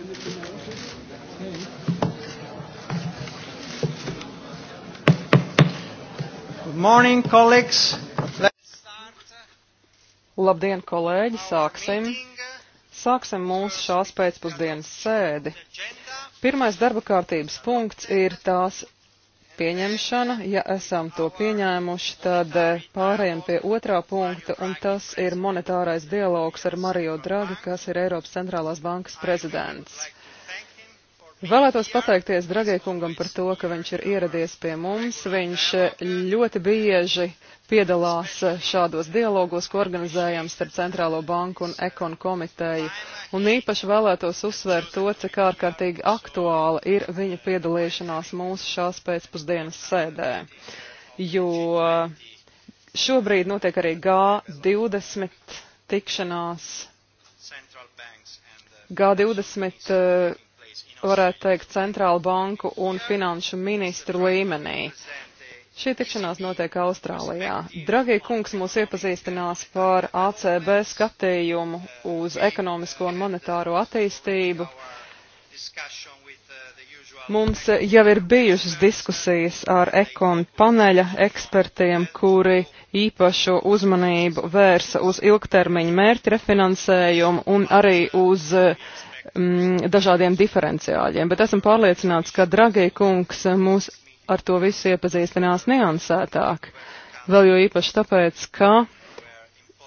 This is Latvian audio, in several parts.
Good morning, colleagues. Labdien, kolēģi, sāksim. Sāksim mūsu šās pēcpusdienas sēdi. Pirmais darba kārtības punkts ir tās pieņemšana. Ja esam to pieņēmuši, tad eh, pārējiem pie otrā punkta, un tas ir monetārais dialogs ar Mario Draghi, kas ir Eiropas centrālās bankas prezidents. Vēlētos pateikties Dragēkungam par to, ka viņš ir ieradies pie mums. Viņš eh, ļoti bieži piedalās eh, šādos dialogos, ko organizējam starp Centrālo banku un Ekon komiteju. Un īpaši vēlētos uzsvērt to, cik ārkārtīgi aktuāla ir viņa piedalīšanās mūsu šās pēcpusdienas sēdē. Jo šobrīd notiek arī G20 tikšanās. G20 eh, varētu teikt, centrālu banku un finanšu ministru līmenī. Šī tikšanās notiek Austrālijā. Dragie kungs mūs iepazīstinās par ACB skatījumu uz ekonomisko un monetāro attīstību. Mums jau ir bijušas diskusijas ar ekonu paneļa ekspertiem, kuri īpašo uzmanību vērsa uz ilgtermiņa mērķi refinansējumu un arī uz uh, mm, dažādiem diferenciāļiem, bet esmu pārliecināts, ka Dragie kungs mūs ar to visu iepazīstinās neansētāk. Vēl jo īpaši tāpēc, ka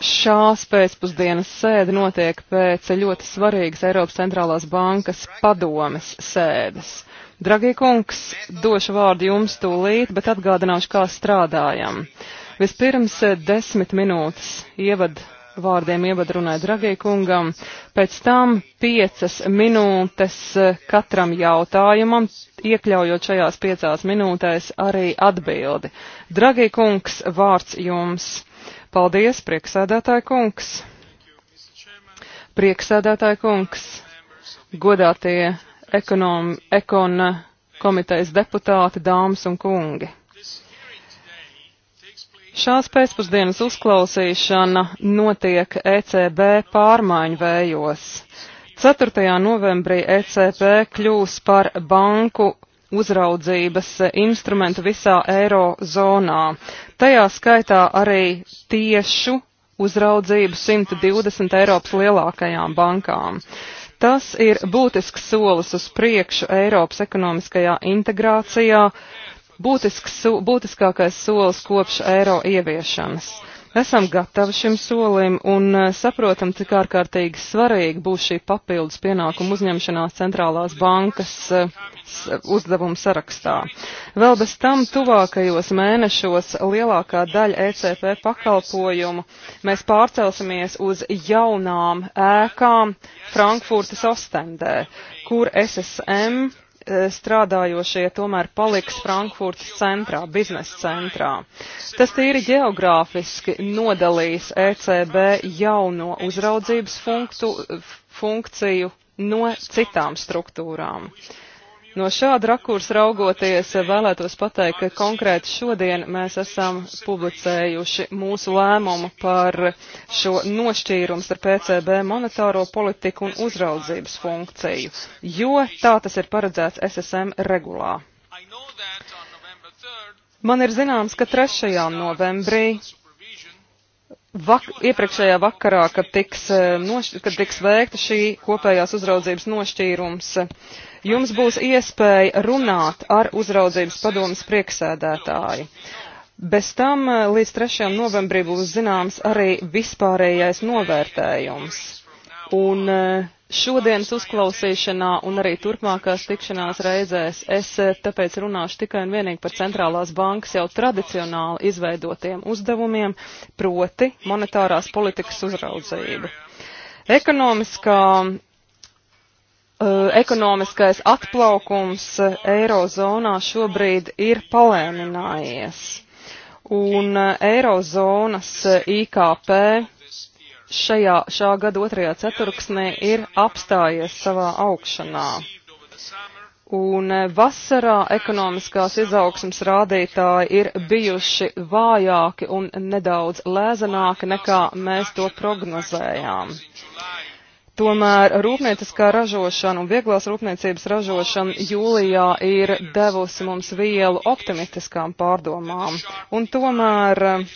šās pēcpusdienas sēde notiek pēc ļoti svarīgas Eiropas centrālās bankas padomes sēdes. Dragie kungs, došu vārdu jums tūlīt, bet atgādināšu, kā strādājam. Vispirms desmit minūtes ievad vārdiem ievadrunāja Dragī kungam, pēc tam piecas minūtes eh, katram jautājumam, iekļaujot šajās piecās minūtēs arī atbildi. Dragī kungs, vārds jums. Paldies, prieksēdētāja kungs. Prieksēdētāja kungs, godātie ekonom, ekon komitejas deputāti, dāmas un kungi. Šās pēcpusdienas uzklausīšana notiek ECB pārmaiņu vējos. 4. novembrī ECB kļūs par banku uzraudzības instrumentu visā eirozonā. Tajā skaitā arī tiešu uzraudzību 120 Eiropas lielākajām bankām. Tas ir būtisks solis uz priekšu Eiropas ekonomiskajā integrācijā, būtisks, būtiskākais solis kopš eiro ieviešanas. Esam gatavi šim solim un eh, saprotam, cik ārkārtīgi svarīgi būs šī papildus pienākuma uzņemšanās centrālās bankas eh, uzdevumu sarakstā. Vēl bez tam tuvākajos mēnešos lielākā daļa ECP pakalpojumu mēs pārcelsimies uz jaunām ēkām Frankfurtas Ostendē, kur SSM E, strādājošie tomēr paliks Frankfurtas centrā, biznesa centrā. Tas tīri geogrāfiski nodalīs ECB jauno uzraudzības funktu, funkciju no citām struktūrām. Uh, No šāda rakursa raugoties, vēlētos pateikt, ka konkrēti šodien mēs esam publicējuši mūsu lēmumu par šo nošķīrumu starp ECB monetāro politiku un uzraudzības funkciju, jo tā tas ir paredzēts SSM regulā. Man ir zināms, ka 3. novembrī Vak, iepriekšējā vakarā, kad tiks, eh, noš, kad tiks veikta šī kopējās uzraudzības nošķīrums, uh, Jums būs iespēja runāt ar uzraudzības padomas prieksēdētāju. Bez tam eh, līdz 3. novembrī būs zināms arī vispārējais novērtējums. Un eh, šodienas uzklausīšanā un arī turpmākās tikšanās reizēs es eh, tāpēc runāšu tikai un vienīgi par centrālās bankas jau tradicionāli izveidotiem uzdevumiem, proti monetārās politikas uzraudzību. Ekonomiskā Uh, ekonomiskais atplaukums uh, Eirozonā šobrīd ir palēninājies. Un uh, Eirozonas IKP šajā, šā gada otrajā ceturksnī ir apstājies savā augšanā. Un vasarā ekonomiskās izaugsmas rādītāji ir bijuši vājāki un nedaudz lēzanāki nekā mēs to prognozējām. Uh, Tomēr rūpnieciskā ražošana un vieglās rūpniecības ražošana jūlijā ir devusi mums vielu optimistiskām pārdomām. Un tomēr eh,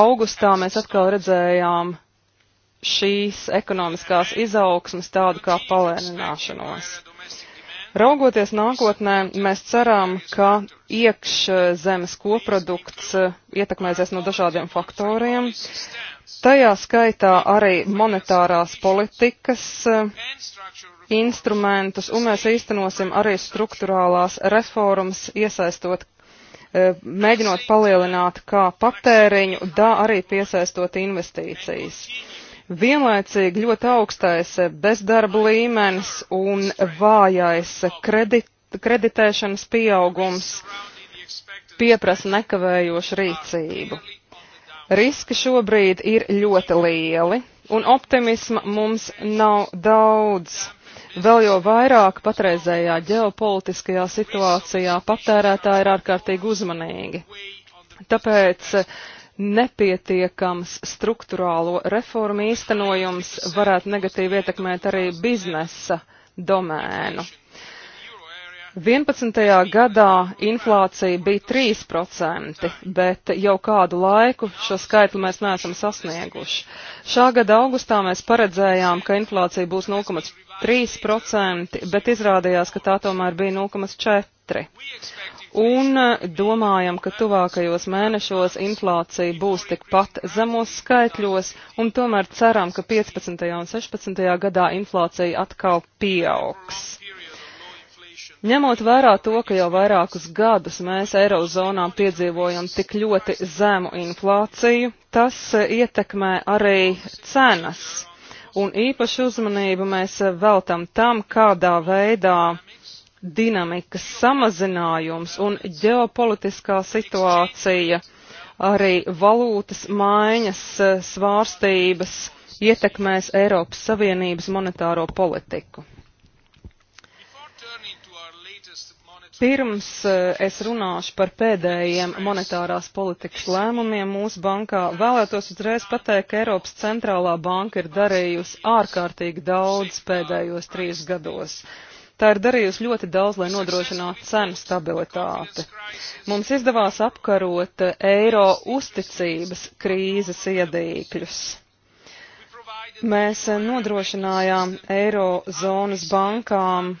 augustā mēs atkal redzējām šīs ekonomiskās izaugsmas tādu kā palēnināšanos. Raugoties nākotnē, mēs ceram, ka iekšzemes koprodukts eh, ietekmēsies no dažādiem faktoriem. Tajā skaitā arī monetārās politikas eh, instrumentus, un mēs īstenosim arī struktūrālās reformas, iesaistot, eh, mēģinot palielināt kā patēriņu, tā arī piesaistot investīcijas. Vienlaicīgi ļoti augstais bezdarba līmenis un vājais kredit, kreditēšanas pieaugums pieprasa nekavējošu rīcību. Riski šobrīd ir ļoti lieli, un optimisma mums nav daudz. Vēl jau vairāk patreizējā ģeopolitiskajā situācijā patērētāji ir ārkārtīgi uzmanīgi. Tāpēc nepietiekams struktūrālo reformu īstenojums varētu negatīvi ietekmēt arī biznesa domēnu. 11. gadā inflācija bija 3%, bet jau kādu laiku šo skaitli mēs neesam sasnieguši. Šā gada augustā mēs paredzējām, ka inflācija būs 0,3%, bet izrādījās, ka tā tomēr bija 0,4%. Un e, domājam, ka tuvākajos mēnešos inflācija būs tikpat zemos skaitļos, un tomēr ceram, ka 15. un 16. gadā inflācija atkal pieaugs. Ņemot vērā to, ka jau vairākus gadus mēs Eirozonā piedzīvojam tik ļoti zemu inflāciju, tas e, ietekmē arī cenas. Un īpašu uzmanību mēs e, veltam tam, kādā veidā dinamikas samazinājums un ģeopolitiskā situācija, arī valūtas maiņas e, svārstības ietekmēs Eiropas Savienības monetāro politiku. Pirms eh, es runāšu par pēdējiem monetārās politikas lēmumiem mūsu bankā, vēlētos uzreiz pateikt, ka Eiropas centrālā banka ir darījusi ārkārtīgi daudz pēdējos trīs gados. Tā ir darījusi ļoti daudz, lai nodrošinātu cenu stabilitāti. Mums izdevās apkarot eh, eiro uzticības krīzes iedīkļus. Mēs eh, nodrošinājām eiro zonas bankām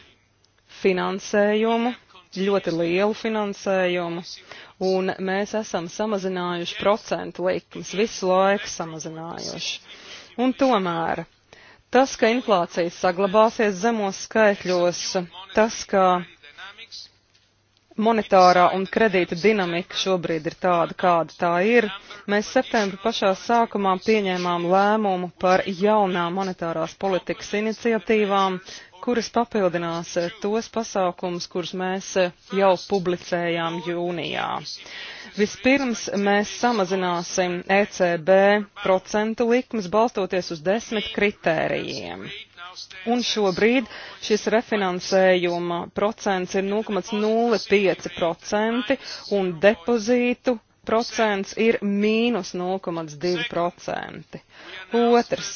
finansējumu ļoti lielu finansējumu, un mēs esam samazinājuši procentu likmes, visu laiku samazinājuši. Un tomēr tas, ka inflācija saglabāsies zemos skaitļos, tas, ka monetārā un kredīta dinamika šobrīd ir tāda, kāda tā ir. Mēs septembra pašā sākumā pieņēmām lēmumu par jaunām monetārās politikas iniciatīvām, kuras papildinās eh, tos pasākumus, kurus mēs eh, jau publicējām jūnijā. Vispirms mēs samazināsim ECB procentu likmes balstoties uz desmit kritērijiem. Un šobrīd šis refinansējuma procents ir 0,05% un depozītu procents ir mīnus 0,2%. Otrs.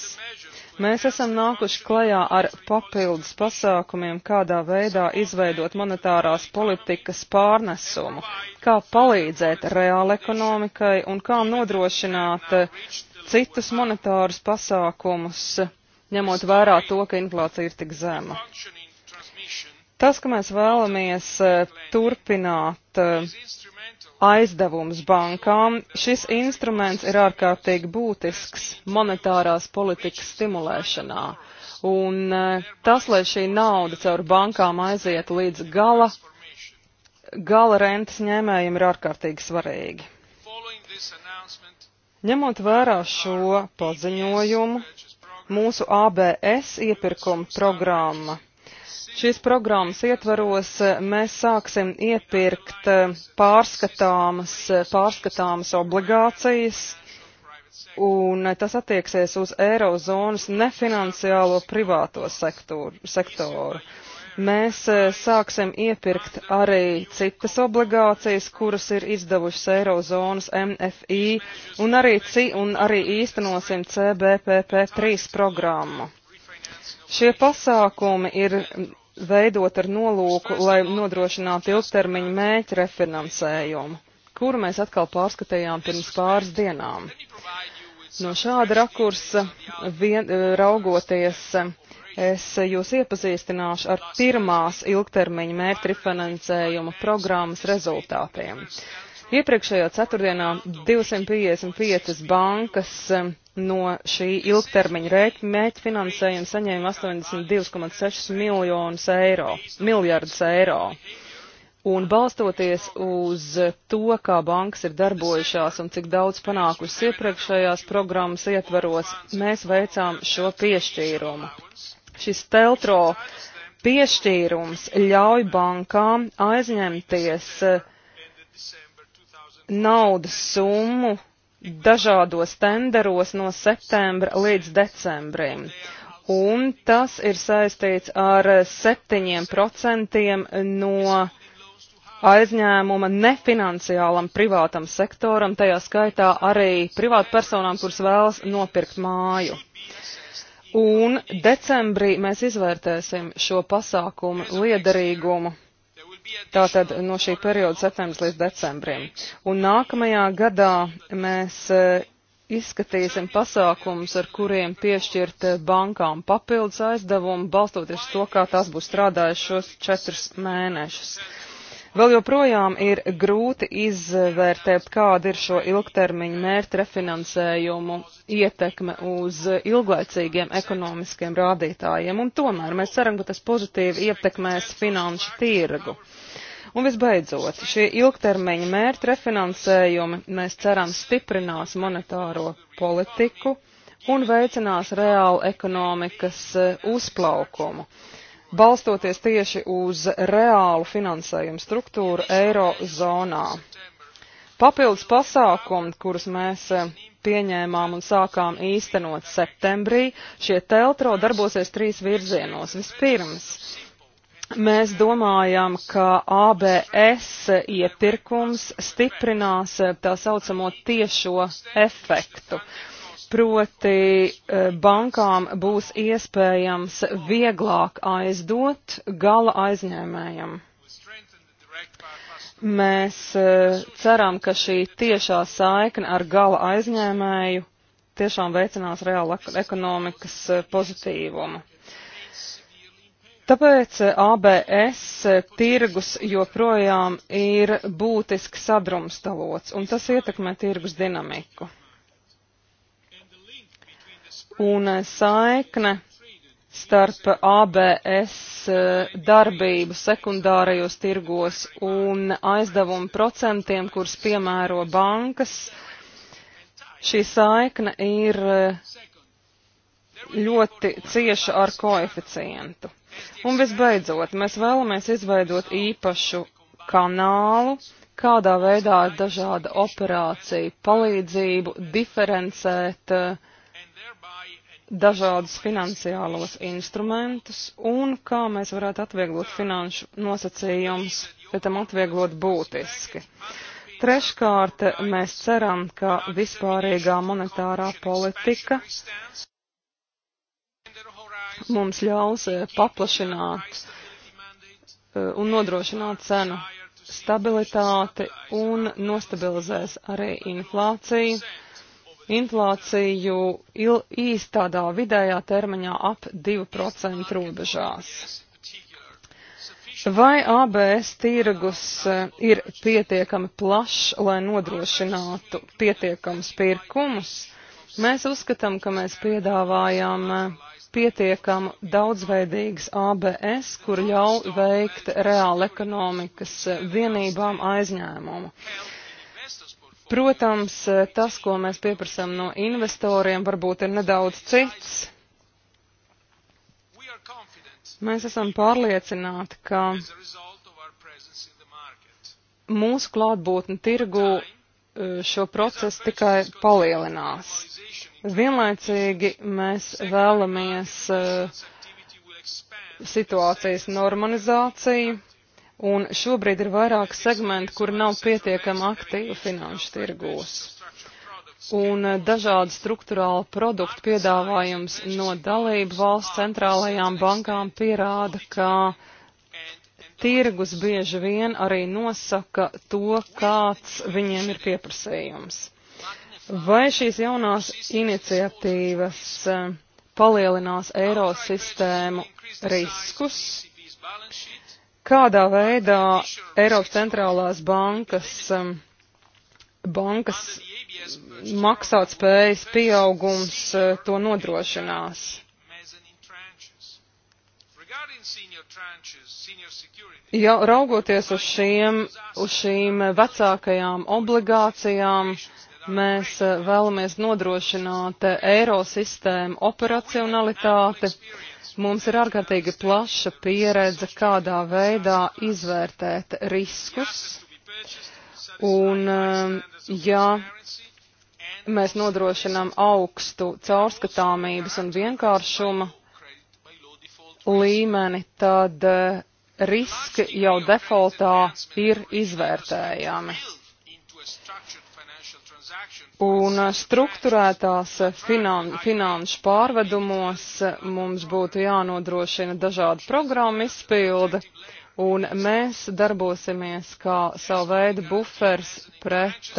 Mēs esam nākuši klajā ar papildus pasākumiem, kādā veidā izveidot monetārās politikas pārnesumu, kā palīdzēt reāla ekonomikai un kā nodrošināt citus monetārus pasākumus, ņemot vērā to, ka inflācija ir tik zema. Tas, ka mēs vēlamies eh, turpināt eh, aizdevumus bankām. Šis instruments ir ārkārtīgi būtisks monetārās politikas stimulēšanā. Un e, tas, lai šī nauda caur bankām aizietu līdz gala, gala rentas ņēmējiem, ir ārkārtīgi svarīgi. Ņemot vērā šo paziņojumu, mūsu ABS iepirkuma programma Šīs programmas ietvaros eh, mēs sāksim iepirkt eh, pārskatāmas, eh, pārskatāmas obligācijas, un tas attieksies uz Eirozonas nefinanciālo privāto sektoru. sektoru mēs sāksim iepirkt arī citas obligācijas, kuras ir izdevušas Eirozonas MFI, un arī, ci, un arī īstenosim CBPP3 programmu. Šie pasākumi ir veidot ar nolūku, lai nodrošinātu ilgtermiņu mēķu refinansējumu, kuru mēs atkal pārskatījām pirms pāris dienām. No šāda rakursa vien, eh, raugoties, es jūs iepazīstināšu ar pirmās ilgtermiņa mērķa refinansējuma programmas rezultātiem. Iepriekšējā ceturtdienā 255 bankas no šī ilgtermiņa mēķa finansējuma saņēma 82,6 miljonus eiro, miljardus eiro. Un balstoties uz to, kā bankas ir darbojušās un cik daudz panākusi iepriekšējās programmas ietvaros, mēs veicām šo piešķīrumu. Šis teltro piešķīrums ļauj bankām aizņemties eh, naudas summu dažādos tenderos no septembra līdz decembrim. Un tas ir saistīts ar 7% no aizņēmuma nefinanciālam privātam sektoram, tajā skaitā arī privātpersonām, kuras vēlas nopirkt māju. Un decembrī mēs izvērtēsim šo pasākumu liederīgumu Tātad no šī perioda septembris līdz decembrim. Un nākamajā gadā mēs eh, izskatīsim pasākumus, ar kuriem piešķirt eh, bankām papildus aizdevumu, balstoties to, kā tās būs strādājušos četrus mēnešus. Vēl joprojām ir grūti izvērtēt, kāda ir šo ilgtermiņu mērķu refinansējumu ietekme uz ilglaicīgiem ekonomiskiem rādītājiem, un tomēr mēs ceram, ka tas pozitīvi ietekmēs finanšu tirgu. Un visbeidzot, šie ilgtermiņa mērķi refinansējumi, mēs ceram, stiprinās monetāro politiku un veicinās reālu ekonomikas eh, uzplaukumu balstoties tieši uz reālu finansējumu struktūru eirozonā. Papildus pasākumi, kurus mēs eh, pieņēmām un sākām īstenot septembrī, šie teltro darbosies trīs virzienos. Vispirms, mēs domājam, ka ABS iepirkums stiprinās eh, tā saucamo tiešo efektu. Uh, Proti e, bankām būs iespējams vieglāk aizdot gala aizņēmējam. Mēs e, ceram, ka šī tiešā saikne ar gala aizņēmēju tiešām veicinās reāla ekonomikas e, pozitīvumu. Tāpēc ABS tirgus joprojām ir būtiski sadrumstalots, un tas ietekmē tirgus dinamiku un saikne starp ABS eh, darbību sekundārajos tirgos un aizdevumu procentiem, kurus piemēro bankas. Šī saikne ir eh, ļoti cieša ar koeficientu. Un visbeidzot, mēs vēlamies izveidot īpašu kanālu, kādā veidā ar dažāda operācija palīdzību diferencēt uh, dažādus finansiālos instrumentus un kā mēs varētu atvieglot finanšu nosacījumus, bet tam atvieglot būtiski. Treškārt, mēs ceram, ka vispārīgā monetārā politika mums ļaus eh, paplašināt eh, un nodrošināt cenu stabilitāti un nostabilizēs arī inflāciju inflāciju il, īst tādā vidējā termiņā ap 2% robežās. Vai ABS tirgus eh, ir pietiekami plašs, lai nodrošinātu pietiekams pirkumus? Mēs uzskatām, ka mēs piedāvājām eh, pietiekam daudzveidīgas ABS, kur ļauj veikt reāla ekonomikas eh, vienībām aizņēmumu. Uh, Protams, eh, tas, ko mēs pieprasām no investoriem, varbūt ir nedaudz cits. Mēs esam pārliecināti, ka mūsu klātbūtne tirgu eh, šo procesu tikai palielinās. Vienlaicīgi mēs vēlamies eh, situācijas normalizāciju, un šobrīd ir vairāk segmenti, kur nav pietiekama aktīva finanšu tirgos. Un eh, dažādi struktūrāli produktu piedāvājums no dalību valsts centrālajām bankām pierāda, ka tirgus bieži vien arī nosaka to, kāds viņiem ir pieprasījums. Vai šīs jaunās iniciatīvas eh, palielinās eiro sistēmu riskus? kādā veidā Eiropas centrālās bankas, um, bankas maksātspējas pieaugums uh, to nodrošinās. Ja raugoties uz šiem, uz šīm vecākajām obligācijām, mēs uh, vēlamies nodrošināt uh, eiro sistēmu operacionalitāti Mums ir ārkārtīgi plaša pieredze, kādā veidā izvērtēt riskus. Un, um, ja mēs nodrošinām augstu caurskatāmības un vienkāršuma līmeni, tad uh, riski jau defaultā ir izvērtējami. Un eh, struktūrētās eh, finan, finanšu pārvedumos eh, mums būtu jānodrošina dažādu programmu izpilde, un mēs darbosimies kā savu veidu bufers pret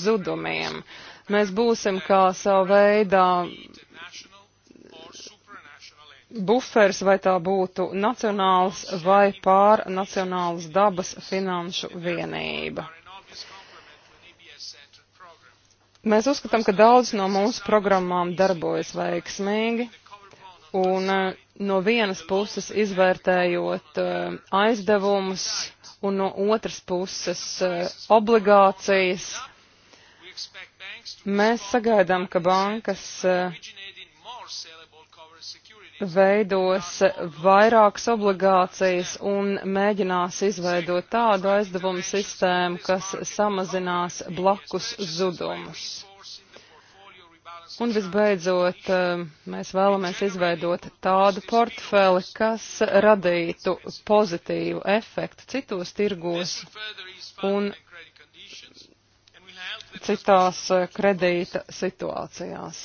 zudumiem. Mēs būsim kā savu veidā bufers, vai tā būtu nacionāls vai pārnacionāls dabas finanšu vienība. Mēs uzskatām, ka daudz no mūsu programmām darbojas veiksmīgi, un eh, no vienas puses izvērtējot eh, aizdevumus, un no otras puses eh, obligācijas, mēs sagaidām, ka bankas veidos vairākas obligācijas un mēģinās izveidot tādu aizdevumu sistēmu, kas samazinās blakus zudumus. Un visbeidzot, eh, mēs vēlamies izveidot tādu portfeli, kas radītu pozitīvu efektu citos tirgos un citās eh, kredīta situācijās.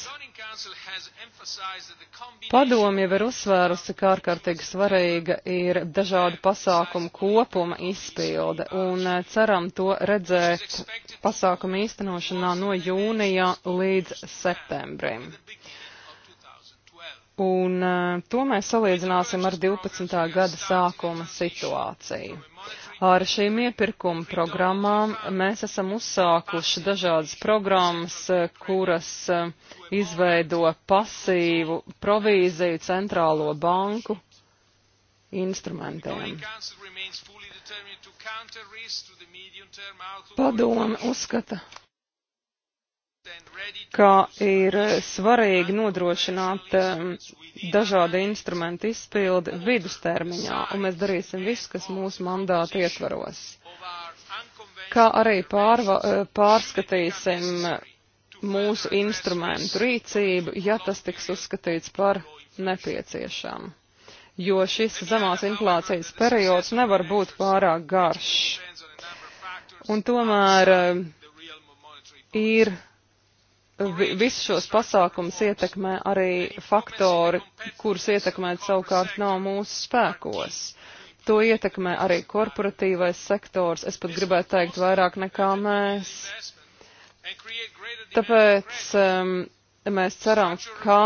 Padomi jau ir uzsvērusi, kā ārkārtīgi svarīga ir dažādu pasākumu kopuma izpilde, un eh, ceram to redzēt pasākumu īstenošanā no jūnija līdz septembrim. Un eh, to mēs salīdzināsim ar 12. gada sākuma situāciju. Ar šīm iepirkuma programmām mēs esam uzsākuši dažādas programmas, kuras eh, izveido pasīvu provīziju centrālo banku instrumentiem. Padome uzskata, ka ir svarīgi nodrošināt um, dažādu instrumentu izpildi vidustermiņā, un mēs darīsim visu, kas mūsu mandāta ietvaros. Kā arī pārva, uh, pārskatīsim mūsu instrumentu rīcību, ja tas tiks uzskatīts par nepieciešamu. Jo šis zemās inflācijas periods nevar būt pārāk garš. Un tomēr um, ir visus šos pasākumus ietekmē arī faktori, kurus ietekmēt savukārt nav mūsu spēkos. To ietekmē arī korporatīvais sektors, es pat gribētu teikt vairāk nekā mēs. Tāpēc um, mēs ceram, ka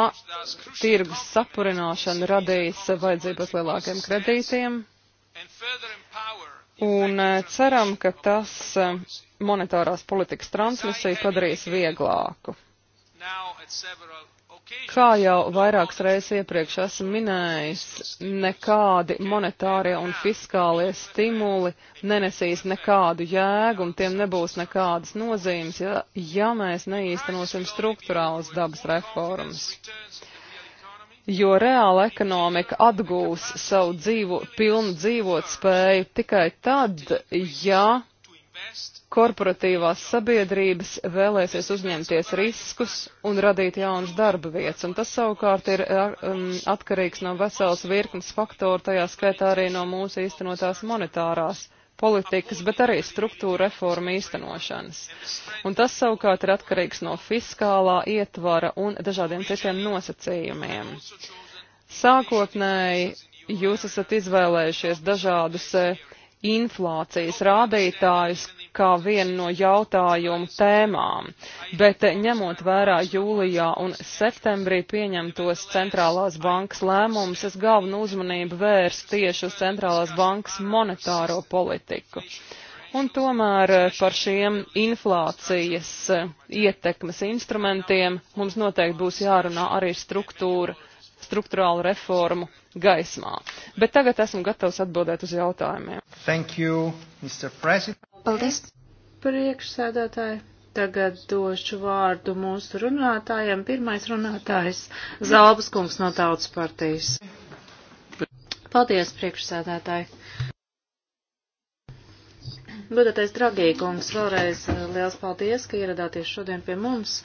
tirgus sapurināšana radīs vajadzības lielākiem kredītiem. Un uh, ceram, ka tas um, monetārās politikas transmisiju padarīs vieglāku. Kā jau vairākas reizes iepriekš esmu minējis, nekādi monetārie un fiskālie stimuli nenesīs nekādu jēgu un tiem nebūs nekādas nozīmes, ja, ja mēs neīstenosim struktūrālas dabas reformas jo reāla ekonomika atgūs savu dzīvo, pilnu dzīvot spēju tikai tad, ja korporatīvās sabiedrības vēlēsies uzņemties riskus un radīt jaunas darba vietas, un tas savukārt ir um, atkarīgs no veselas virknes faktoru, tajā skaitā arī no mūsu īstenotās monetārās politikas, bet arī struktūra reforma īstenošanas. Un tas savukārt ir atkarīgs no fiskālā ietvara un dažādiem citiem nosacījumiem. Sākotnēji jūs esat izvēlējušies dažādus e, inflācijas rādītājus, kā vienu no jautājumu tēmām, bet ņemot vērā jūlijā un septembrī pieņemtos centrālās bankas lēmumus, es galvenu uzmanību vērs tieši uz centrālās bankas monetāro politiku. Un tomēr par šiem inflācijas ietekmes instrumentiem mums noteikti būs jārunā arī struktūra, struktūrālu reformu gaismā. Bet tagad esmu gatavs atbildēt uz jautājumiem. Thank you, Mr. President. Paldies! Priekšsēdētāji, tagad došu vārdu mūsu runātājiem. Pirmais runātājs - Zalbas kungs no Tautas partijas. Paldies, priekšsēdētāji! Godātais Dragīkungs, vēlreiz eh, liels paldies, ka ieradāties šodien pie mums.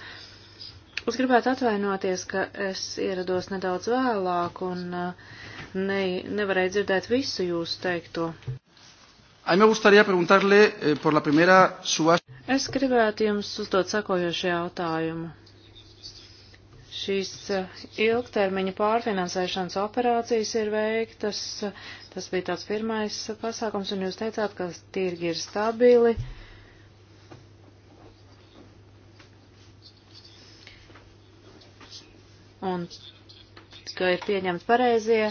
Es gribētu atvainoties, ka es ierados nedaudz vēlāk un eh, ne, nevarēju dzirdēt visu jūsu teikto. A mí me gustaría preguntarle eh, por la primera subasta. Es gribētu jums uzdot sakojošu jautājumu. Šīs eh, ilgtermiņa pārfinansēšanas operācijas ir veiktas. Tas bija tāds pirmais pasākums, un jūs teicāt, ka tirgi ir stabili. Un ka ir pieņemti pareizie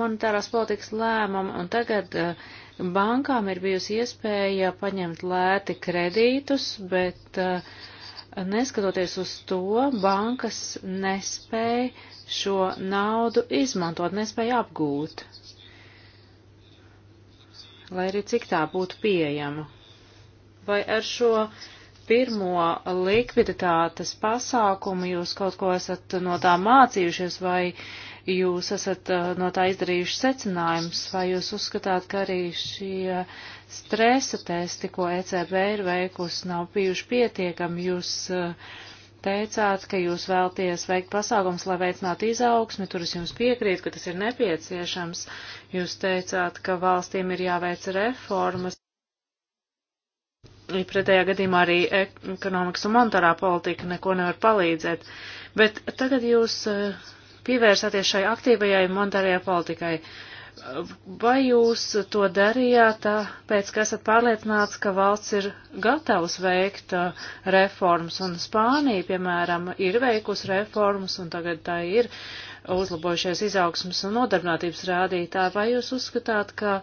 monetārās politikas lēmumi, un tagad uh, bankām ir bijusi iespēja paņemt lēti kredītus, bet eh, neskatoties uz to, bankas nespēja šo naudu izmantot, nespēja apgūt, lai arī cik tā būtu pieejama. Vai ar šo pirmo likviditātes pasākumu jūs kaut ko esat no tā mācījušies vai uh, jūs esat uh, no tā izdarījuši secinājumus, vai jūs uzskatāt, ka arī šie stresa testi, ko ECB ir veikusi, nav bijuši pietiekami? Jūs uh, teicāt, ka jūs vēlties veikt pasākums, lai veicinātu izaugsmi, tur es jums piekrītu, ka tas ir nepieciešams. Jūs teicāt, ka valstīm ir jāveic reformas. Pretējā gadījumā arī ekonomikas un monetārā politika neko nevar palīdzēt. Bet tagad jūs uh, pievērsāties šai aktīvajai monetārajai politikai. Vai jūs to darījāt, tāpēc, ka esat pārliecināts, ka valsts ir gatavs veikt uh, reformas, un Spānija, piemēram, ir veikusi reformas, un tagad tā ir uzlabojušies izaugsmas un nodarbinātības rādītāji, vai jūs uzskatāt, ka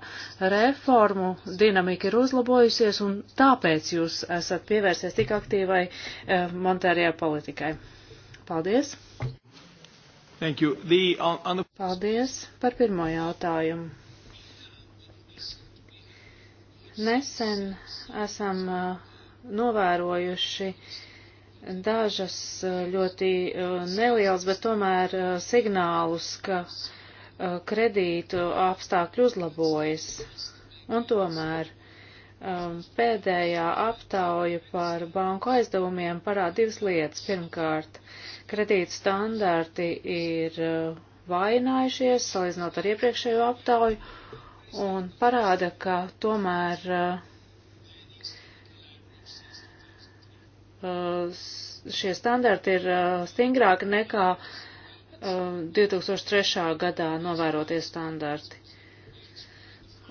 reformu dinamika ir uzlabojusies, un tāpēc jūs esat pievērsies tik aktīvai uh, monetārajai politikai? Paldies! Thank you. The, on, on the... Paldies par pirmo jautājumu. Nesen esam uh, novērojuši dažas uh, ļoti uh, nelielas, bet tomēr signālus, ka kredītu apstākļi uzlabojas. Un tomēr um, pēdējā aptauja par banku aizdevumiem parāda divas lietas. Pirmkārt, kredīta standarti ir uh, vainājušies, salīdzinot ar iepriekšējo aptauju, un parāda, ka tomēr uh, uh, šie standarti ir stingrāki nekā 2003. gadā novērotie standarti.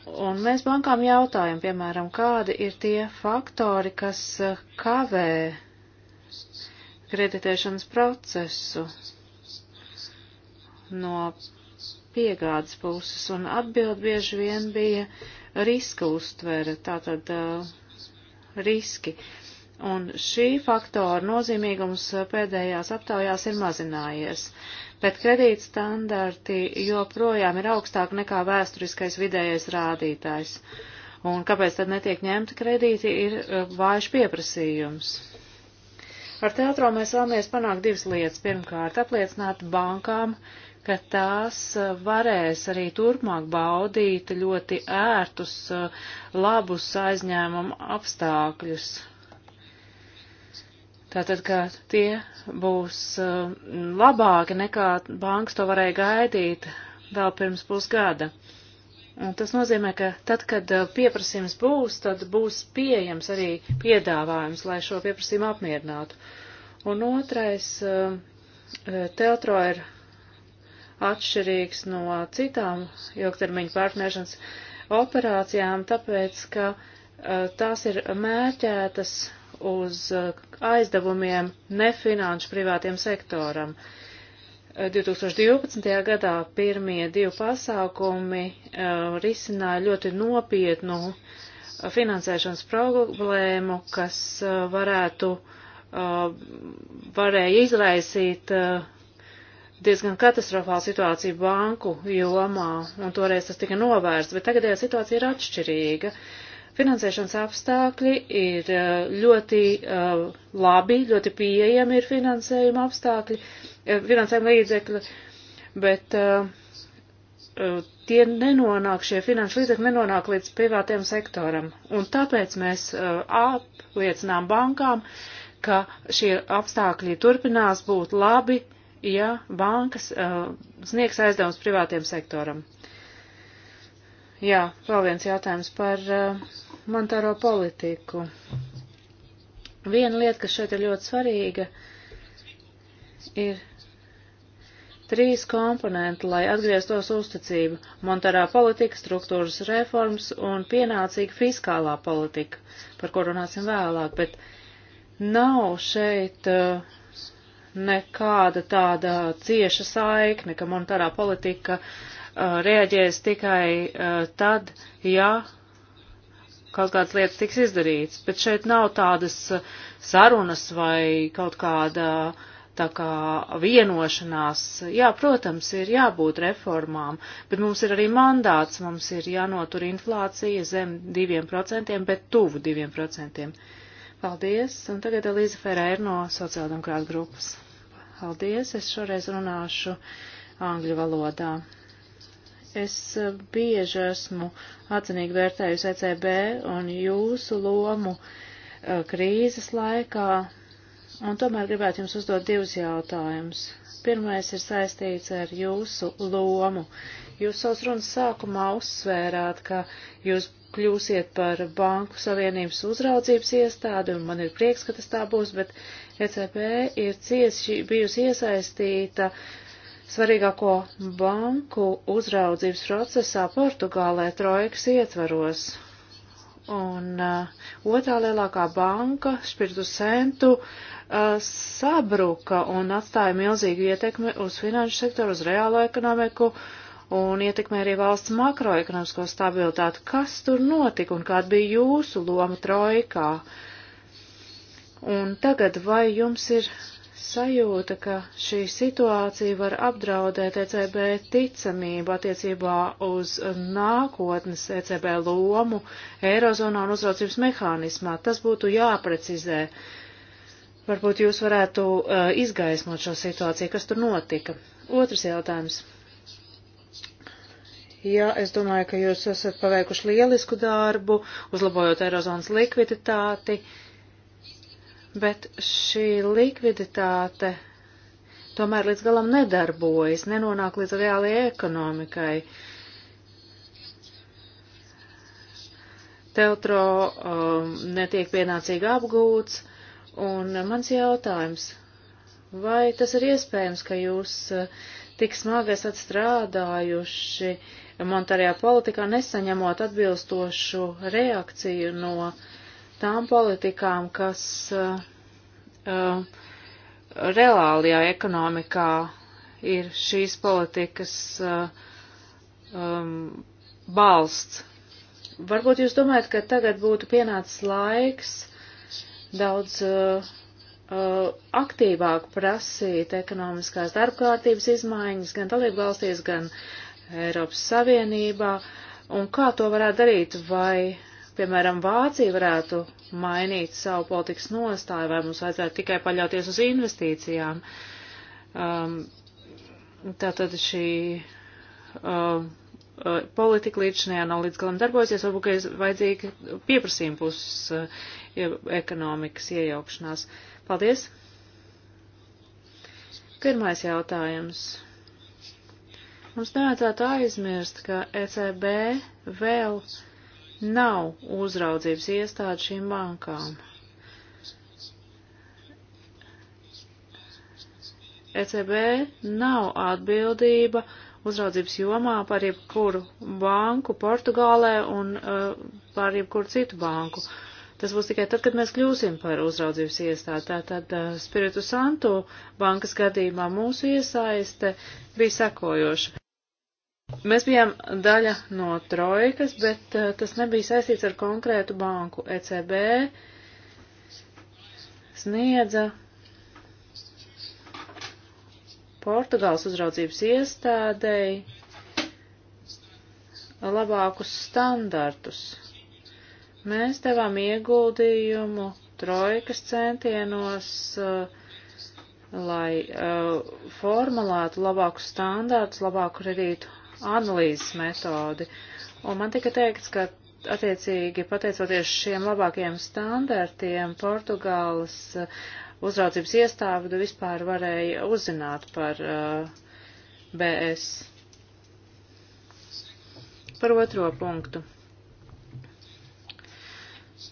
Un mēs bankām jautājam, piemēram, kādi ir tie faktori, kas kavē kreditēšanas procesu no piegādes puses, un atbild bieži vien bija riska uztvere, tātad uh, riski. Un šī faktora nozīmīgums pēdējās aptaujās ir mazinājies, bet kredīt standarti joprojām ir augstāk nekā vēsturiskais vidējais rādītājs. Un kāpēc tad netiek ņemta kredīti, ir uh, vājš pieprasījums. Ar teatro mēs vēlamies panākt divas lietas. Pirmkārt, apliecināt bankām, ka tās eh, varēs arī turpmāk baudīt ļoti ērtus, eh, labus aizņēmumu apstākļus. Tātad, ka tie būs eh, labāki nekā bankas to varēja gaidīt vēl pirms pusgada. Tas nozīmē, ka tad, kad uh, pieprasījums būs, tad būs pieejams arī piedāvājums, lai šo pieprasījumu apmierinātu. Un otrais, uh, uh, Teltro ir atšķirīgs no citām ilgtermiņa pārtnēšanas operācijām, tāpēc, ka tās ir mērķētas uz aizdevumiem nefinanšu privātiem sektoram. Uh, 2012. gadā pirmie divi pasākumi uh, risināja ļoti nopietnu finansēšanas problēmu, kas uh, varētu, uh, varēja izraisīt uh, diezgan katastrofālu situāciju banku jomā, un toreiz tas tika novērsts, bet tagadējā situācija ir atšķirīga. Finansēšanas apstākļi ir uh, ļoti uh, labi, ļoti pieejami ir finansējuma apstākļi, Eh, finansējuma līdzekļi, bet uh, tie nenonāk, šie finanšu līdzekļi nenonāk līdz privātiem sektoram. Un tāpēc mēs uh, apliecinām bankām, ka šie apstākļi turpinās būt labi, ja bankas uh, sniegs aizdevums privātiem sektoram. Jā, vēl viens jautājums par monetāro politiku. Viena lieta, kas šeit ir ļoti svarīga, ir trīs komponenti, lai atgrieztos uzticība - monetārā politika, struktūras reformas un pienācīga fiskālā politika, par ko runāsim vēlāk, bet nav šeit uh, nekāda tāda cieša saikne, ka monetārā politika uh, reaģēs tikai uh, tad, ja kaut kādas lietas tiks izdarītas, bet šeit nav tādas sarunas vai kaut kāda uh, Tā kā vienošanās, jā, protams, ir jābūt reformām, bet mums ir arī mandāts, mums ir jānotur inflācija zem 2%, bet tuvu 2%. Paldies, un tagad Elīza Ferēra no sociāldemokrāta grupas. Paldies, es šoreiz runāšu angļu valodā. Es bieži esmu atzinīgi vērtējusi ECB un jūsu lomu eh, krīzes laikā un tomēr gribētu jums uzdot divus jautājumus. Pirmais ir saistīts ar jūsu lomu. Jūs savas runas sākumā uzsvērāt, ka jūs kļūsiet par Banku Savienības uzraudzības iestādi, un man ir prieks, ka tas tā būs, bet ECB ir cieši bijusi iesaistīta svarīgāko banku uzraudzības procesā Portugālē trojkas ietvaros, Un uh, otrā lielākā banka, Spiritu Sentu, uh, sabruka un atstāja milzīgu ietekmi uz finanšu sektoru, uz reālo ekonomiku un ietekmē arī valsts makroekonomisko stabilitāti. Kas tur notika un kāda bija jūsu loma trojkā? Un tagad vai jums ir sajūta, ka šī situācija var apdraudēt ECB ticamību attiecībā uz nākotnes ECB lomu Eirozonā un uzraucības mehānismā. Tas būtu jāprecizē. Varbūt jūs varētu uh, izgaismot šo situāciju, kas tur notika. Otrs jautājums. Jā, es domāju, ka jūs esat paveikuši lielisku darbu, uzlabojot Eirozonas likviditāti. Uh, bet šī likviditāte tomēr līdz galam nedarbojas, nenonāk līdz reālajai ekonomikai. Teotro um, netiek pienācīgi apgūts, un mans jautājums, vai tas ir iespējams, ka jūs uh, tik smagi esat strādājuši monetārajā politikā, nesaņemot atbilstošu reakciju no uh, tām politikām, kas uh, uh, reālajā ekonomikā ir šīs politikas uh, um, balsts. Varbūt jūs domājat, ka tagad būtu pienācis laiks daudz uh, aktīvāk prasīt ekonomiskās darbkārtības izmaiņas gan dalību valstīs, gan Eiropas Savienībā. Un kā to varētu darīt? Vai uh, piemēram, Vācija varētu mainīt savu politikas nostāju, vai mums vajadzētu tikai paļauties uz investīcijām. Um, tātad šī um, uh, politika līdz šajā nav līdz galam darbojusies, varbūt, ka ir vajadzīga pieprasījuma puses uh, ekonomikas iejaukšanās. Paldies! Pirmais jautājums. Mums nevajadzētu aizmirst, ka ECB vēl uh, nav uzraudzības iestādi šīm bankām. ECB nav atbildība uzraudzības jomā par jebkuru banku Portugālē un uh, par jebkuru citu banku. Tas būs tikai tad, kad mēs kļūsim par uzraudzības iestādi. Tātad uh, Spiritu Santo bankas gadījumā mūsu iesaiste bija sekojoša. Mēs bijām daļa no trojkas, bet uh, tas nebija saistīts ar konkrētu banku. ECB sniedza Portugāles uzraudzības iestādēji labākus standartus. Mēs devām ieguldījumu trojkas centienos, eh, lai eh, formulētu labākus standartus, labāku kredītu analīzes metodi. Un man tika teikts, ka attiecīgi pateicoties šiem labākajiem standartiem, Portugāles uh, uzraudzības iestāvdu vispār varēja uzzināt par uh, BS. Par otro punktu.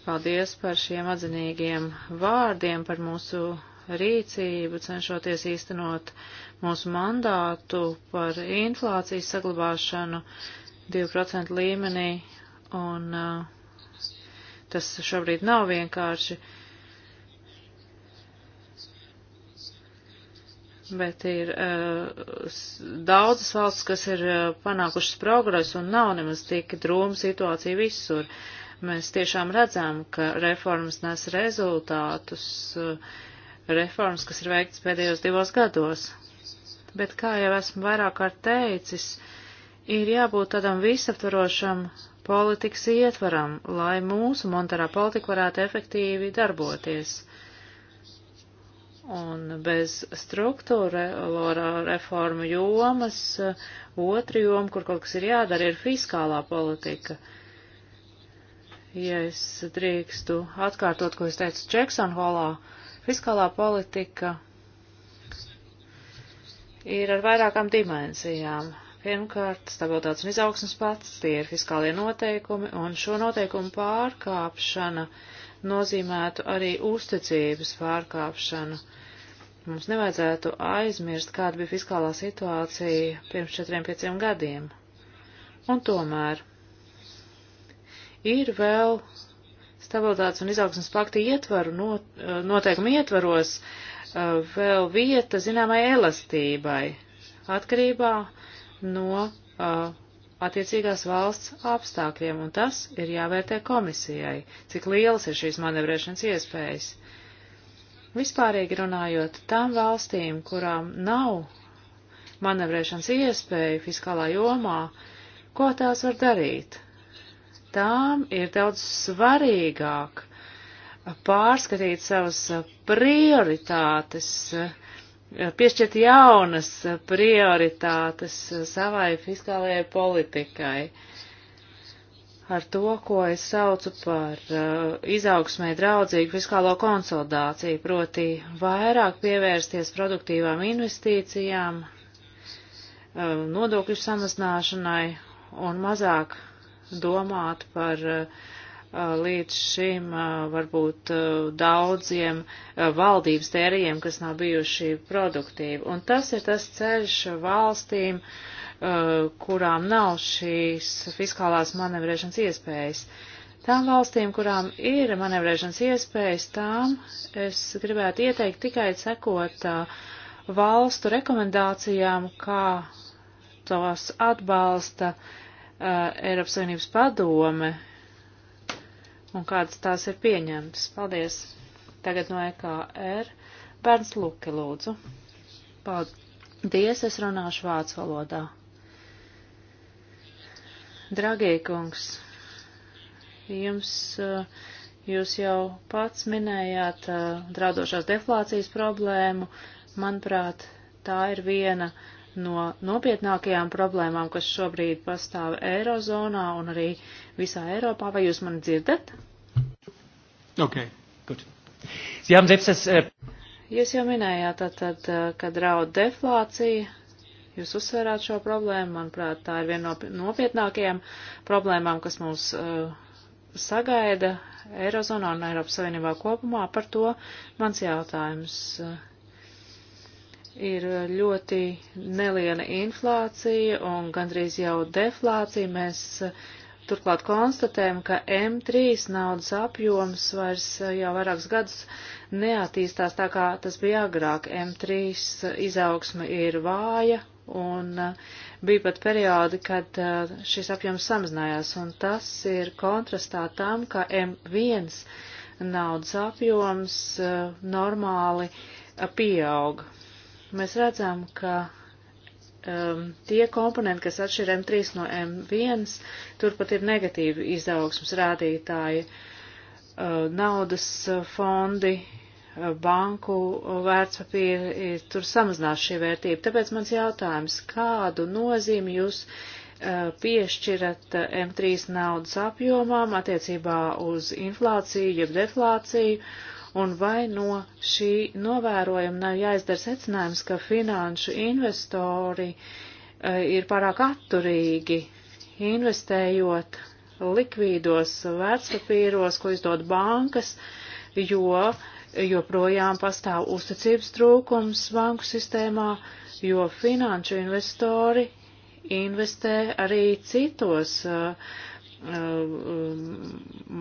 Paldies par šiem atzinīgiem vārdiem par mūsu rīcību, cenšoties īstenot mūsu mandātu par inflācijas saglabāšanu 2% līmenī, un uh, tas šobrīd nav vienkārši, bet ir uh, daudzas valsts, kas ir uh, panākušas progresu un nav nemaz tik drūma situācija visur. Mēs tiešām redzam, ka reformas nes rezultātus. Uh, reformas, kas ir veikts pēdējos divos gados. Bet, kā jau esmu vairāk kārt teicis, ir jābūt tādam visaptvarošam politikas ietvaram, lai mūsu monetārā politika varētu efektīvi darboties. Un bez struktūra reformu jomas, otra joma, kur kaut kas ir jādara, ir fiskālā politika. Ja es drīkstu atkārtot, ko es teicu Čekson holā, uh, Fiskālā politika ir ar vairākām dimensijām. Pirmkārt, stabilitātes un izaugsmas pats, tie ir fiskālie noteikumi, un šo noteikumu pārkāpšana nozīmētu arī uzticības pārkāpšanu. Mums nevajadzētu aizmirst, kāda bija fiskālā situācija pirms 4-5 gadiem. Un tomēr ir vēl stabilitātes un izaugsmas pakta ietvaru, not, eh, noteikumu ietvaros eh, vēl vieta zināmai elastībai atkarībā no eh, attiecīgās valsts apstākļiem, un tas ir jāvērtē komisijai, cik lielas ir šīs manevrēšanas iespējas. Vispārīgi runājot, tām valstīm, kurām nav manevrēšanas iespēju fiskālā jomā, ko tās var darīt, tām ir daudz svarīgāk pārskatīt savas prioritātes, piešķirt jaunas prioritātes savai fiskālajai politikai. Ar to, ko es saucu par uh, izaugsmē draudzīgu fiskālo konsolidāciju, proti vairāk pievērsties produktīvām investīcijām, uh, nodokļu samazināšanai un mazāk domāt par eh, līdz šim eh, varbūt eh, daudziem valdības tērijiem, kas nav bijuši produktīvi. Un tas ir tas ceļš valstīm, kurām nav šīs fiskālās manevrēšanas iespējas. Tām valstīm, kurām ir manevrēšanas iespējas, tām es gribētu ieteikt tikai sekot valstu rekomendācijām, kā tos atbalsta Eh, Eiropas Savienības padome un kādas tās ir pieņemtas. Paldies! Tagad no EKR Bērns Luke lūdzu. Paldies, es runāšu vācu valodā. Dragie kungs, jums, eh, jūs jau pats minējāt eh, draudošās deflācijas problēmu. Manuprāt, tā ir viena uh, no nopietnākajām problēmām, kas šobrīd pastāv Eirozonā un arī visā Eiropā. Vai jūs mani dzirdat? Ok, good. Sie haben selbst das, uh... Jūs jau minējāt, tad, tad, äh, kad draud deflācija, jūs uzsvērāt šo problēmu. Manuprāt, tā ir viena no nopietnākajām problēmām, kas mūs uh, sagaida Eirozonā un Eiropas Savienībā kopumā. Par to mans jautājums. Uh, ir eh, ļoti neliela inflācija un gandrīz jau deflācija. Mēs eh, turklāt konstatējam, ka M3 naudas apjoms vairs eh, jau vairākus gadus neattīstās tā, kā tas bija agrāk. M3 izaugsme ir vāja un bija pat periodi, kad šis apjoms samazinājās, un tas ir kontrastā tam, ka M1 naudas apjoms normāli pieauga Mēs redzam, ka um, tie komponenti, kas atšķir M3 no M1, tur pat ir negatīvi izaugsmas rādītāji. Uh, naudas uh, fondi, uh, banku uh, vērtspapīri, tur samazinās šī vērtība. Tāpēc mans jautājums, kādu nozīmi jūs uh, piešķirat uh, M3 naudas apjomām attiecībā uz inflāciju, jeb deflāciju? Uh, un vai no šī novērojuma nav jāizdara secinājums, ka finanšu investori eh, ir pārāk atturīgi investējot likvīdos vērtspapīros, ko izdod bankas, jo joprojām pastāv uzticības trūkums banku sistēmā, jo finanšu investori investē arī citos uh, uh,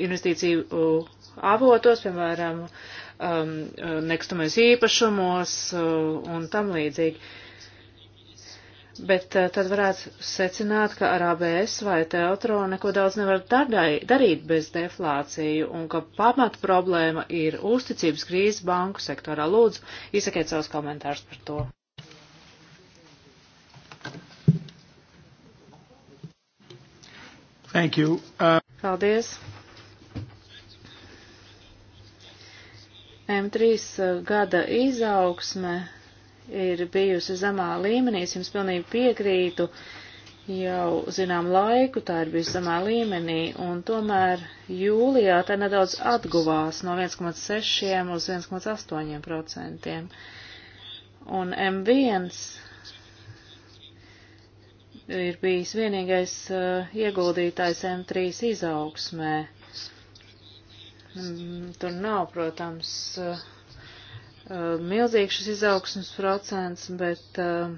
investīciju uh, avotos, piemēram, um, nekustamais īpašumos uh, un tam līdzīgi. Bet uh, tad varētu secināt, ka ar ABS vai Teotro neko daudz nevar dardai, darīt bez deflāciju un ka pamat problēma ir uzticības krīze banku sektorā. Lūdzu, izsakiet savus komentārus par to. Thank you. Uh... Paldies. M3 uh, gada izaugsme ir bijusi zemā līmenī, es jums pilnīgi piekrītu, jau zinām laiku tā ir bijusi zemā līmenī, un tomēr jūlijā tā nedaudz atguvās no 1,6 uz 1,8 procentiem. Un M1 ir bijis vienīgais uh, ieguldītājs M3 izaugsmē. Mm, tur nav, protams, uh, uh, milzīgs šis izaugsmas procents, bet uh,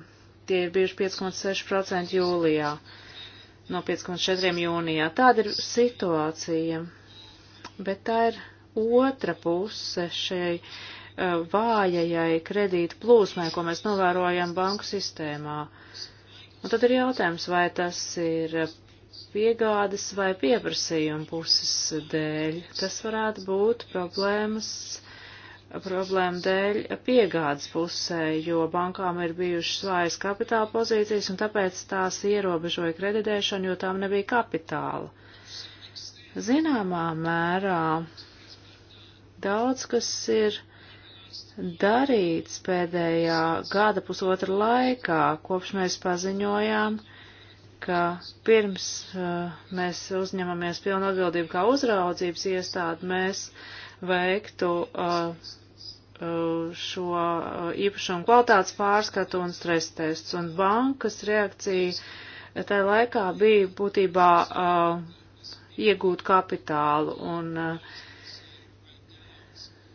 tie ir bijuši 5,6% jūlijā, no 5,4% jūnijā. Tāda ir situācija, bet tā ir otra puse šai uh, vājajai kredītu plūsmai, ko mēs novērojam banku sistēmā. Uh, Un tad ir jautājums, vai tas ir piegādes vai pieprasījuma puses dēļ. Tas varētu būt problēmas, problēma dēļ piegādes pusē, jo bankām ir bijušas vājas kapitāla pozīcijas un tāpēc tās ierobežoja kreditēšanu, jo tām nebija kapitāla. Zināmā mērā daudz kas ir darīts pēdējā gada pusotra laikā, kopš mēs paziņojām, ka pirms uh, mēs uzņemamies pilnu atbildību kā uzraudzības iestādi, mēs veiktu uh, šo īpašumu kvalitātes pārskatu un stresa tests. Un bankas reakcija tajā laikā bija būtībā uh, iegūt kapitālu. Un, uh,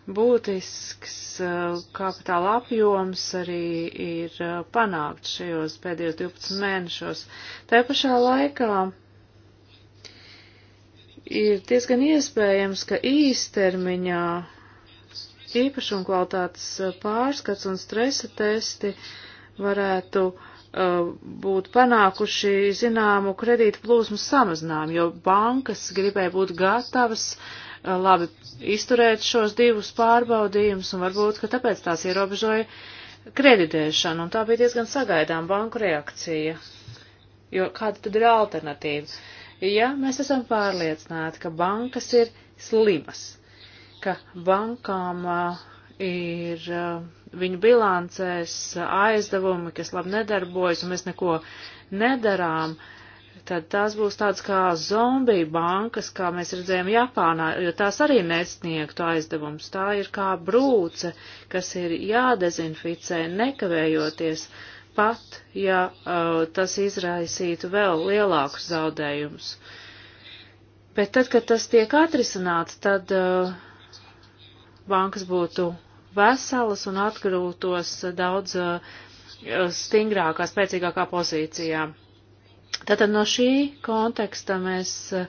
būtisks uh, kapitāla apjoms arī ir uh, panākts šajos pēdējos 12 mēnešos. Tā pašā laikā ir diezgan iespējams, ka īstermiņā īpašuma kvalitātes uh, pārskats un stresa testi varētu uh, būt panākuši zināmu kredītu plūsmu samazinājumu, jo bankas gribēja būt gatavas uh, Eh, labi izturēt šos divus pārbaudījumus, un varbūt, ka tāpēc tās ierobežoja kreditēšanu, un tā bija diezgan sagaidām banku reakcija. Jo kāda tad ir alternatīva? Ja mēs esam pārliecināti, ka bankas ir slimas, ka bankām uh, ir uh, viņu bilancēs aizdevumi, kas labi nedarbojas, un mēs neko nedarām, uh, tad tās būs tādas kā zombiju bankas, kā mēs redzējām Japānā, jo tās arī nesniegtu aizdevums. Tā ir kā brūce, kas ir jādezinficē nekavējoties, pat ja uh, tas izraisītu vēl lielākus zaudējumus. Bet tad, kad tas tiek atrisināts, tad uh, bankas būtu veselas un atgrūtos daudz uh, stingrākā, spēcīgākā pozīcijā. Tātad no šī konteksta mēs eh,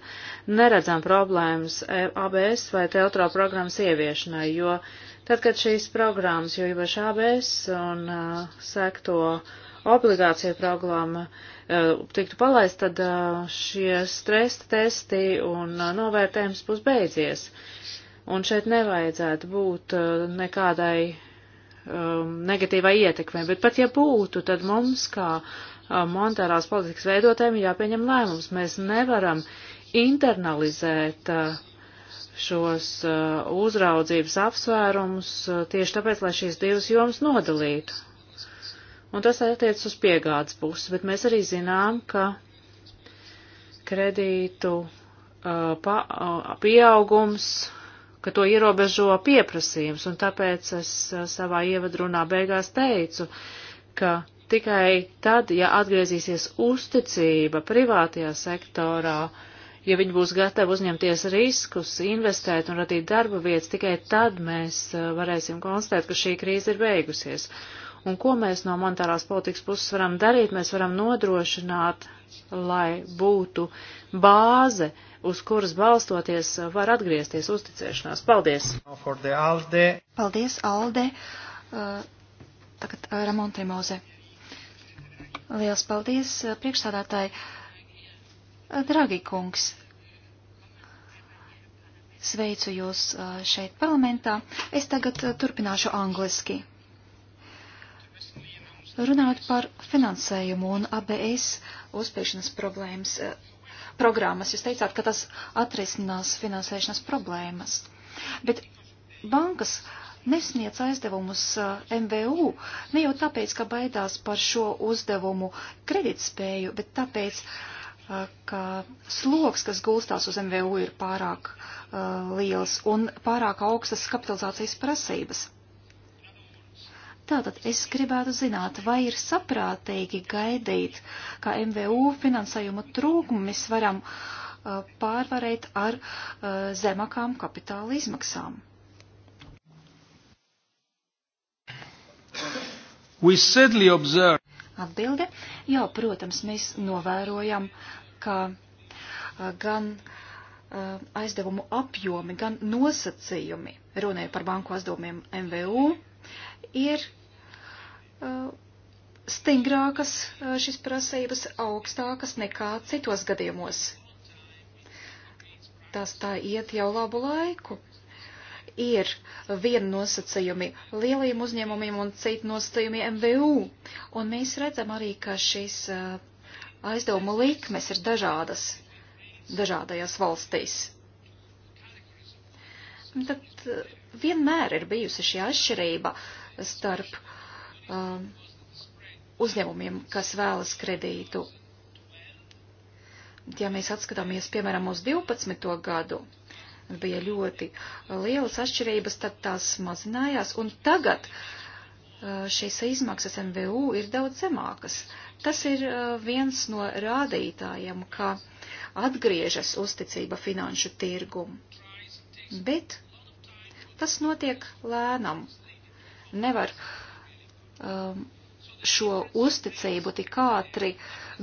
neredzam problēmas e, ABS vai teltro programmas ieviešanai, jo tad, kad šīs programmas, jo īpaši ABS un uh, sekto obligācija programma uh, tiktu palaist, tad uh, šie stresa testi un uh, novērtējums būs beidzies. Un šeit nevajadzētu būt uh, nekādai um, negatīvai ietekmei, bet pat ja būtu, tad mums kā uh, Uh, monetārās politikas veidotēm jāpieņem lēmums. Mēs nevaram internalizēt uh, šos uh, uzraudzības apsvērumus tieši tāpēc, lai šīs divas jomas nodalītu. Un tas attiec uz piegādes puses, bet mēs arī zinām, ka kredītu uh, pa, uh, pieaugums, ka to ierobežo pieprasījums, un tāpēc es uh, savā ievadrunā beigās teicu, ka tikai tad, ja atgriezīsies uzticība privātajā sektorā, ja viņi būs gatavi uzņemties riskus, investēt un radīt darba vietas, tikai tad mēs eh, varēsim konstatēt, ka šī krīze ir beigusies. Un ko mēs no monetārās politikas puses varam darīt? Mēs varam nodrošināt, lai būtu bāze, uz kuras balstoties eh, var atgriezties uzticēšanās. Paldies! Paldies, Alde! Eh, tagad Ramon Tremoze. Liels paldies, eh, priekšsādātāji. Eh, Dragi kungs, sveicu jūs eh, šeit parlamentā. Es tagad turpināšu angliski. Runājot par finansējumu un ABS uzspiešanas problēmas, programmas, jūs teicāt, ka tas atrisinās finansēšanas problēmas. Bet bankas uh, nesniedz aizdevumus eh, MVU ne jau tāpēc, ka baidās par šo uzdevumu kreditspēju, bet tāpēc, eh, ka sloks, kas gulstās uz MVU, ir pārāk uh, liels un pārāk augstas kapitalizācijas prasības. Tātad es gribētu zināt, vai ir saprātīgi gaidīt, ka MVU finansējuma trūkumu mēs varam uh, pārvarēt ar uh, zemākām kapitāla izmaksām. Atbilde. Jā, protams, mēs novērojam, ka gan aizdevumu apjomi, gan nosacījumi, runēja par banku aizdevumiem MVU, ir stingrākas šīs prasības, augstākas nekā citos gadījumos. Tas tā iet jau labu laiku ir viena nosacījumi lielajiem uzņēmumiem un cita nosacījumi MVU. Un mēs redzam arī, ka šīs uh, aizdevumu likmes ir dažādas dažādajās valstīs. Tad uh, vienmēr ir bijusi šī atšķirība starp um, uzņēmumiem, kas vēlas kredītu. Ja mēs atskatāmies, piemēram, uz 12. gadu, bija ļoti uh, lielas atšķirības, tad tās mazinājās, un tagad uh, šīs izmaksas MVU ir daudz zemākas. Tas ir uh, viens no rādītājiem, ka atgriežas uzticība finanšu tirgumu. Bet tas notiek lēnam. Nevar um, šo uzticību tik ātri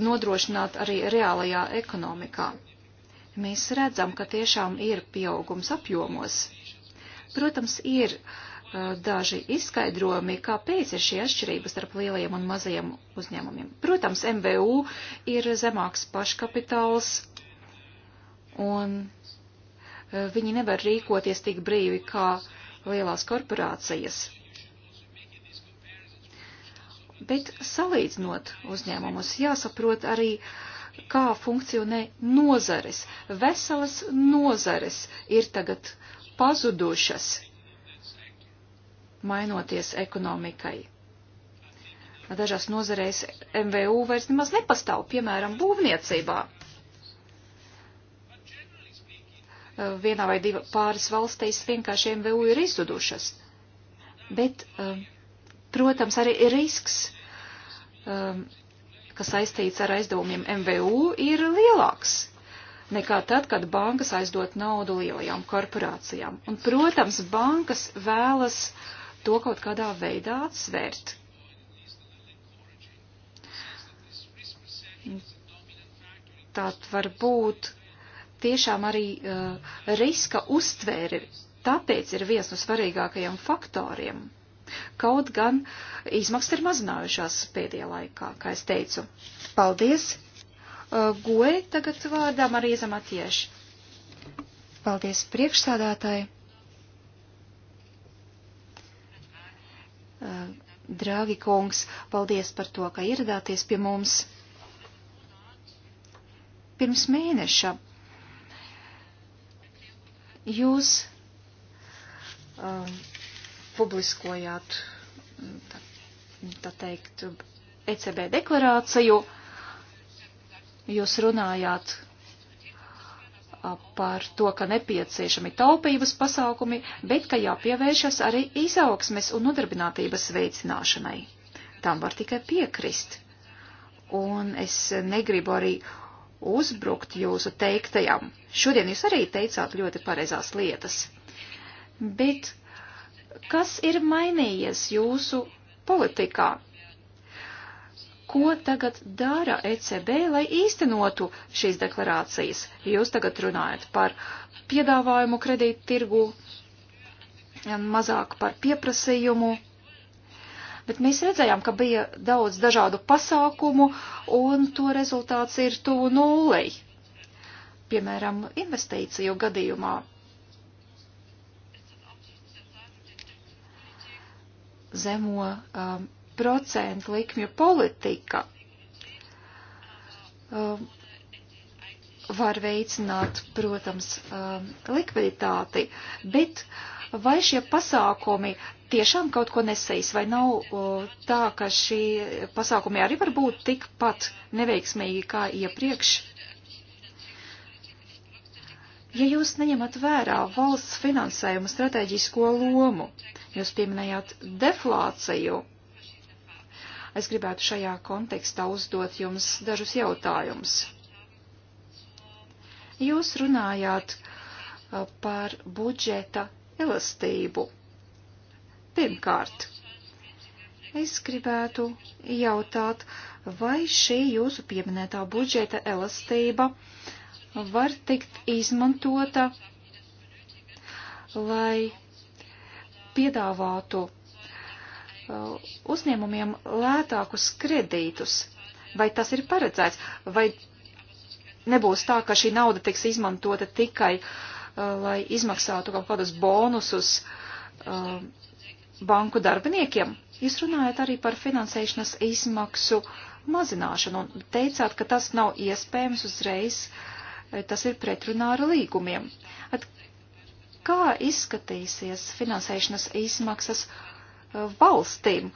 nodrošināt arī reālajā ekonomikā. Mēs redzam, ka tiešām ir pieaugums apjomos. Protams, ir uh, daži izskaidrojumi, kāpēc ir šī atšķirība starp lielajiem un mazajiem uzņēmumiem. Protams, MVU ir zemāks paškapitāls un uh, viņi nevar rīkoties tik brīvi kā lielās korporācijas. Bet salīdzinot uzņēmumus, jāsaprot arī uh, kā funkcionē nozares. Veselas nozares ir tagad pazudušas, mainoties ekonomikai. Dažās nozarēs MVU vairs nemaz nepastāv, piemēram, būvniecībā. Vienā vai diva, pāris valstīs vienkārši MVU ir izzudušas. Bet, um, protams, arī risks um, kas saistīts ar aizdevumiem MVU, ir lielāks nekā tad, kad bankas aizdot naudu lielajām korporācijām. Un, protams, bankas vēlas to kaut kādā veidā atsvērt. Tātad var būt tiešām arī uh, riska uztvēri, tāpēc ir viens no svarīgākajiem faktoriem Kaut gan izmaksas ir mazinājušās pēdējā laikā, kā es teicu. Paldies! Uh, Goe tagad vārdā Marīza Matieši. Paldies priekšsādātāji! Uh, Drāgi kungs, paldies par to, ka ieradāties pie mums. Pirms mēneša jūs um, publiskojāt, mm, tā, tā teikt, ECB deklarāciju. Jūs runājāt par to, ka nepieciešami taupības pasākumi, bet ka jāpievēršas arī izaugsmes un nodarbinātības veicināšanai. Tam var tikai piekrist. Un es negribu arī uzbrukt jūsu teiktajam. Šodien jūs arī teicāt ļoti pareizās lietas. Bet Kas ir mainījies jūsu politikā? Ko tagad dara ECB, lai īstenotu šīs deklarācijas? Jūs tagad runājat par piedāvājumu kredīt tirgu, mazāk par pieprasījumu, bet mēs redzējām, ka bija daudz dažādu pasākumu, un to rezultāts ir tuvu nulei. Piemēram, investīciju gadījumā zemo um, procentu likmju politika um, var veicināt, protams, um, likviditāti, bet vai šie pasākumi tiešām kaut ko nesīs, vai nav o, tā, ka šie pasākumi arī var būt tikpat neveiksmīgi kā iepriekš Ja jūs neņemat vērā valsts finansējuma strateģisko lomu, jūs pieminējāt deflāciju, es gribētu šajā kontekstā uzdot jums dažus jautājumus. Jūs runājāt uh, par budžeta elastību. Pirmkārt, es gribētu jautāt, vai šī jūsu pieminētā budžeta elastība uh, var tikt izmantota, lai piedāvātu uh, uzņēmumiem lētākus kredītus. Vai tas ir paredzēts? Vai nebūs tā, ka šī nauda tiks izmantota tikai, uh, lai izmaksātu kaut kādus bonusus uh, banku darbiniekiem? Jūs runājat arī par finansēšanas izmaksu mazināšanu un teicāt, ka tas nav iespējams uzreiz uh, tas ir pretrunā ar līgumiem. At kā izskatīsies finansēšanas izmaksas uh, valstīm?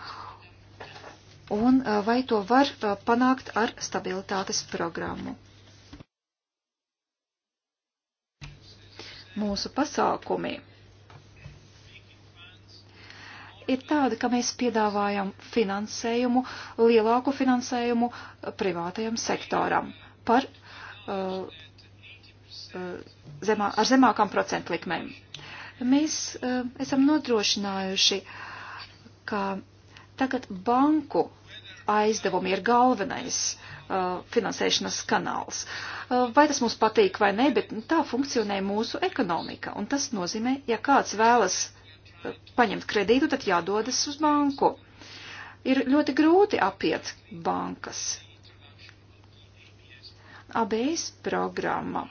Un uh, vai to var uh, panākt ar stabilitātes programmu? Mūsu pasākumi ir tāda, ka mēs piedāvājam finansējumu, lielāku finansējumu privātajam sektoram par uh, zemā, ar zemākām procentu likmēm. Mēs uh, esam nodrošinājuši, ka tagad banku aizdevumi ir galvenais uh, finansēšanas kanāls. Uh, vai tas mums patīk vai ne, bet tā funkcionē mūsu ekonomika. Un tas nozīmē, ja kāds vēlas paņemt kredītu, tad jādodas uz banku. Ir ļoti grūti apiet bankas. ABS programma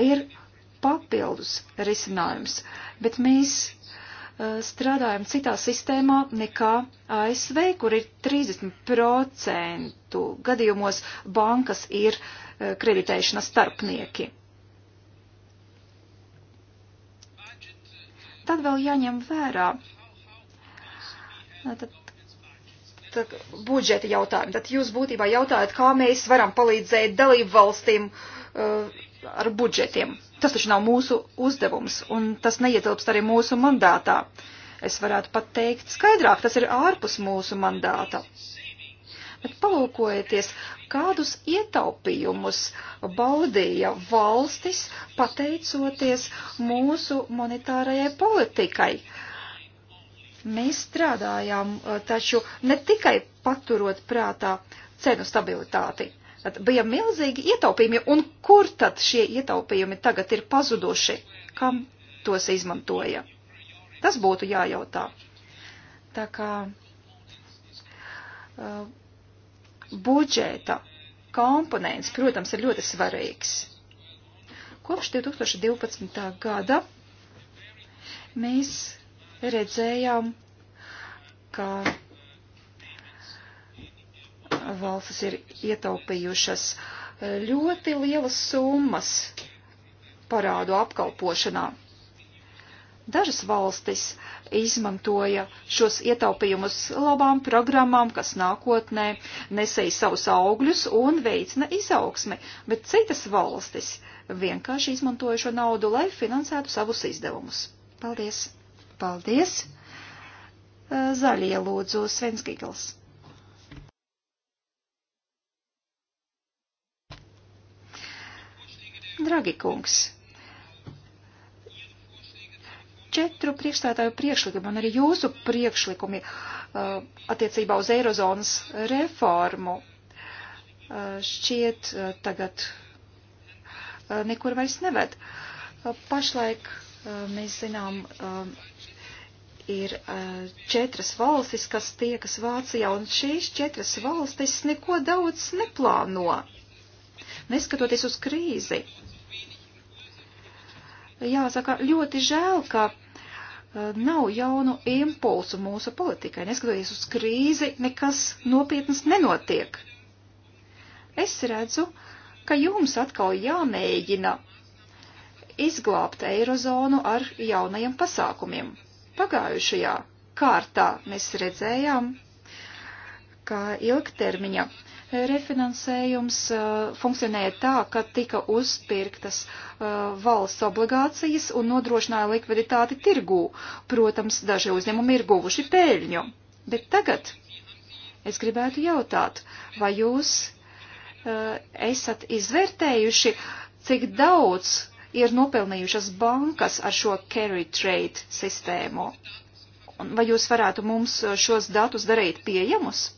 ir papildus risinājums, bet mēs uh, strādājam citā sistēmā nekā ASV, kur ir 30% gadījumos bankas ir uh, kreditēšanas starpnieki. Tad vēl jāņem vērā uh, tad, tad budžeta jautājumi. Tad jūs būtībā jautājat, kā mēs varam palīdzēt dalību valstīm uh, ar budžetiem. Tas taču nav mūsu uzdevums, un tas neietilpst arī mūsu mandātā. Es varētu pat teikt skaidrāk, tas ir ārpus mūsu mandāta. Bet palūkojieties, kādus ietaupījumus baudīja valstis pateicoties mūsu monetārajai politikai. Mēs strādājām taču ne tikai paturot prātā cenu stabilitāti, Tad bija milzīgi ietaupījumi, un kur tad šie ietaupījumi tagad ir pazuduši? Kam tos izmantoja? Tas būtu jājautā. Tā kā uh, budžeta komponents, protams, ir ļoti svarīgs. Kopš 2012. gada mēs redzējām, ka valstis ir ietaupījušas e, ļoti lielas summas parādu apkalpošanā. Dažas valstis izmantoja šos ietaupījumus labām programmām, kas nākotnē nesēja savus augļus un veicina izaugsmi, bet citas valstis vienkārši izmantoja šo naudu, lai finansētu savus izdevumus. Paldies! Paldies! E, Zaļie lūdzu Svenskigls. Dragi kungs, četru priekšstādāju priekšlikumu un arī jūsu priekšlikumi uh, attiecībā uz Eirozonas reformu uh, šķiet uh, tagad uh, nekur vairs neved. Uh, pašlaik uh, mēs zinām, ir četras valstis, kas tiekas Vācijā, un šīs četras valstis neko daudz neplāno, neskatoties uz krīzi jāsaka, ļoti žēl, ka e, nav jaunu impulsu mūsu politikai. Neskatoties uz krīzi, nekas nopietnas nenotiek. Es redzu, ka jums atkal jāmēģina izglābt eirozonu ar jaunajiem pasākumiem. Pagājušajā kārtā mēs redzējām, ka ilgtermiņa uh, Refinansējums eh, funkcionēja tā, ka tika uzpirktas eh, valsts obligācijas un nodrošināja likviditāti tirgū. Protams, daži uzņēmumi ir guvuši pēļņu. Bet tagad es gribētu jautāt, vai jūs eh, esat izvērtējuši, cik daudz ir nopelnījušas bankas ar šo carry trade sistēmu? Vai jūs varētu mums šos datus darīt pieejamus?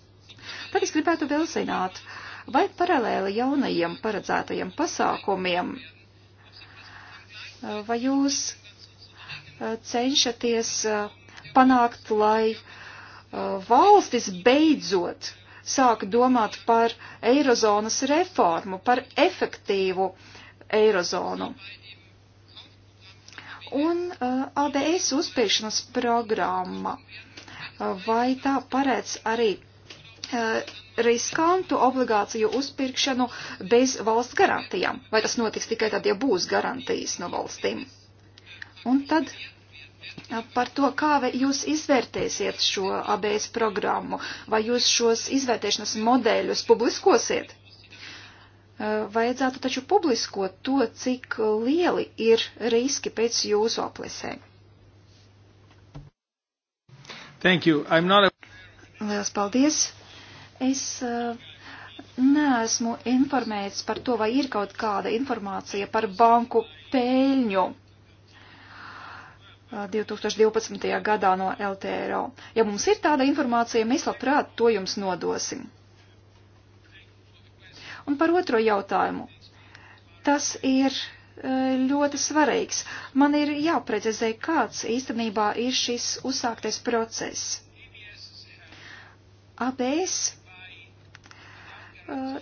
Tad es gribētu vēl zināt, vai paralēli jaunajiem paredzētajiem pasākumiem, eh, vai jūs eh, cenšaties eh, panākt, lai valstis beidzot sāk domāt par eirozonas reformu, par efektīvu eirozonu. Un ADS uzspiešanas programma, vai tā paredz arī Eh, riskantu obligāciju uzpirkšanu bez valsts garantijām, vai tas notiks tikai tad, ja būs garantijas no valstīm. Un tad eh, par to, kā jūs izvērtēsiet šo ABS programmu, vai jūs šos izvērtēšanas modeļus publiskosiet? Eh, vajadzētu taču publiskot to, cik lieli ir riski pēc jūsu aplesēm. Thank you. I'm not a... Liels paldies! Es eh, neesmu informēts par to, vai ir kaut kāda informācija par banku peļņu 2012. Eh, gadā no LTRO. Ja mums ir tāda informācija, mēs labprāt to jums nodosim. Un par otro jautājumu. Tas ir eh, ļoti svarīgs. Man ir jāprecizē, kāds īstenībā ir šis uzsāktais process. ABS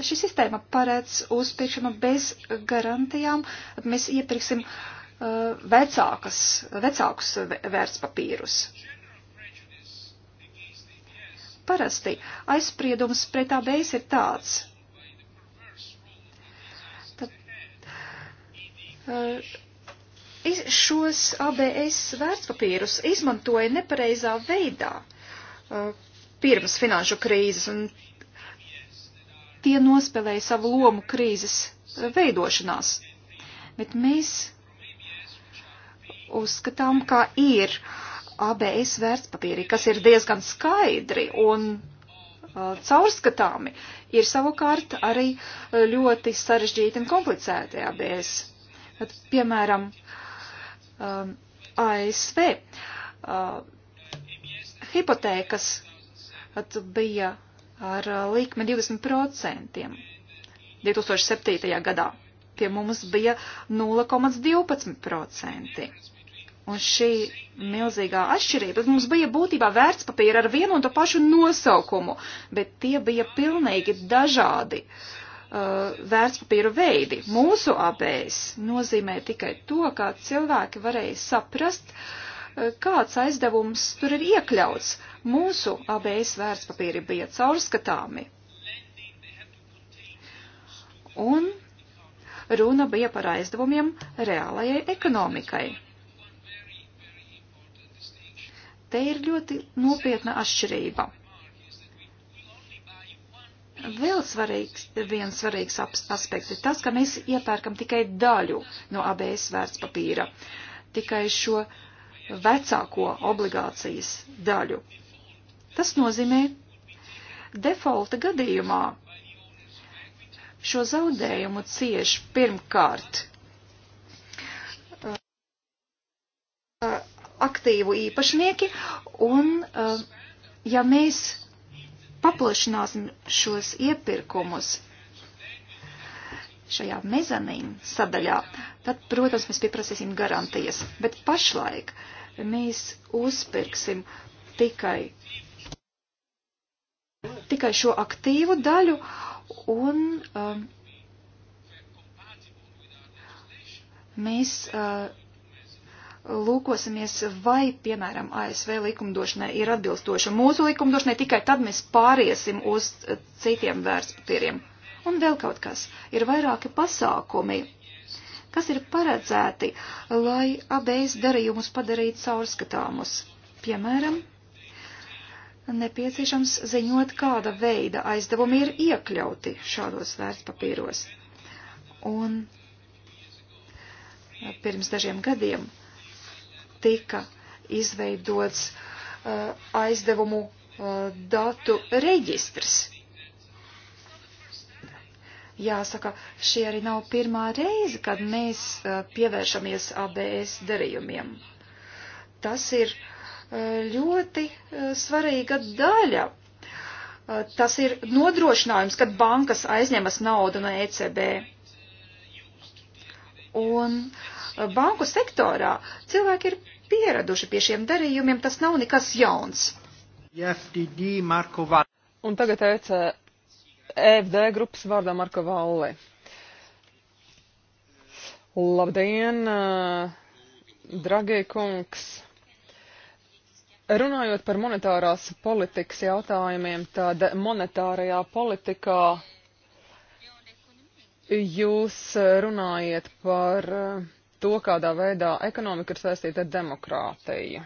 šī sistēma paredz uzpirkšanu bez garantijām. Mēs iepirksim vecākas, vecākus vērtspapīrus. Parasti aizspriedums pret ABS ir tāds. Tad, šos ABS vērtspapīrus izmantoja nepareizā veidā pirms finanšu krīzes, un tie nospēlēja savu lomu krīzes eh, veidošanās. Bet mēs uzskatām, ka ir ABS vērtspapīri, kas ir diezgan skaidri un eh, caurskatāmi, ir savukārt arī eh, ļoti sarežģīti un komplicēti ABS. Tad, piemēram, um, ASV uh, hipotēkas tad bija ar uh, likmi 20% 2007. gadā. Pie mums bija 0,12%. Un šī milzīgā atšķirība, mums bija būtībā vērtspapīra ar vienu un to pašu nosaukumu, bet tie bija pilnīgi dažādi uh, vērtspapīru veidi. Mūsu ABS nozīmē tikai to, kā cilvēki varēja saprast, uh, kāds aizdevums tur ir iekļauts. Mūsu ABS vērtspapīri bija caurskatāmi. Un runa bija par aizdevumiem reālajai ekonomikai. Te ir ļoti nopietna atšķirība. Vēl svarīgs, viens svarīgs aspekts ir tas, ka mēs iepērkam tikai daļu no ABS vērtspapīra. Tikai šo uh, vecāko obligācijas daļu. Tas nozīmē, defaulta gadījumā šo zaudējumu cieš pirmkārt uh, aktīvu īpašnieki, un uh, ja mēs paplašināsim šos iepirkumus, šajā mezanīna sadaļā, tad, protams, mēs pieprasīsim garantijas. Bet pašlaik mēs uzpirksim tikai, tikai šo aktīvu daļu un um, mēs uh, lūkosimies, vai, piemēram, ASV likumdošanai ir atbilstoša mūsu likumdošanai, tikai tad mēs pāriesim uz uh, citiem vērtspapīriem. Un vēl kaut kas. Ir vairāki pasākumi, kas ir paredzēti, lai abējas darījumus padarītu caurskatāmus. Piemēram, nepieciešams ziņot, kāda veida aizdevumi ir iekļauti šādos vērtspapīros. Un pirms dažiem gadiem tika izveidots uh, aizdevumu uh, datu reģistrs. Jāsaka, šī arī nav pirmā reize, kad mēs uh, pievēršamies ABS darījumiem. Tas ir uh, ļoti uh, svarīga daļa. Tas ir nodrošinājums, kad bankas aizņemas naudu no ECB. Un banku sektorā cilvēki ir pieraduši pie šiem darījumiem, tas nav nekas jauns. FDD Marko Val. Un tagad ECR. EFD grupas vārdā Marko Valli. Labdien, e, dragie kungs! Runājot par monetārās politikas jautājumiem, tad monetārajā politikā jūs runājat par to, kādā veidā ekonomika ir saistīta ar demokrātiju.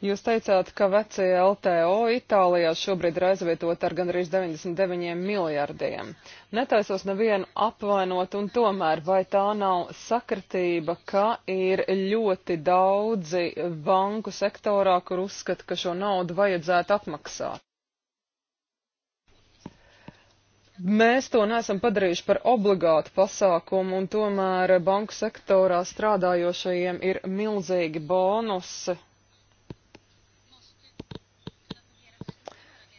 Jūs teicāt, ka vecie LTO Itālijā šobrīd ir aizvietota ar gandrīz 99 miljardiem. Netaisos nevienu apvainot, un tomēr vai tā nav sakritība, ka ir ļoti daudzi banku sektorā, kur uzskata, ka šo naudu vajadzētu atmaksāt? Mēs to neesam padarījuši par obligātu pasākumu, un tomēr banku sektorā strādājošajiem ir milzīgi bonusi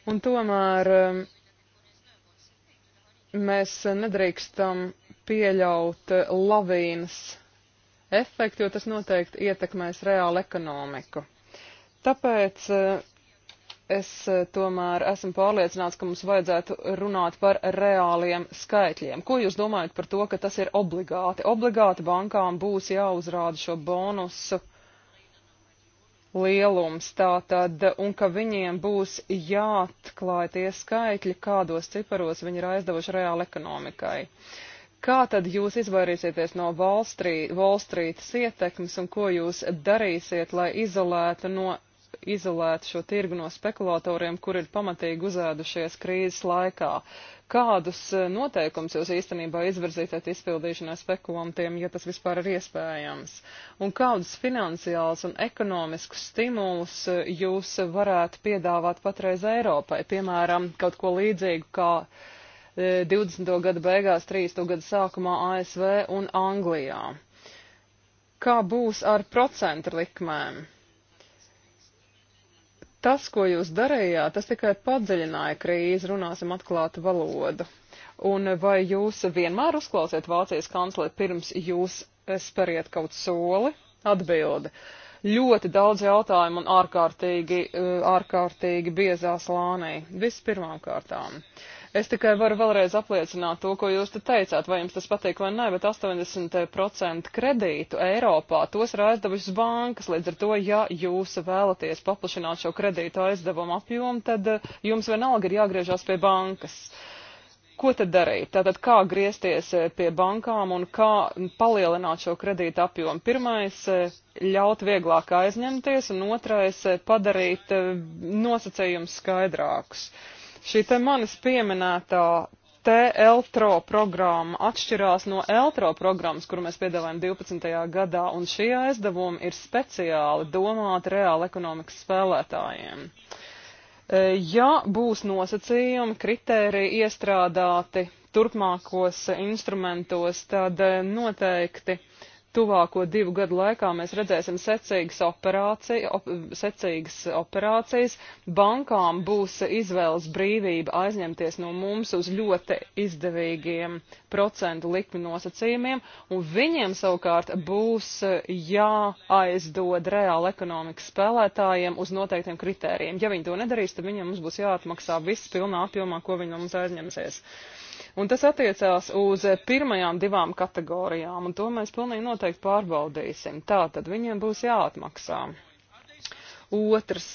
Un tomēr um, mēs nedrīkstam pieļaut uh, lavīnas efektu, jo tas noteikti ietekmēs reālu ekonomiku. Tāpēc uh, es uh, tomēr esmu pārliecināts, ka mums vajadzētu runāt par reāliem skaitļiem. Ko jūs domājat par to, ka tas ir obligāti? Obligāti bankām būs jāuzrāda šo bonusu lielums tātad, un ka viņiem būs jāatklāj tie skaitļi, kādos ciparos viņi ir aizdevuši reāli ekonomikai. Kā tad jūs izvairīsieties no Wall, Street, Wall Streetas ietekmes un ko jūs darīsiet, lai izolētu, no, izolētu šo tirgu no spekulatoriem, kur ir pamatīgi uzēdušies krīzes laikā? kādus eh, noteikumus jūs īstenībā izvirzīsiet izpildīšanai spekulantiem, ja tas vispār ir iespējams, un kādus finansiālus un ekonomiskus stimulus eh, jūs varētu piedāvāt patreiz Eiropai, piemēram, kaut ko līdzīgu kā 20. Eh, gada beigās, 30. gada sākumā ASV un Anglijā. Kā būs ar procentu likmēm? Tas, ko jūs darījāt, tas tikai padziļināja krīzi, runāsim atklātu valodu. Un vai jūs vienmēr uzklausiet Vācijas kancleri pirms jūs speriet kaut soli? Atbildi. Ļoti daudz jautājumu un ārkārtīgi, ārkārtīgi biezā slānī. Vispirmām kārtām. Uh, Es tikai varu vēlreiz apliecināt to, ko jūs te teicāt, vai jums tas patīk vai nē, bet 80% eh, kredītu Eiropā tos ir aizdevušas bankas. Līdz ar to, ja jūs vēlaties paplašināt šo kredītu aizdevumu apjomu, tad eh, jums vienalga ir jāgriežās pie bankas. Ko tad darīt? Tātad kā griezties eh, pie bankām un kā palielināt šo kredītu apjomu? Pirmais - ļaut vieglāk aizņemties, un otrais - padarīt nosacījumus skaidrākus. Uh, Šī te manis pieminētā TLTRO programma atšķirās no ELTRO programmas, kuru mēs piedāvājam 12. gadā, un šie aizdevumi ir speciāli domāti reāli ekonomikas spēlētājiem. E, ja būs nosacījumi, kritēriji iestrādāti turpmākos instrumentos, tad e, noteikti tuvāko divu gadu laikā mēs redzēsim secīgas, operācija, op, secīgas operācijas. Bankām būs izvēles brīvība aizņemties no mums uz ļoti izdevīgiem procentu likmi nosacījumiem, un viņiem savukārt būs jāaizdod reāli ekonomikas spēlētājiem uz noteiktiem kritērijiem. Ja viņi to nedarīs, tad viņiem mums būs jāatmaksā viss pilnā apjomā, ko viņi no mums aizņemsies. Uh, Un tas attiecās uz pirmajām divām kategorijām, un to mēs pilnīgi noteikti pārbaudīsim. Tātad viņiem būs jāatmaksā. Otrs,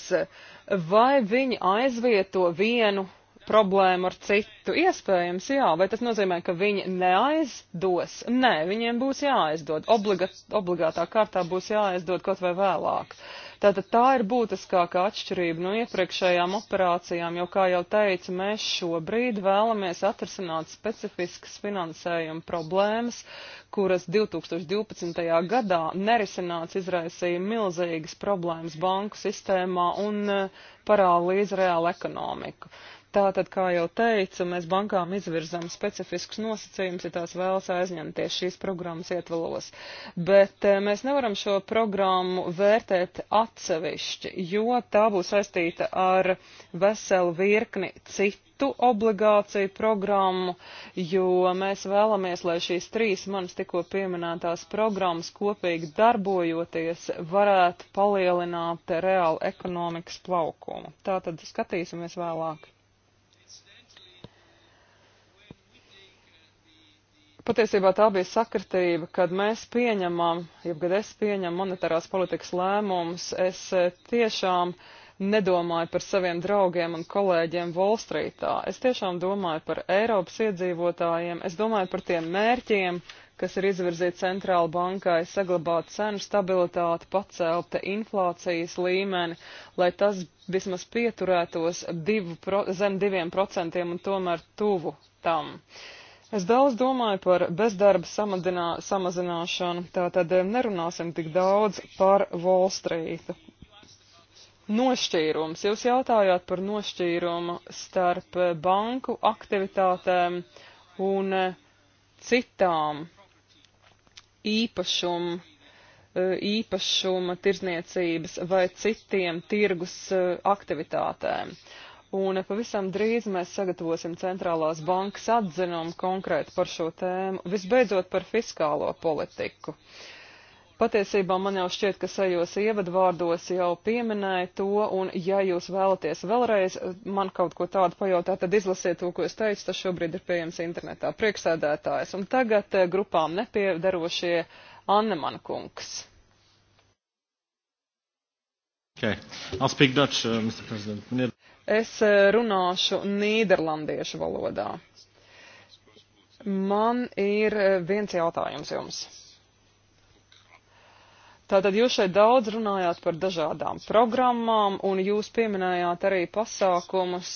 vai viņi aizvieto vienu problēmu ar citu. Iespējams, jā, vai tas nozīmē, ka viņi neaizdos? Nē, viņiem būs jāaizdod. Obligāt, obligātā kārtā būs jāaizdod kaut vai vēlāk. Uh, Tātad tā ir būtiskākā atšķirība no iepriekšējām operācijām, jo, kā jau teicu, mēs šobrīd vēlamies atrisināt specifiskas finansējuma problēmas, kuras 2012. gadā nerisināts izraisīja milzīgas problēmas banku sistēmā un eh, parālīz reālu ekonomiku. Tātad, kā jau teicu, mēs bankām izvirzam specifiskus nosacījumus, ja tās vēlas aizņemties šīs programmas ietvalos. Bet eh, mēs nevaram šo programmu vērtēt atsevišķi, jo tā būs saistīta ar veselu virkni citu citu obligāciju programmu, jo mēs vēlamies, lai šīs trīs manas tikko pieminētās programmas kopīgi darbojoties varētu palielināt reālu ekonomikas plaukumu. Tātad skatīsimies vēlāk. Patiesībā tā bija sakritība, kad mēs pieņemam, jeb kad es pieņemu monetārās politikas lēmumus, es e, tiešām nedomāju par saviem draugiem un kolēģiem Volstrītā. Es tiešām domāju par Eiropas iedzīvotājiem, es domāju par tiem mērķiem, kas ir izvirzīti centrāla bankai, saglabāt cenu stabilitāti, pacelt inflācijas līmeni, lai tas vismaz pieturētos divu, pro, zem diviem procentiem un tomēr tuvu tam. Uh, Es daudz domāju par bezdarba samazināšanu, tātad eh, nerunāsim tik daudz par Wall Street. Nošķīrums. Jūs jautājāt par nošķīrumu starp eh, banku aktivitātēm un eh, citām īpašumu, īpašuma tirzniecības vai citiem tirgus aktivitātēm. Uh, un pavisam drīz mēs sagatavosim centrālās bankas atzinumu konkrēti par šo tēmu. Visbeidzot par fiskālo politiku. Patiesībā man jau šķiet, ka sajos ievadvārdos jau pieminēja to, un ja jūs vēlaties vēlreiz man kaut ko tādu pajautāt, tad izlasiet to, ko es teicu, tas šobrīd ir pieejams internetā. Prieksēdētājs. Un tagad eh, grupām nepiedarošie Anneman kungs. Okay. I'll speak Dutch, uh, Mr. President. Es eh, runāšu nīderlandiešu valodā. Man ir eh, viens jautājums jums. Tātad jūs šeit daudz runājāt par dažādām programmām, un jūs pieminējāt arī pasākumus,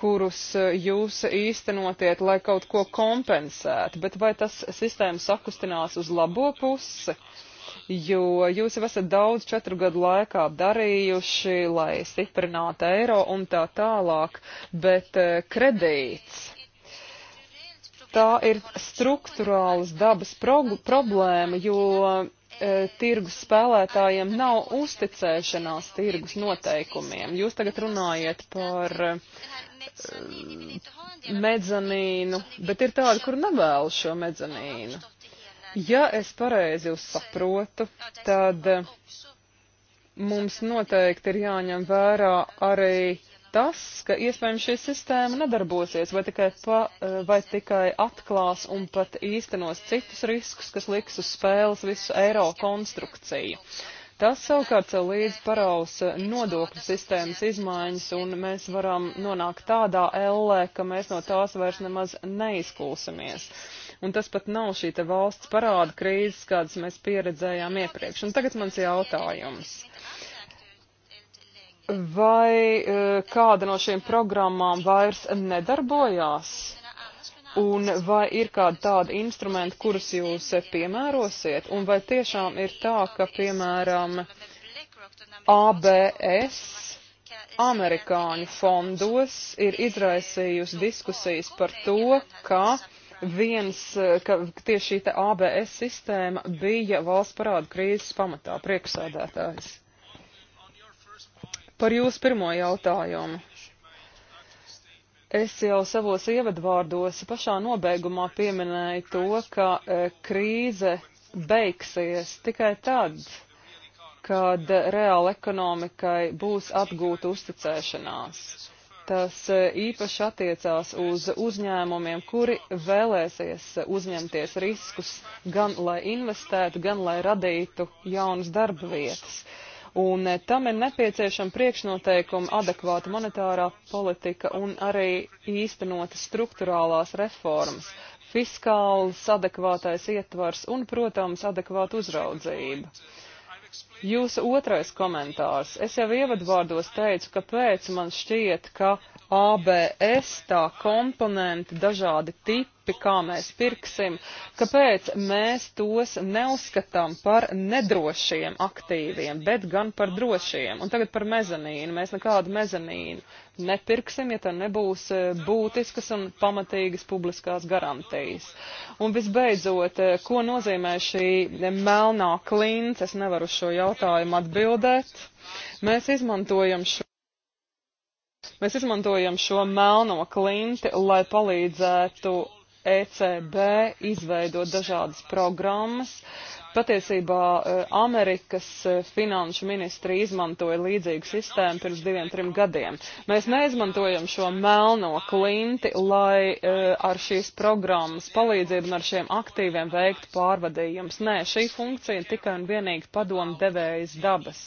kurus eh, jūs īstenotiet, lai kaut ko kompensētu, bet vai tas sistēma sakustinās uz labo pusi? Uh, jo jūs jau esat daudz četru gadu laikā darījuši, lai stiprinātu eiro un tā tālāk, bet eh, kredīts. Tā ir struktūrāls dabas problēma, jo e, tirgus spēlētājiem nav uzticēšanās tirgus noteikumiem. Jūs tagad runājat par e, medzanīnu, bet ir tādi, kur nevēlas šo medzanīnu. Ja es pareizi uzsaprotu, tad mums noteikti ir jāņem vērā arī tas, ka iespējams šī sistēma nedarbosies vai tikai, pa, vai tikai atklās un pat īstenos citus riskus, kas liks uz spēles visu eiro konstrukciju. Tas savukārt sev līdz paraus nodokļu sistēmas izmaiņas, un mēs varam nonākt tādā ellē, ka mēs no tās vairs nemaz neizkūsamies un tas pat nav šī te valsts parāda krīzes, kādas mēs pieredzējām iepriekš. Un tagad mans jautājums. Vai e, kāda no šīm programmām vairs nedarbojās? Un vai ir kādi tādi instrumenti, kurus jūs piemērosiet? Un vai tiešām ir tā, ka, piemēram, ABS amerikāņu fondos ir izraisījusi diskusijas par to, ka viens, ka tieši šī ABS sistēma bija valsts parādu krīzes pamatā priekšsēdētājs. Par jūsu pirmo jautājumu. Es jau savos ievadvārdos pašā nobeigumā pieminēju to, ka e, krīze beigsies tikai tad, kad reāla ekonomikai būs atgūta uzticēšanās tas e, īpaši attiecās uz uzņēmumiem, kuri vēlēsies uzņemties riskus gan lai investētu, gan lai radītu jaunas darba vietas. Un e, tam ir nepieciešama priekšnoteikuma adekvāta monetārā politika un arī īstenota struktūrālās reformas, fiskāls adekvātais ietvars un, protams, adekvāta uzraudzība. Jūsu otrais komentārs. Es jau ievadvārdos teicu, ka pēc man šķiet, ka ABS tā komponenti dažādi tipi pie kā mēs pirksim, kāpēc mēs tos neuzskatām par nedrošiem aktīviem, bet gan par drošiem. Un tagad par mezanīnu. Mēs nekādu mezanīnu nepirksim, ja tā nebūs e, būtiskas un pamatīgas publiskās garantijas. Un visbeidzot, e, ko nozīmē šī melnā klints, es nevaru uz šo jautājumu atbildēt. Mēs izmantojam šo. Mēs izmantojam šo melno klinti, lai palīdzētu ECB izveidot dažādas programmas. Patiesībā e, Amerikas e, finanšu ministri izmantoja līdzīgu sistēmu pirms diviem, trim gadiem. Mēs neizmantojam šo melno klinti, lai e, ar šīs programmas palīdzību un ar šiem aktīviem veikt pārvadījumus. Nē, šī funkcija tikai un vienīgi padomu devējas dabas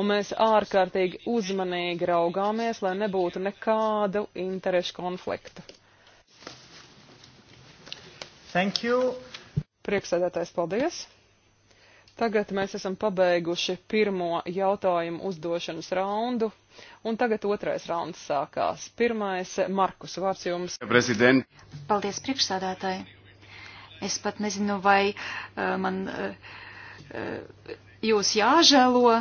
un mēs ārkārtīgi uzmanīgi raugāmies, lai nebūtu nekādu interešu konfliktu. Thank you. Prieksēdētais, paldies. Tagad mēs esam pabeiguši pirmo jautājumu uzdošanas raundu, un tagad otrais rauns sākās. Pirmais, Markus, vārds jums. Prezident. Paldies priekšsādātāji. Es pat nezinu, vai uh, man uh, uh, jūs jāžēlo,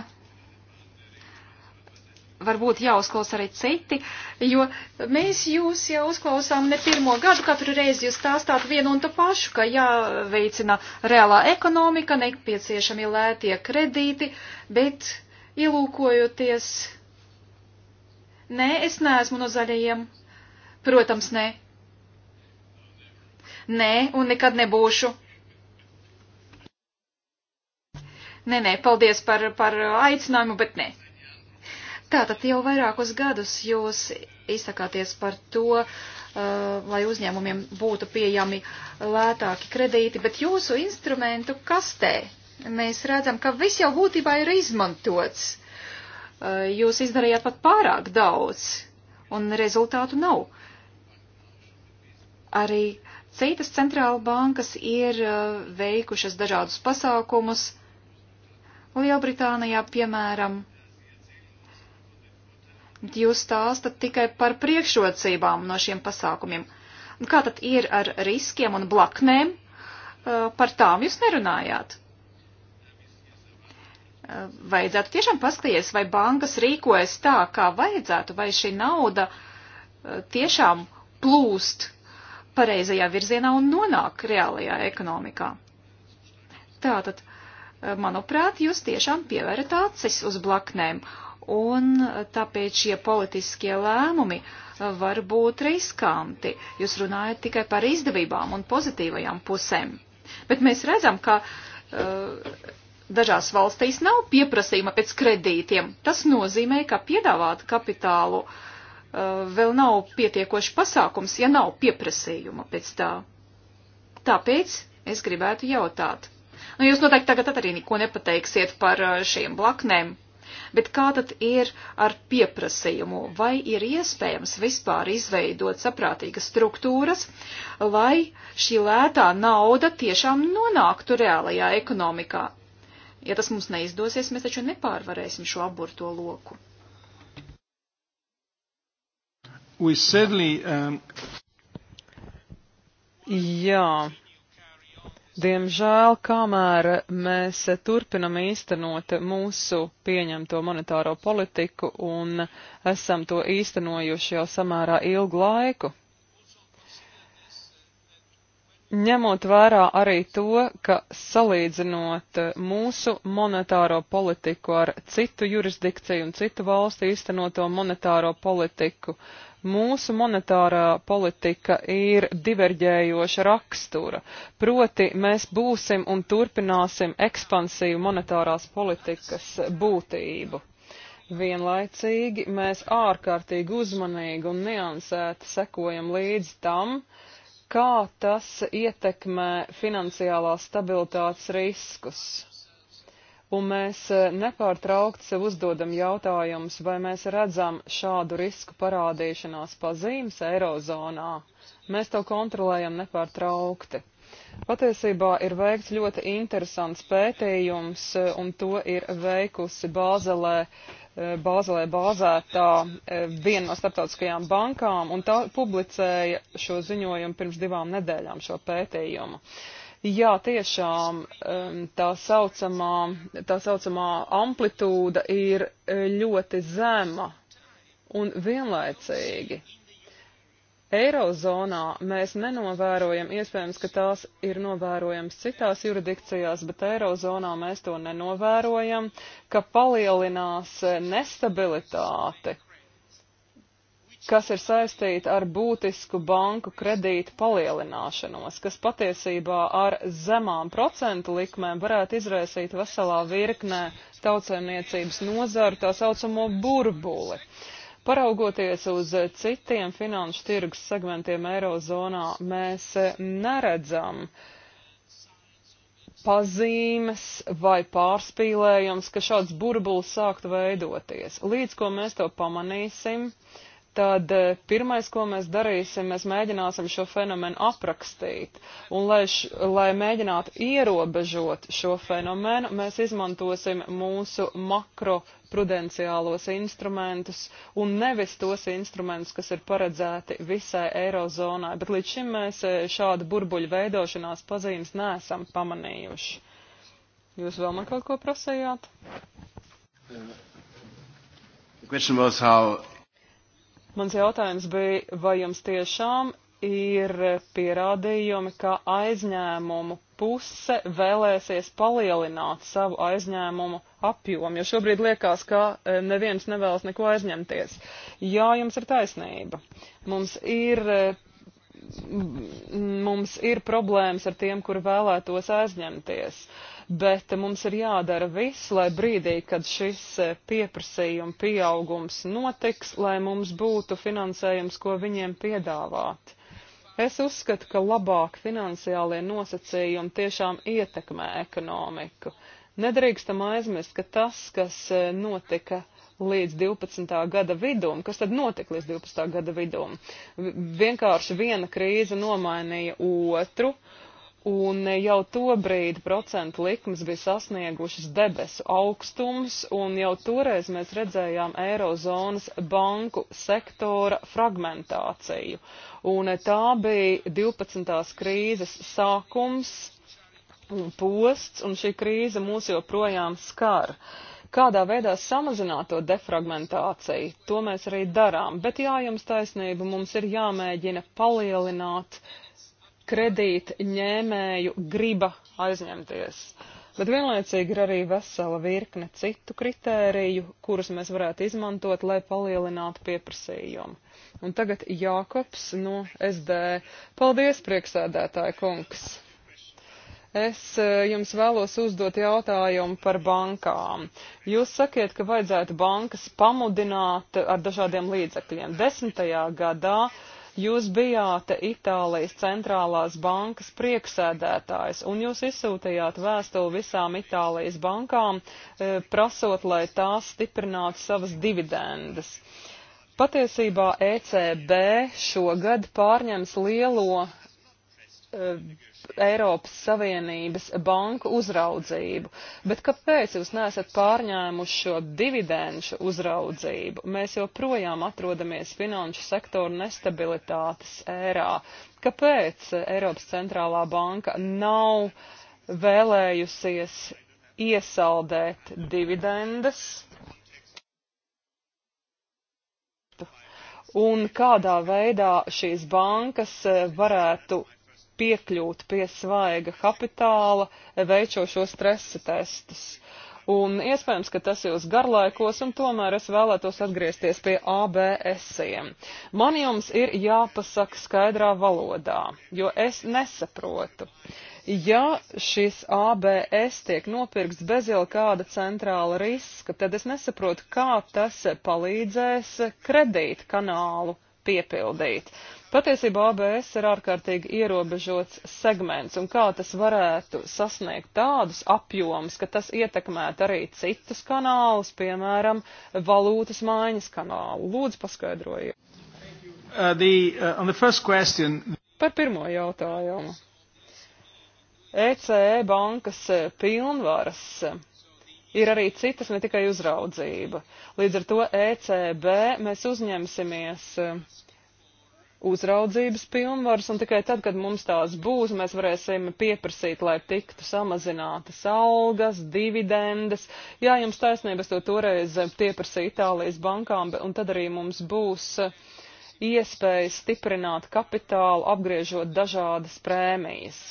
varbūt jāuzklausa arī citi, jo mēs jūs jau uzklausām ne pirmo gadu, katru reizi jūs stāstāt vienu un to pašu, ka jāveicina reālā ekonomika, nepieciešami lētie kredīti, bet ielūkojoties, nē, es neesmu no zaļajiem, protams, nē. Nē, un nekad nebūšu. Nē, nē, paldies par, par aicinājumu, bet nē. Tātad jau vairākus gadus jūs izsakāties par to, uh, lai uzņēmumiem būtu pieejami lētāki kredīti, bet jūsu instrumentu kastē mēs redzam, ka viss jau būtībā ir izmantots. Uh, jūs izdarījāt pat pārāk daudz, un rezultātu nav. Arī citas centrāla bankas ir uh, veikušas dažādus pasākumus. Lielbritānijā, piemēram, jūs stāstat tikai par priekšrocībām no šiem pasākumiem. Un kā tad ir ar riskiem un blaknēm? Par tām jūs nerunājāt. Vajadzētu tiešām paskatīties, vai bankas rīkojas tā, kā vajadzētu, vai šī nauda tiešām plūst pareizajā virzienā un nonāk reālajā ekonomikā. Tātad, manuprāt, jūs tiešām pievērat acis uz blaknēm Un tāpēc šie politiskie lēmumi var būt riskanti. Jūs runājat tikai par izdevībām un pozitīvajām pusēm. Bet mēs redzam, ka uh, dažās valstīs nav pieprasījuma pēc kredītiem. Tas nozīmē, ka piedāvāt kapitālu uh, vēl nav pietiekoši pasākums, ja nav pieprasījuma pēc tā. Tāpēc es gribētu jautāt. Nu, jūs noteikti tagad arī neko nepateiksiet par uh, šiem blaknēm, Bet kā tad ir ar pieprasījumu? Vai ir iespējams vispār izveidot saprātīgas struktūras, lai šī lētā nauda tiešām nonāktu reālajā ekonomikā? Ja tas mums neizdosies, mēs taču nepārvarēsim šo aburto loku. We certainly, um... Jā, Diemžēl, kamēr mēs turpinam īstenot mūsu pieņemto monetāro politiku un esam to īstenojuši jau samērā ilgu laiku, ņemot vērā arī to, ka salīdzinot mūsu monetāro politiku ar citu jurisdikciju un citu valstu īstenoto monetāro politiku, mūsu monetārā politika ir diverģējoša rakstura. Proti mēs būsim un turpināsim ekspansīvu monetārās politikas būtību. Vienlaicīgi mēs ārkārtīgi uzmanīgi un niansēti sekojam līdz tam, kā tas ietekmē finansiālās stabilitātes riskus un mēs eh, nepārtraukti sev uzdodam jautājumus, vai mēs redzam šādu risku parādīšanās pazīmes Eirozonā. Mēs to kontrolējam nepārtraukti. Patiesībā ir veikts ļoti interesants pētījums, eh, un to ir veikusi Bāzelē, eh, Bāzelē bāzētā viena no starptautiskajām bankām, un tā publicēja šo ziņojumu pirms divām nedēļām šo pētījumu. Uh, Jā, tiešām tā saucamā, tā saucamā amplitūda ir e, ļoti zema un vienlaicīgi. Eirozonā mēs nenovērojam, iespējams, ka tās ir novērojams citās juridikcijās, bet Eirozonā mēs to nenovērojam, ka palielinās e, nestabilitāte kas ir saistīta ar būtisku banku kredītu palielināšanos, kas patiesībā ar zemām procentu likmēm varētu izraisīt veselā virknē tautsēmniecības nozaru tā saucamo burbuli. Paraugoties uz citiem finanšu tirgus segmentiem Eirozonā, mēs neredzam pazīmes vai pārspīlējums, ka šāds burbulis sāktu veidoties. Līdz ko mēs to pamanīsim, uh, tad eh, pirmais, ko mēs darīsim, mēs mēģināsim šo fenomenu aprakstīt. Un, lai, š, lai mēģinātu ierobežot šo fenomenu, mēs izmantosim mūsu makro prudenciālos instrumentus un nevis tos instrumentus, kas ir paredzēti visai eirozonai. Bet līdz šim mēs eh, šādu burbuļu veidošanās pazīmes neesam pamanījuši. Jūs vēl man kaut ko prasējāt? Uh, the question was how Mans jautājums bija, vai jums tiešām ir pierādījumi, ka aizņēmumu puse vēlēsies palielināt savu aizņēmumu apjomu, jo šobrīd liekas, ka e, neviens nevēlas neko aizņemties. Jā, jums ir taisnība. Mums ir, e, mums ir problēmas ar tiem, kuri vēlētos aizņemties. Uh, bet mums ir jādara viss, lai brīdī, kad šis eh, pieprasījuma pieaugums notiks, lai mums būtu finansējums, ko viņiem piedāvāt. Es uzskatu, ka labāk finansiālie nosacījumi tiešām ietekmē ekonomiku. Nedrīkstam aizmirst, ka tas, kas eh, notika līdz 12. gada vidum, kas tad notika līdz 12. gada vidum, vienkārši viena krīze nomainīja otru, uh, un jau to brīdi procentu likmes bija sasniegušas debesu augstums, un jau toreiz mēs redzējām Eirozonas banku sektora fragmentāciju. Un tā bija 12. krīzes sākums un posts, un šī krīze mūs joprojām skar. Kādā veidā samazināt to defragmentāciju, to mēs arī darām, bet jā, jums taisnība, mums ir jāmēģina palielināt uh, kredītņēmēju griba aizņemties. Bet vienlaicīgi ir arī vesela virkne citu kritēriju, kurus mēs varētu izmantot, lai palielinātu pieprasījumu. Un tagad Jākops no SD. Paldies, prieksēdētāja kungs! Es eh, jums vēlos uzdot jautājumu par bankām. Jūs sakiet, ka vajadzētu bankas pamudināt ar dažādiem līdzekļiem. Desmitajā gadā uh, Jūs bijāt Itālijas centrālās bankas prieksēdētājs, un jūs izsūtījāt vēstuli visām Itālijas bankām, e, prasot, lai tās stiprinātu savas dividendes. Patiesībā ECB šogad pārņems lielo e, Eiropas Savienības banku uzraudzību. Bet kāpēc jūs neesat pārņēmuši šo dividendšu uzraudzību? Mēs joprojām atrodamies finanšu sektoru nestabilitātes ērā. Kāpēc Eiropas centrālā banka nav vēlējusies iesaldēt dividendes? Un kādā veidā šīs bankas varētu piekļūt pie svaiga kapitāla, veicot šo stresa testus. Un iespējams, ka tas jūs garlaikos, un tomēr es vēlētos atgriezties pie ABS-iem. Man jums ir jāpasaka skaidrā valodā, jo es nesaprotu. Ja šis ABS tiek nopirkts bez jau kāda centrāla riska, tad es nesaprotu, kā tas palīdzēs kredīt kanālu piepildīt. Patiesībā ABS ir ārkārtīgi ierobežots segments, un kā tas varētu sasniegt tādus apjomus, ka tas ietekmētu arī citus kanālus, piemēram, valūtas mājas kanālu. Lūdzu, paskaidrojiet. Uh, the, uh, question... Par pirmo jautājumu. ECE e bankas uh, pilnvaras uh, ir arī citas, ne tikai uzraudzība. Līdz ar to ECB mēs uzņemsimies uh, uzraudzības pilnvaras, un tikai tad, kad mums tās būs, mēs varēsim pieprasīt, lai tiktu samazinātas algas, dividendes. Jā, jums taisnības to toreiz pieprasīja Itālijas bankām, un tad arī mums būs iespējas stiprināt kapitālu, apgriežot dažādas prēmijas.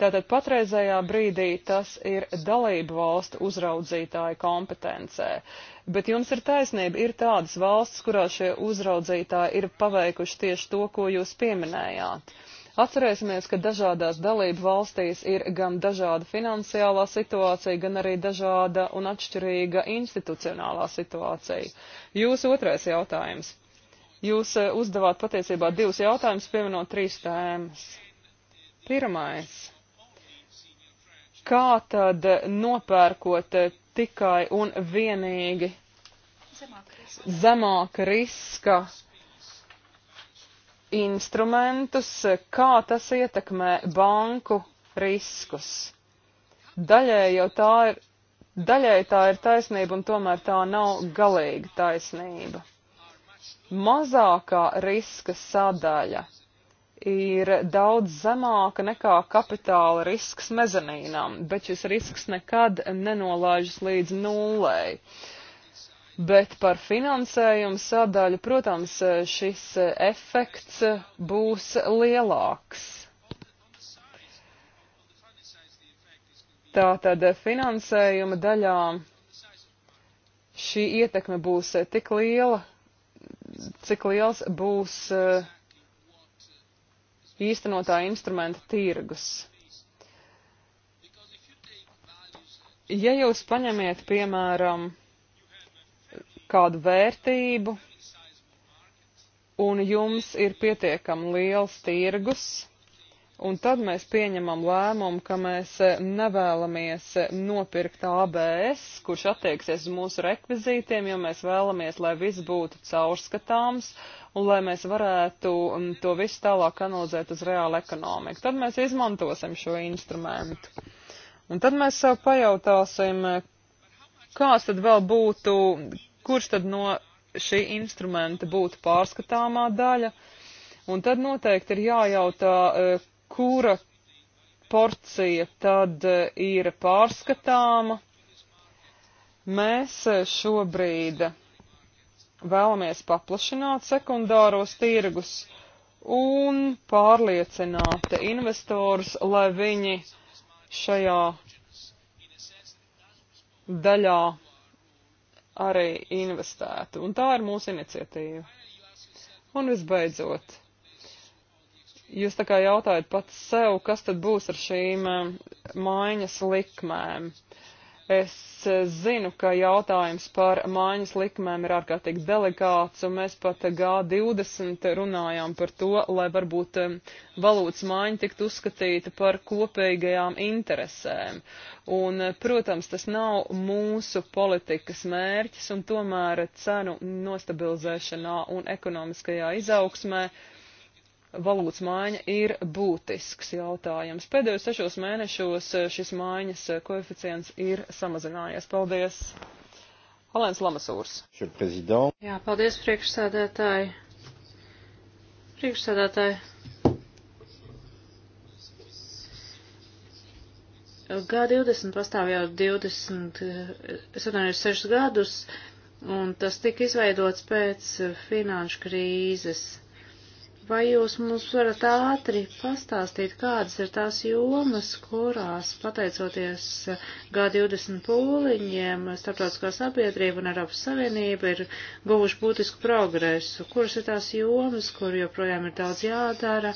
Tātad patreizējā brīdī tas ir dalību valstu uzraudzītāju kompetencē. Bet jums ir taisnība, ir tādas valstis, kurā šie uzraudzītāji ir paveikuši tieši to, ko jūs pieminējāt. Atcerēsimies, ka dažādās dalību valstīs ir gan dažāda finansiālā situācija, gan arī dažāda un atšķirīga institucionālā situācija. Jūs otrais jautājums. Jūs eh, uzdevāt patiesībā divus jautājumus, pieminot trīs tēmas. Pirmais kā tad nopērkot tikai un vienīgi zemāka riska instrumentus, kā tas ietekmē banku riskus. Daļai jau tā ir, daļai tā ir taisnība, un tomēr tā nav galīga taisnība. Mazākā riska sadaļa ir daudz zemāka nekā kapitāla risks mezanīnam, bet šis risks nekad nenolāžas līdz nullei. Bet par finansējumu sadaļu, protams, šis efekts būs lielāks. Tātad finansējuma daļā šī ietekme būs tik liela, cik liels būs uh, īstenotā instrumenta tirgus. Ja jūs paņemiet, piemēram, kādu vērtību, un jums ir pietiekami liels tirgus, Un tad mēs pieņemam lēmumu, ka mēs e, nevēlamies e, nopirkt ABS, kurš attieksies uz mūsu rekvizītiem, jo mēs vēlamies, lai viss būtu caurskatāms un lai mēs varētu to visu tālāk analizēt uz reālu ekonomiku. Tad mēs izmantosim šo instrumentu. Un tad mēs sev pajautāsim, e, kāds tad vēl būtu, kurš tad no šī instrumenta būtu pārskatāmā daļa. Un tad noteikti ir jājautā, kura porcija tad eh, ir pārskatāma. Mēs eh, šobrīd vēlamies paplašināt sekundāros tirgus un pārliecināt investorus, lai viņi šajā daļā arī investētu. Un tā ir mūsu iniciatīva. Un visbeidzot, Jūs tā kā jautājat pats sev, kas tad būs ar šīm eh, mājas likmēm. Es eh, zinu, ka jautājums par mājas likmēm ir ārkārtīgi delikāts, un mēs pat G20 runājām par to, lai varbūt eh, valūtas māja tiktu uzskatīta par kopīgajām interesēm. Un, protams, tas nav mūsu politikas mērķis, un tomēr cenu nostabilizēšanā un ekonomiskajā izaugsmē valūtas maiņa ir būtisks jautājums. Pēdējos sešos mēnešos eh, šis maiņas eh, koeficients ir samazinājies. Paldies! Alēns Lamasūrs. Jā, paldies priekšsēdētāji. Priekšsēdētāji. G20 pastāv jau 20, es atvainojos, 6 gadus, un tas tika izveidots pēc finanšu krīzes. Vai jūs mums varat ātri pastāstīt, kādas ir tās jomas, kurās, pateicoties G20 pūliņiem, starptautiskā sabiedrība un Eiropas Savienība ir guvuši būtisku progresu? Kuras ir tās jomas, kur joprojām ir daudz jādara?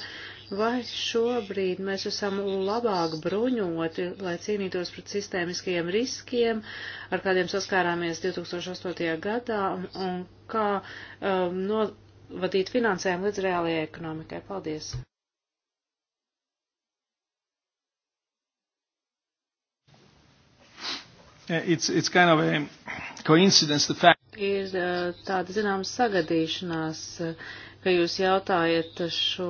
Vai šobrīd mēs esam labāk bruņoti, lai cīnītos pret sistēmiskajiem riskiem, ar kādiem saskārāmies 2008. gadā, un, un kā um, no, vadīt finansējumu līdz reālajai ekonomikai. Paldies! It's, it's kind of a coincidence, the fact. Ir uh, tāda zināms sagadīšanās, uh, ka jūs jautājat šo,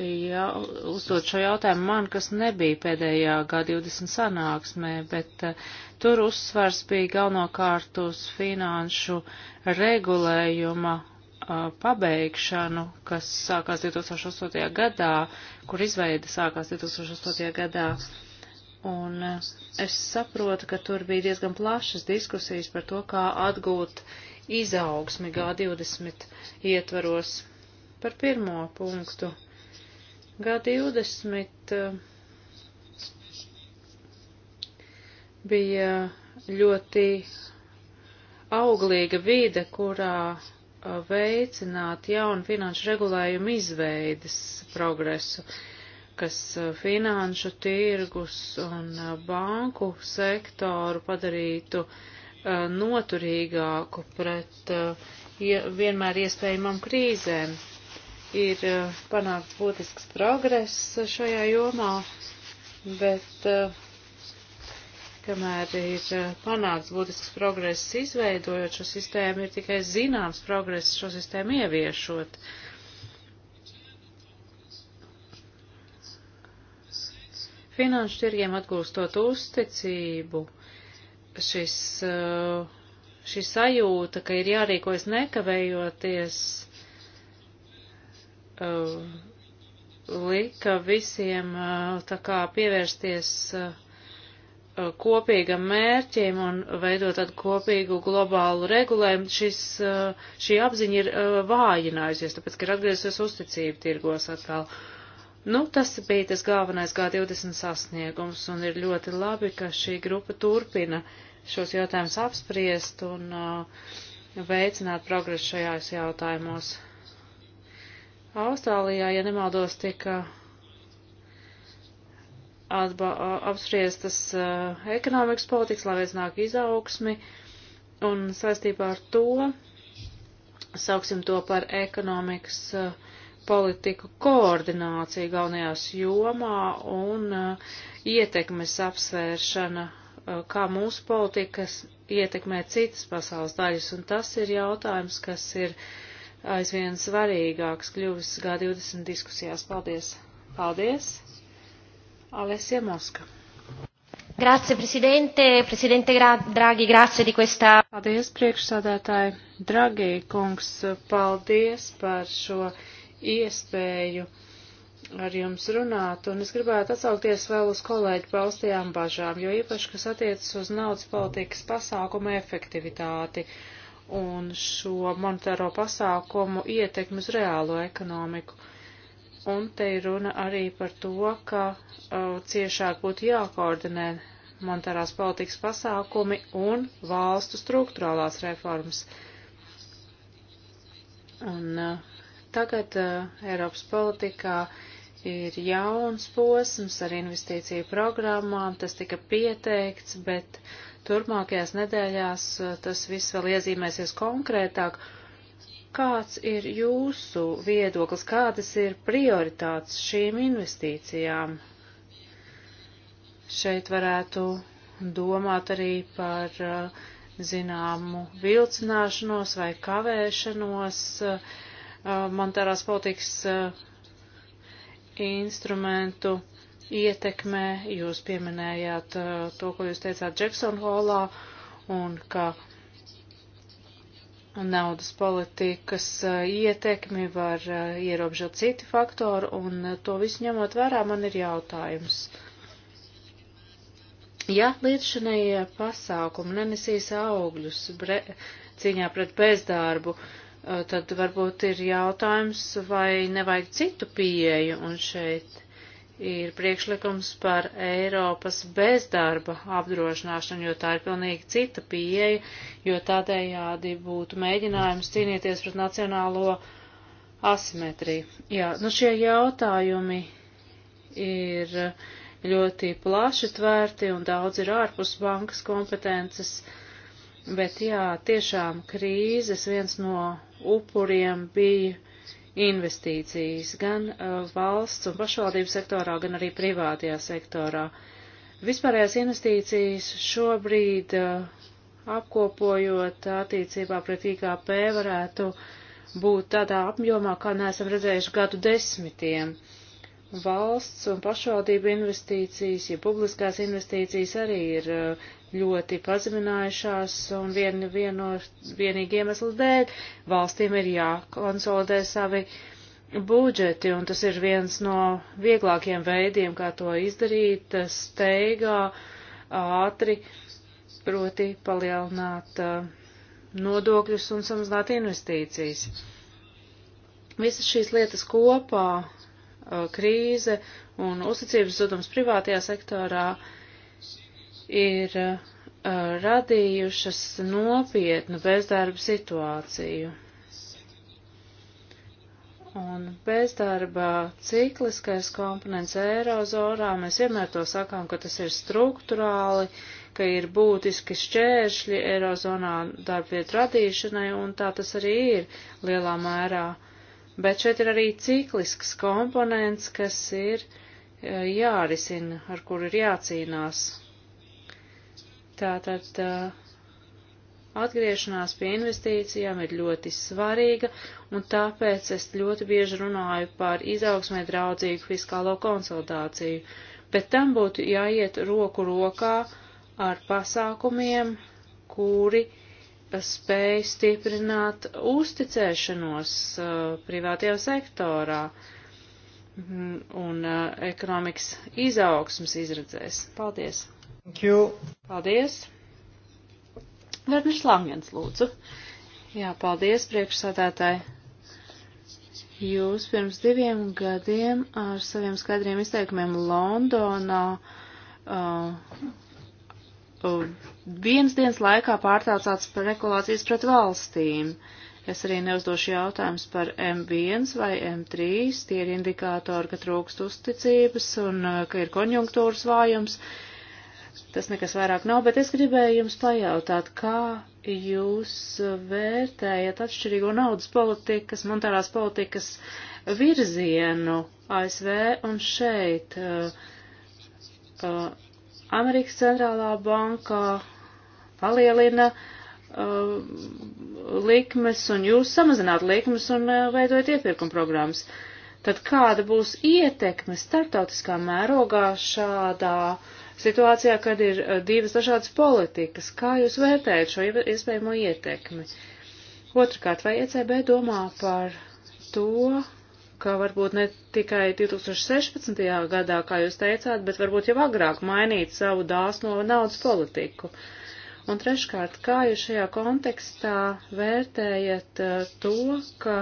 ja, uzdot šo jautājumu man, kas nebija pēdējā G20 sanāksmē, bet uh, tur uzsvars bija galvenokārt uz finanšu regulējuma pabeigšanu, kas sākās 2008. gadā, kur izveida sākās 2008. gadā. Un es saprotu, ka tur bija diezgan plašas diskusijas par to, kā atgūt izaugsmi G20 ietvaros. Par pirmo punktu. G20 bija ļoti auglīga vide, kurā veicināt jaunu finanšu regulējumu izveides progresu, kas uh, finanšu tirgus un uh, banku sektoru padarītu uh, noturīgāku pret vienmēr iespējamām krīzēm. Ir panākt būtisks progress šajā jomā, bet uh, kamēr ir eh, panākts būtisks progress izveidojot šo sistēmu, ir tikai zināms progress šo sistēmu ieviešot. Finanšu tirgiem atgūstot uzticību, šis, eh, šī sajūta, ka ir jārīkojas nekavējoties, eh, lika visiem tā kā pievērsties Uh, kopīgam mērķim un veidot tādu kopīgu globālu regulējumu, šis, uh, šī apziņa ir uh, vājinājusies, tāpēc, ka ir atgriezusies uzticība tirgos atkal. Nu, tas bija tas galvenais G20 sasniegums, un ir ļoti labi, ka šī grupa turpina šos jautājumus apspriest un uh, veicināt progresu šajās jautājumos. Austrālijā, ja nemaldos, tika atba, apspriestas uh, ekonomikas politikas, lai veicinātu izaugsmi, un saistībā ar to sauksim to par ekonomikas uh, politiku koordināciju galvenajās jomā un uh, ietekmes apsvēršana, uh, kā mūsu politikas ietekmē citas pasaules daļas, un tas ir jautājums, kas ir aizvien svarīgāks kļuvis G20 diskusijās. Paldies! Paldies! Alessia Moska. Grazie, prezidente. Prezidente Gra Dragi, grazie di questa. Paldies, priekšsādātāji. Dragi kungs, paldies par šo iespēju ar jums runāt, un es gribētu atsaukties vēl uz kolēģi paustajām bažām, jo īpaši, kas attiecas uz naudas politikas pasākumu efektivitāti un šo monetāro pasākumu ietekmi uz reālo ekonomiku. Un te ir runa arī par to, ka uh, ciešāk būtu jākoordinē monetārās politikas pasākumi un valstu struktūrālās reformas. Un uh, tagad uh, Eiropas politikā ir jauns posms ar investīciju programmām, tas tika pieteikts, bet turpmākajās nedēļās uh, tas viss vēl iezīmēsies konkrētāk Kāds ir jūsu viedoklis, kādas ir prioritātes šīm investīcijām? Šeit varētu domāt arī par eh, zināmu vilcināšanos vai kavēšanos eh, monetārās politikas eh, instrumentu ietekmē. Jūs pieminējāt to, ko jūs teicāt Džekson Holā, un ka uh, naudas politikas eh, ietekmi var eh, ierobežot citi faktori, un eh, to visu ņemot vērā man ir jautājums. Ja līdzšanējie pasākumi nenesīs augļus bre, cīņā pret bezdarbu, tad varbūt ir jautājums, vai nevajag citu pieeju, un šeit ir priekšlikums par Eiropas bezdarba apdrošināšanu, jo tā ir pilnīgi cita pieeja, jo tādējādi būtu mēģinājums cīnīties pret nacionālo asimetriju. Jā, nu šie jautājumi ir ļoti plaši tvērti un daudz ir ārpus bankas kompetences, bet jā, tiešām krīzes viens no upuriem bija investīcijas gan uh, valsts un pašvaldību sektorā, gan arī privātajā sektorā. Vispārējās investīcijas šobrīd uh, apkopojot attiecībā pret IKP varētu būt tādā apjomā, kā neesam redzējuši gadu desmitiem. Uh, valsts un pašvaldību investīcijas, ja publiskās investīcijas arī ir uh, ļoti pazeminājušās un vien, vieno, vienīgi iemeslu dēļ valstīm ir jākonsolidē savi budžeti, un tas ir viens no vieglākiem veidiem, kā to izdarīt uh, steigā, ātri, proti palielināt uh, nodokļus un samazināt investīcijas. Visas šīs lietas kopā Uh, krīze un uzticības zudums privātajā sektorā ir uh, radījušas nopietnu bezdarba situāciju. Un bezdarba cikliskais komponents eirozorā, mēs vienmēr to sakām, ka tas ir struktūrāli, ka ir būtiski šķēršļi eirozonā darbvietu radīšanai, un tā tas arī ir lielā mērā. Uh, Bet šeit ir arī ciklisks komponents, kas ir e, jārisina, ar kuru ir jācīnās. Tātad e, atgriešanās pie investīcijām ir ļoti svarīga, un tāpēc es ļoti bieži runāju par izaugsmē draudzīgu fiskālo konsolidāciju, bet tam būtu jāiet roku rokā ar pasākumiem, kuri uh, spēj stiprināt uzticēšanos uh, privātajā sektorā mm, un uh, ekonomikas izaugsmas izredzēs. Paldies! Thank you! Paldies! Vērniš Langens, lūdzu. Jā, paldies priekšsādātāji. Jūs pirms diviem gadiem ar saviem skaidriem izteikumiem Londonā uh, vienas dienas laikā pārtraucāts par regulācijas pret valstīm. Es arī neuzdošu jautājumus par M1 vai M3, tie ir indikātori, ka trūkst uzticības un uh, ka ir konjunktūras vājums. Tas nekas vairāk nav, bet es gribēju jums pajautāt, kā jūs vērtējat atšķirīgo naudas politikas, monetārās politikas virzienu ASV un šeit. Uh, uh, Amerikas centrālā bankā palielina uh, likmes un jūs samazināt likmes un uh, veidojat iepirkuma programmas. Tad kāda būs ietekme starptautiskā mērogā šādā situācijā, kad ir uh, divas dažādas politikas? Kā jūs vērtējat šo iespējamo ietekmi? Otrakārt, vai ECB domā par to, ka varbūt ne tikai 2016. gadā, kā jūs teicāt, bet varbūt jau agrāk mainīt savu dāsno naudas politiku. Un treškārt, kā jūs šajā kontekstā vērtējat eh, to, ka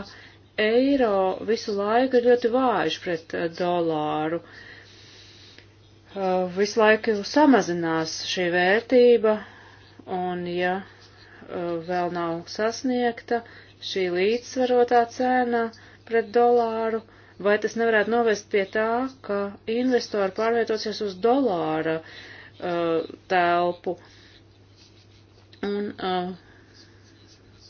eiro visu laiku ir ļoti vājš pret eh, dolāru? Eh, visu laiku samazinās šī vērtība, un ja vēl nav sasniegta šī līdzsvarotā cēna, pret dolāru, vai tas nevarētu novest pie tā, ka investori pārvietosies uz dolāra uh, telpu. Un uh,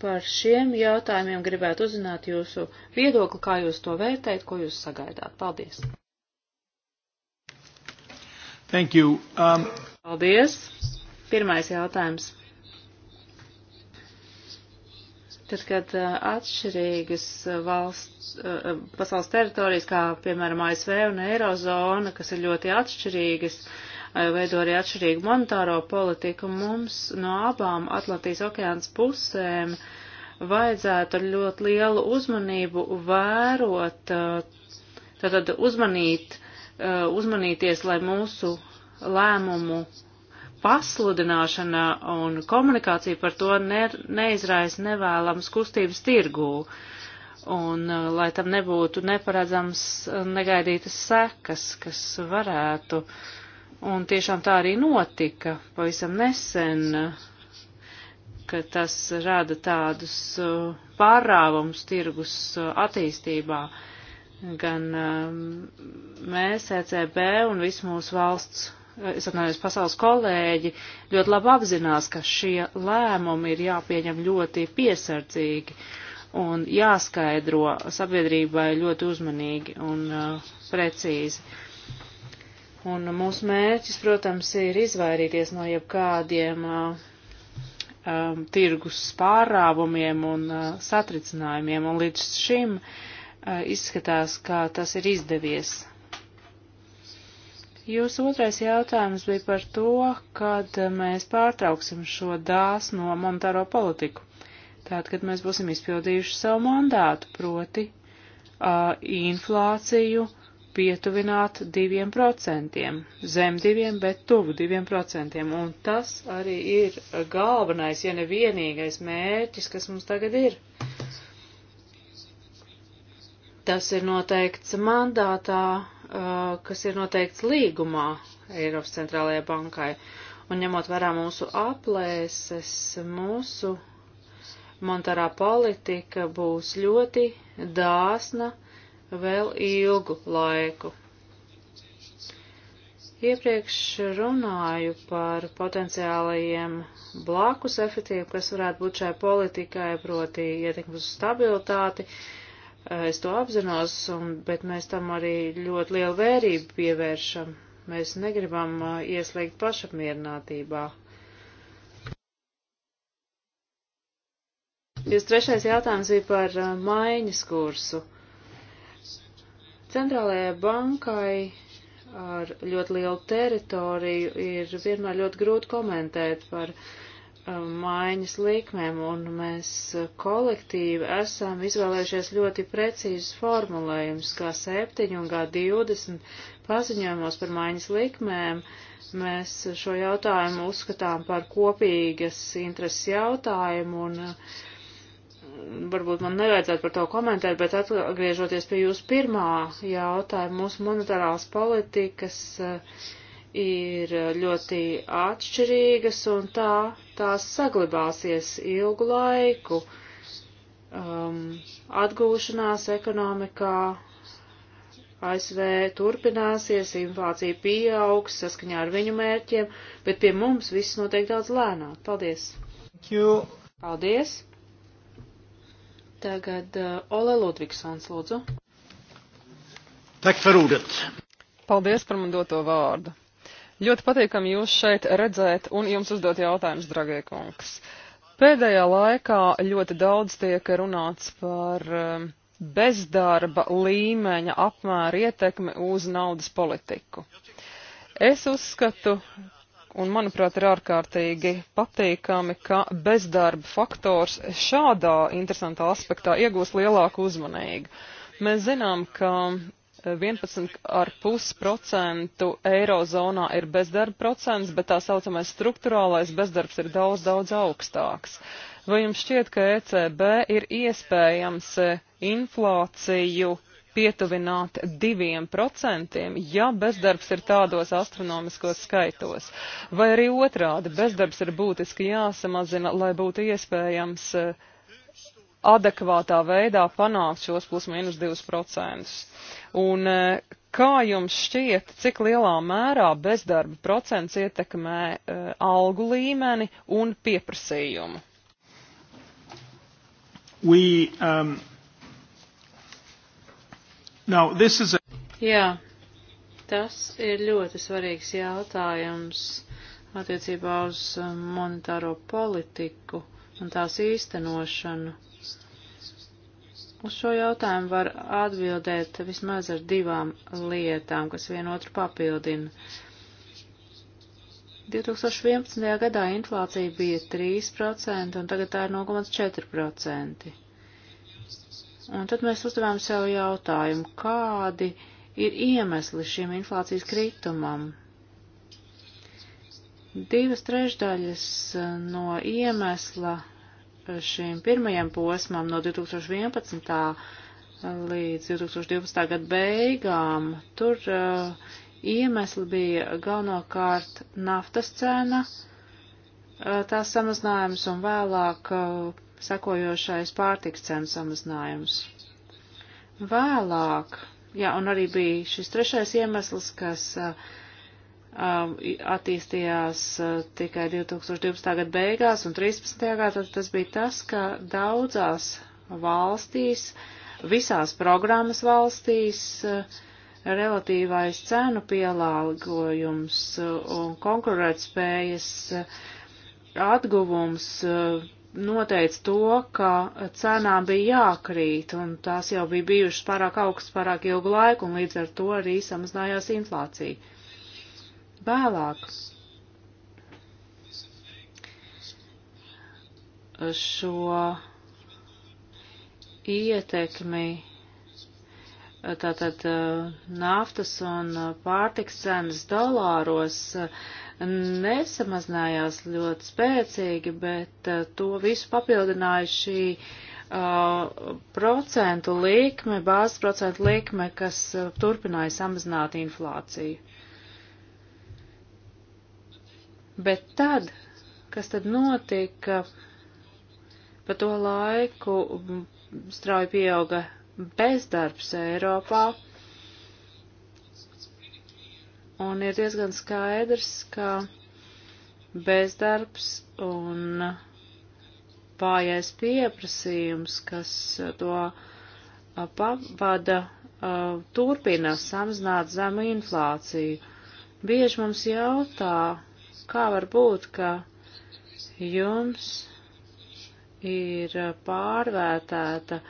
par šiem jautājumiem gribētu uzzināt jūsu viedokli, kā jūs to vērtējat, ko jūs sagaidāt. Paldies! Thank you. Um... Paldies! Pirmais jautājums. Tad, kad atšķirīgas valsts, pasaules teritorijas, kā piemēram ASV un Eirozona, kas ir ļoti atšķirīgas, veido arī atšķirīgu monetāro politiku, mums no abām Atlantijas okeānas pusēm vajadzētu ar ļoti lielu uzmanību vērot, tātad uzmanīt, uzmanīties, lai mūsu lēmumu pasludināšana un komunikācija par to ne, neizraisa nevēlams kustības tirgū. Un uh, lai tam nebūtu neparedzams uh, negaidītas sekas, kas varētu. Un tiešām tā arī notika pavisam nesen, uh, ka tas rada tādus pārāvums tirgus attīstībā. Gan um, mēs, ECB un viss mūsu valsts es atvainojos, pasaules kolēģi ļoti labi apzinās, ka šie lēmumi ir jāpieņem ļoti piesardzīgi un jāskaidro sabiedrībai ļoti uzmanīgi un uh, precīzi. Un mūsu mērķis, protams, ir izvairīties no jebkādiem uh, um, tirgus pārāvumiem un uh, satricinājumiem, un līdz šim uh, izskatās, ka tas ir izdevies Jūsu otrais jautājums bija par to, kad mēs pārtrauksim šo dāsno monetāro politiku. Tātad, kad mēs būsim izpildījuši savu mandātu, proti uh, inflāciju pietuvināt diviem procentiem, zem diviem, bet tuvu diviem procentiem. Un tas arī ir galvenais, ja ne vienīgais mērķis, kas mums tagad ir. Tas ir noteikts mandātā kas ir noteikts līgumā Eiropas centrālajai bankai. Un ņemot vērā mūsu aplēses, mūsu monetārā politika būs ļoti dāsna vēl ilgu laiku. Iepriekš runāju par potenciālajiem blakus efektiem, kas varētu būt šai politikai, proti ietekmes uz stabilitāti, uh, Eh, es to apzinos, un, bet mēs tam arī ļoti lielu vērību pievēršam. Mēs negribam eh, ieslēgt pašapmierinātībā. 23. jautājums bija par eh, maiņas kursu. Centrālajai bankai ar ļoti lielu teritoriju ir vienmēr ļoti grūti komentēt par uh, Uh, maiņas likmēm, un mēs uh, kolektīvi esam izvēlējušies ļoti precīzus formulējumus, kā 7 un kā 20 paziņojumos par maiņas likmēm. Mēs šo jautājumu uzskatām par kopīgas intereses jautājumu, un uh, varbūt man nevajadzētu par to komentēt, bet atgriežoties pie jūsu pirmā jautājuma, mūsu monetārās politikas ir ļoti atšķirīgas, un tā tās saglabāsies ilgu laiku. Um, atgūšanās ekonomikā ASV turpināsies, inflācija pieaugs saskaņā ar viņu mērķiem, bet pie mums viss notiek daudz lēnāk. Paldies! Paldies! Tagad uh, Ole Ludvigsons, lūdzu. Tak par ordet. Paldies par man doto vārdu. Ļoti patīkami jūs šeit redzēt un jums uzdot jautājumus, dragie kungs. Pēdējā laikā ļoti daudz tiek runāts par um, bezdarba līmeņa apmēra ietekmi uz naudas politiku. Es uzskatu, un manuprāt ir ārkārtīgi patīkami, ka bezdarba faktors šādā interesantā aspektā iegūs lielāku uzmanību. Mēs zinām, ka 11,5% eirozonā ir bezdarba procents, bet tā saucamais struktūrālais bezdarbs ir daudz, daudz augstāks. Vai jums šķiet, ka ECB ir iespējams inflāciju pietuvināt diviem procentiem, ja bezdarbs ir tādos astronomiskos skaitos? Vai arī otrādi, bezdarbs ir būtiski jāsamazina, lai būtu iespējams uh, adekvātā veidā panākt šos plus mīnus 2%. Un e, kā jums šķiet, cik lielā mērā bezdarba procents ietekmē uh, algu līmeni un pieprasījumu? We, um, now this is a... Jā, tas ir ļoti svarīgs jautājums attiecībā uz e, monetāro politiku un tās īstenošanu Uz šo jautājumu var atbildēt vismaz ar divām lietām, kas vienotru papildina. 2011. gadā inflācija bija 3%, un tagad tā ir 0,4%. Un tad mēs uzdevām sev jautājumu, kādi ir iemesli šim inflācijas kritumam. Divas trešdaļas no iemesla šim pirmajam posmam no 2011. līdz 2012. gada beigām, tur uh, iemesli bija galvenokārt naftas cena, uh, tās samazinājums un vēlāk uh, sekojošais pārtiks cenu samazinājums. Vēlāk, jā, un arī bija šis trešais iemesls, kas uh, Um, attīstījās uh, tikai 2012. gada beigās un 13. gadā, tas bija tas, ka daudzās valstīs, visās programmas valstīs, uh, relatīvais cenu pielāgojums uh, un konkurētspējas atguvums noteica to, ka cenām bija jākrīt, un tās jau bija bijušas pārāk augstas pārāk ilgu laiku, un līdz ar to arī samazinājās inflācija. Vēlāk šo ietekmi tātad uh, naftas un uh, pārtiks cenas dolāros uh, nesamazinājās ļoti spēcīgi, bet to visu papildināja šī uh, procentu likme, bāzes procentu likme, kas turpināja samazināt inflāciju. Bet tad, kas tad notika, pa to laiku strauji pieauga bezdarbs Eiropā. Un ir diezgan skaidrs, ka bezdarbs un vājais pieprasījums, kas to pavada, turpina samazināt zemu inflāciju. Bieži mums jautā, Kā var būt, ka jums ir pārvērtēta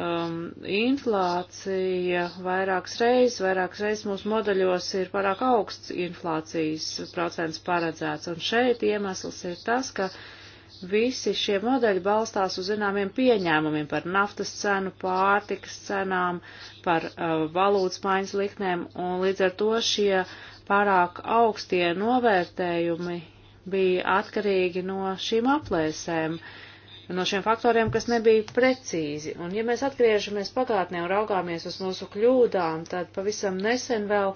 um, inflācija vairākas reizes, vairākas reizes mūsu modeļos ir pārāk augsts inflācijas procents paredzēts. Un šeit iemesls ir tas, ka visi šie modeļi balstās uz zināmiem pieņēmumiem par naftas cenu, pārtikas cenām, par uh, valūtas maiņas liknēm, un līdz ar to šie pārāk augstie novērtējumi bija atkarīgi no šīm aplēsēm, no šiem faktoriem, kas nebija precīzi. Un ja mēs atgriežamies pagātnē un raugāmies uz mūsu kļūdām, tad pavisam nesen vēl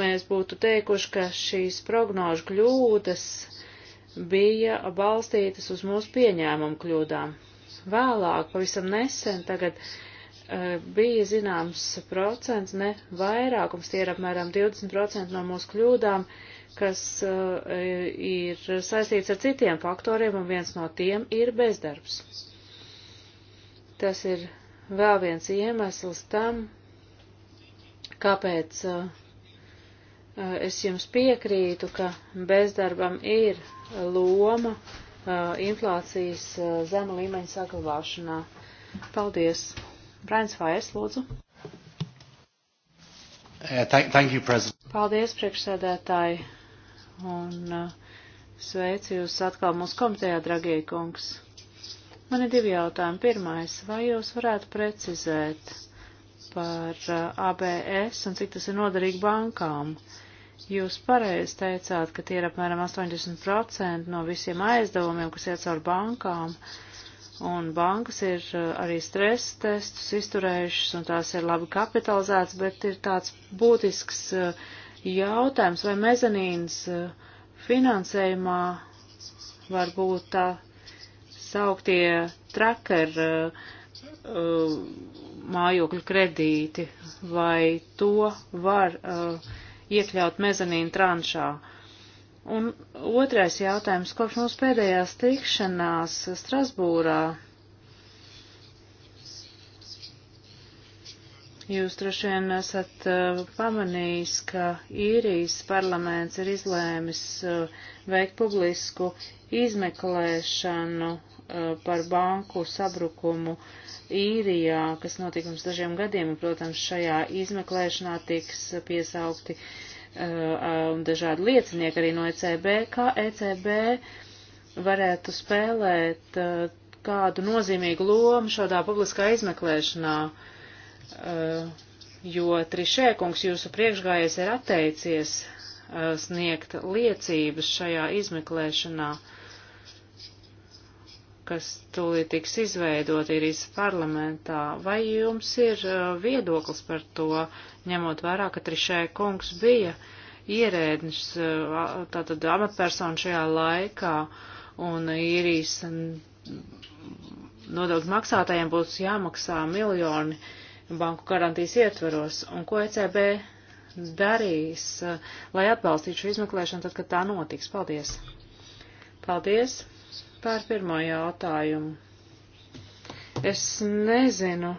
mēs būtu teikuši, ka šīs prognožu kļūdas bija balstītas uz mūsu pieņēmumu kļūdām. Vēlāk, pavisam nesen, tagad bija zināms procents, ne vairākums, tie ir apmēram 20% no mūsu kļūdām, kas eh, ir saistīts ar citiem faktoriem, un viens no tiem ir bezdarbs. Tas ir vēl viens iemesls tam, kāpēc eh, es jums piekrītu, ka bezdarbam ir loma eh, inflācijas zema līmeņa saglabāšanā. Paldies! Brains Vairs, lūdzu. Uh, thank, thank you, President. Paldies, priekšsēdētāji, un uh, sveicu jūs atkal mūsu komitejā, dragie kungs. Man ir divi jautājumi. Pirmais, vai jūs varētu precizēt par uh, ABS un cik tas ir noderīgi bankām? Jūs pareizi teicāt, ka tie ir apmēram 80% no visiem aizdevumiem, kas iet caur bankām. Uh, un bankas ir eh, arī stresa testus izturējušas, un tās ir labi kapitalizētas, bet ir tāds būtisks eh, jautājums, vai mezanīns eh, finansējumā var būt tā sauktie tracker mājokļu kredīti, vai to var iekļaut mezanīna tranšā. Uh, Un otrais jautājums, kopš mūsu pēdējās tikšanās Strasbūrā, jūs droši vien esat uh, pamanījis, ka īrijas parlaments ir izlēmis uh, veikt publisku izmeklēšanu uh, par banku sabrukumu īrijā, kas notika pirms dažiem gadiem, un, protams, šajā izmeklēšanā tiks piesaukti uh, Eh, dažādi liecinieki arī no ECB, kā ECB varētu spēlēt eh, kādu nozīmīgu lomu šādā publiskā izmeklēšanā, eh, jo Trišēkungs jūsu priekšgājies ir atteicies sniegt liecības šajā izmeklēšanā. Uh, kas tūlīt tiks izveidot īrijas parlamentā. Vai jums ir uh, viedoklis par to, ņemot vērā, ka Trišē kungs bija ierēdnis, uh, tātad amatpersona šajā laikā, un īrijas nodokļu maksātājiem būs jāmaksā miljoni banku garantijas ietveros, un ko ECB darīs, uh, lai atbalstītu šo izmeklēšanu, tad, kad tā notiks. Paldies! Paldies! Pār pirmo jautājumu. Es nezinu,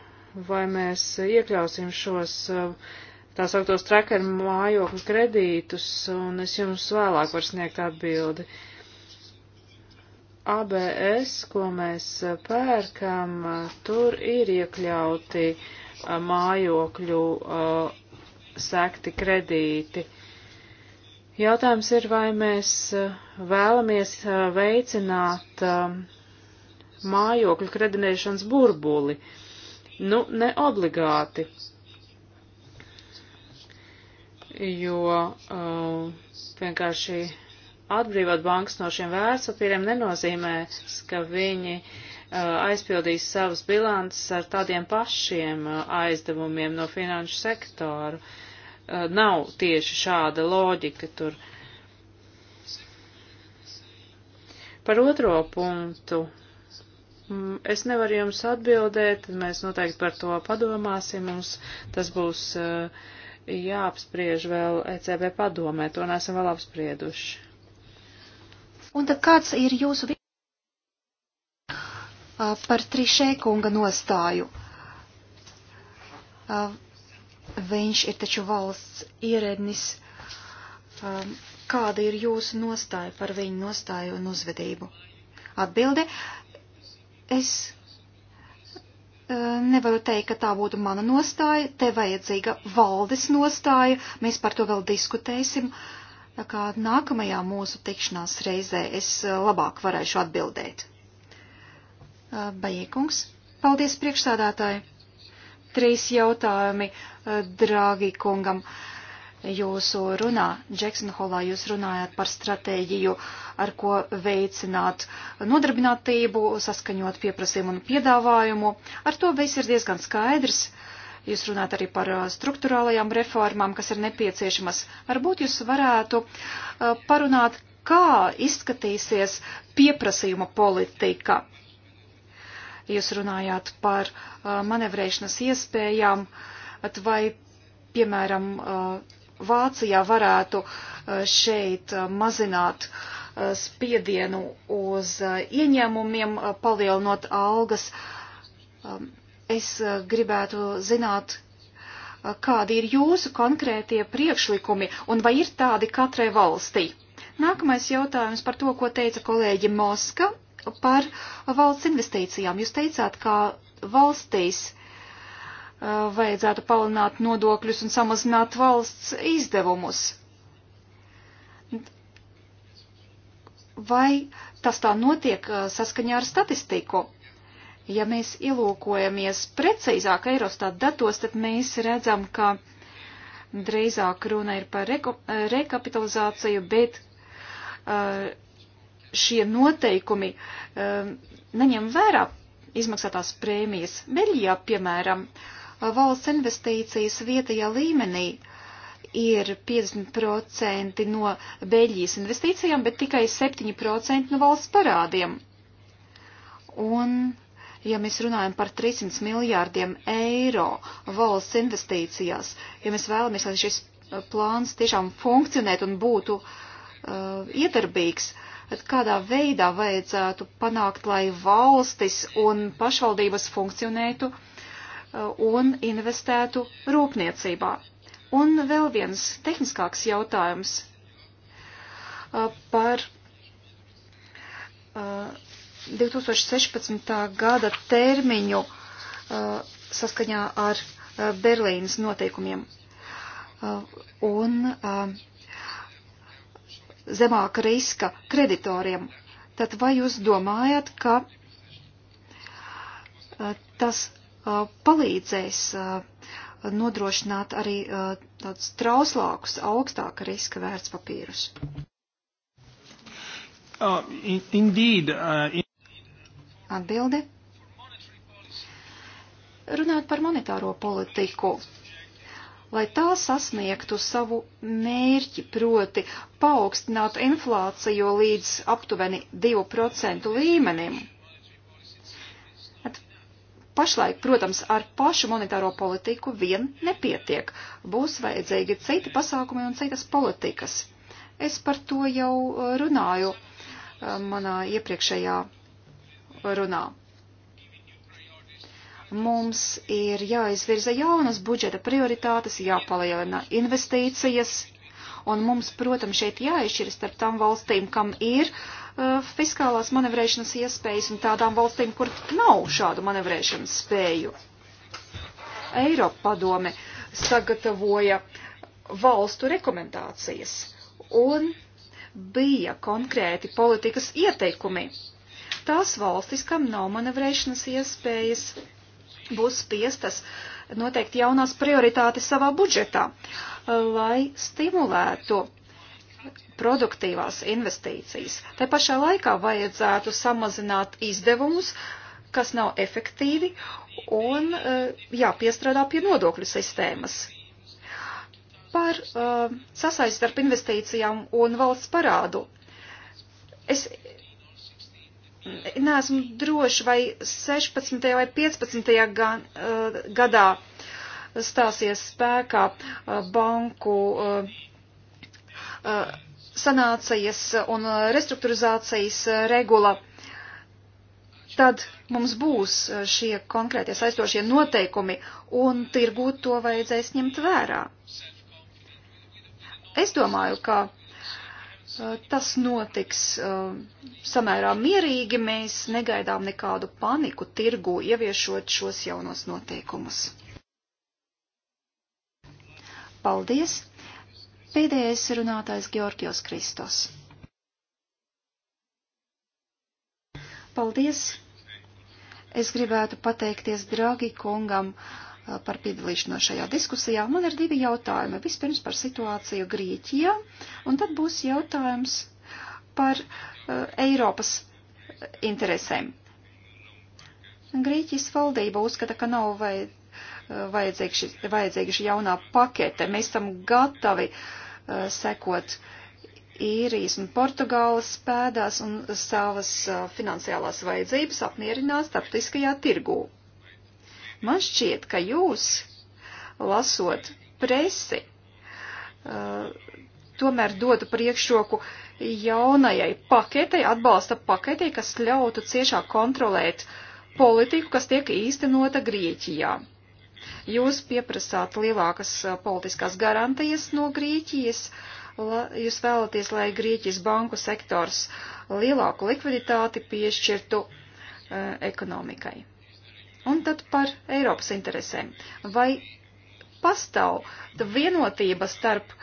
vai mēs iekļausim šos eh, tā sauktos trakeru mājokļu kredītus, un es jums vēlāk varu sniegt atbildi. ABS, ko mēs pērkam, tur ir iekļauti eh, mājokļu eh, sekti kredīti. Jautājums ir, vai mēs eh, vēlamies eh, veicināt eh, mājokļu kredinēšanas burbuli. Nu, ne obligāti, jo vienkārši atbrīvot bankas no šiem vērtspapīriem nenozīmēs, ka viņi aizpildīs savas bilances ar tādiem pašiem aizdevumiem no finanšu sektoru. Uh, nav tieši šāda loģika tur. Par otro punktu mm, es nevaru jums atbildēt, mēs noteikti par to padomāsim, mums tas būs jāapspriež vēl ECB padomē, to neesam vēl apsprieduši. Un tad kāds ir jūsu par trišēkunga nostāju? Viņš ir taču valsts ierēdnis. Um, kāda ir jūsu nostāja par viņu nostāju un uzvedību? Atbilde. Es uh, nevaru teikt, ka tā būtu mana nostāja, te vajadzīga valdes nostāja, mēs par to vēl diskutēsim. Tā kā nākamajā mūsu tikšanās reizē es uh, labāk varēšu atbildēt. Uh, Bajiekungs, paldies priekšstādātāji! trīs jautājumi eh, Drāgi kungam. Jūsu runā, Džeksonholā, jūs runājāt par stratēģiju, ar ko veicināt nodarbinātību, saskaņot pieprasījumu un piedāvājumu. Ar to viss ir diezgan skaidrs. Jūs runājat arī par eh, struktūrālajām reformām, kas ir nepieciešamas. Varbūt jūs varētu eh, parunāt, kā izskatīsies pieprasījuma politika Jūs runājāt par uh, manevrēšanas iespējām, vai, piemēram, uh, Vācijā varētu uh, šeit mazināt spiedienu uz ieņēmumiem, palielinot algas. Um, es gribētu zināt, kādi ir jūsu konkrētie priekšlikumi un vai ir tādi katrai valstī. Nākamais jautājums par to, ko teica kolēģi Moska par valsts investīcijām. Jūs teicāt, ka valstīs uh, vajadzētu palināt nodokļus un samazināt valsts izdevumus. Vai tas tā notiek uh, saskaņā ar statistiku? Ja mēs ielūkojamies precīzāk Eirostat datos, tad mēs redzam, ka drīzāk runa ir par reko, rekapitalizāciju, bet uh, šie noteikumi um, neņem vērā izmaksātās prēmijas. Beļģijā, piemēram, valsts investīcijas vietējā līmenī ir 50% no Beļģijas investīcijām, bet tikai 7% no valsts parādiem. Un, ja mēs runājam par 300 miljārdiem eiro valsts investīcijās, ja mēs vēlamies, lai šis eh, plāns tiešām funkcionētu un būtu uh, iedarbīgs, uh, Bet kādā veidā vajadzētu panākt, lai valstis un pašvaldības funkcionētu uh, un investētu rūpniecībā? Un vēl viens tehniskāks jautājums uh, par 2016. Uh, gada termiņu saskaņā ar Berlīnas noteikumiem. Un zemāka riska kreditoriem. Tad vai jūs domājat, ka uh, tas uh, palīdzēs uh, nodrošināt arī tādus trauslākus, augstāka riska vērtspapīrus? Uh, indeed, uh, in... Atbilde. Runāt par monetāro politiku lai tā sasniegtu savu mērķi, proti paaugstinātu inflāciju līdz aptuveni 2% līmenim. At pašlaik, protams, ar pašu monetāro politiku vien nepietiek. Būs vajadzīgi citi pasākumi un citas politikas. Es par to jau eh, runāju eh, manā iepriekšējā runā. Mums ir jāizvirza jaunas budžeta prioritātes, jāpalielina investīcijas, un mums, protams, šeit jāizšķiras starp tām valstīm, kam ir uh, fiskālās manevrēšanas iespējas, un tādām valstīm, kur nav šādu manevrēšanas spēju. Eiropa padome sagatavoja valstu rekomendācijas, un bija konkrēti politikas ieteikumi. Tās valstis, kam nav manevrēšanas iespējas, būs spiestas noteikt jaunās prioritātes savā budžetā, lai stimulētu produktīvās investīcijas. Te pašā laikā vajadzētu samazināt izdevumus, kas nav efektīvi, un eh, jāpiestrādā pie nodokļu sistēmas. Par uh, eh, sasaisti starp investīcijām un valsts parādu. Es neesmu droši, vai 16. vai 15. Gan, uh, gadā stāsies spēkā uh, banku uh, uh, sanācijas un restruktūrizācijas regula. Tad mums būs šie konkrētie saistošie noteikumi, un tirgū to vajadzēs ņemt vērā. Es domāju, ka Eh, tas notiks eh, samērā mierīgi. Mēs negaidām nekādu paniku tirgu ieviešot šos jaunos noteikumus. Paldies! Pēdējais runātājs Georgios Kristos. Paldies! Es gribētu pateikties draugi kungam. Uh, Uh, par piedalīšanos šajā diskusijā. Man ir divi jautājumi. Vispirms par situāciju Grieķijā, un tad būs jautājums par uh, Eiropas interesēm. Grieķijas valdība uzskata, ka nav vai, uh, vajadzīga, šī, vajadzīga šī jaunā pakete. Mēs tam gatavi uh, sekot īrijas un Portugāles pēdās un savas uh, finansiālās vajadzības apmierināt starptiskajā tirgū. Man šķiet, ka jūs, lasot presi, uh, tomēr dotu priekšroku jaunajai paketei, atbalsta paketei, kas ļautu ciešāk kontrolēt politiku, kas tiek īstenota Grieķijā. Jūs pieprasāt lielākas uh, politiskās garantijas no Grieķijas, la, jūs vēlaties, lai Grieķijas banku sektors lielāku likviditāti piešķirtu uh, ekonomikai. Un tad par Eiropas interesēm. Vai pastāv vienotība starp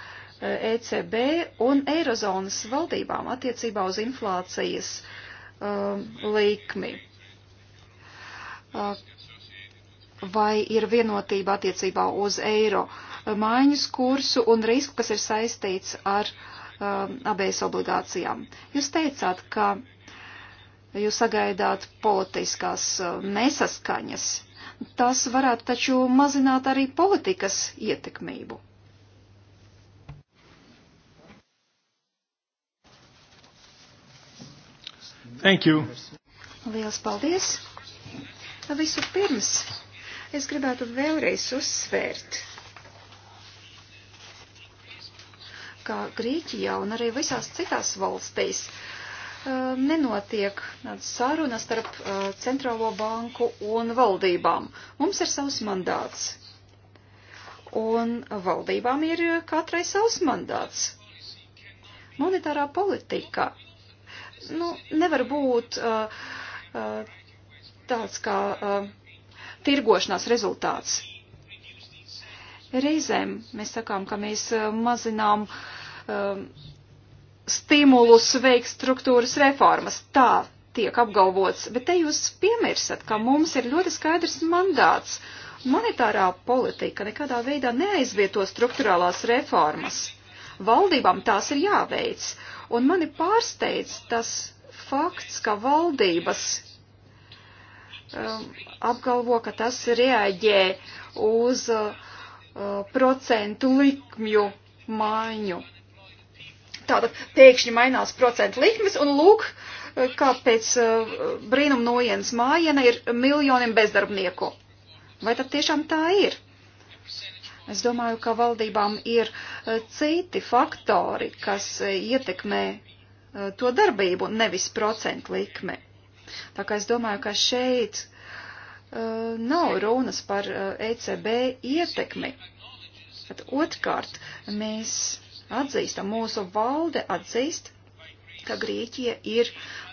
ECB eh, e un Eirozonas valdībām attiecībā uz inflācijas um, likmi? Uh, vai ir vienotība attiecībā uz eiro uh, maiņas kursu un risku, kas ir saistīts ar um, abēs obligācijām? Jūs teicāt, ka jūs sagaidāt politiskās uh, nesaskaņas. Tas varētu taču mazināt arī politikas ietekmību. Thank you. Liels paldies. Visu pirms es gribētu vēlreiz uzsvērt, ka Grieķijā un arī visās citās valstīs uh, nenotiek sarunas starp centrālo banku un valdībām. Mums ir savs mandāts. Un valdībām ir katrai savs mandāts. Monetārā politika. Nu, nevar būt uh, uh, tāds kā uh, tirgošanās rezultāts. Reizēm mēs sakām, ka mēs mazinām uh, stimulus veikt struktūras reformas. Tā tiek apgalvots, bet te jūs piemirsat, ka mums ir ļoti skaidrs mandāts. Monetārā politika nekādā veidā neaizvieto struktūrālās reformas. Valdībām tās ir jāveic, un mani pārsteidz tas fakts, ka valdības um, apgalvo, ka tas reaģē uz uh, procentu likmju maiņu Tātad pēkšņi mainās procentu likmes un lūk, kā pēc eh, brīnum noienas mājiena ir miljoniem bezdarbnieku. Vai tad tiešām tā ir? Es domāju, ka valdībām ir eh, citi faktori, kas eh, ietekmē to darbību, nevis procentu likme. Tā kā es domāju, ka šeit uh, nav runas par ECB e ietekmi. Tad otrkārt, mēs atzīstam, mūsu valde atzīst, ka Grieķija ir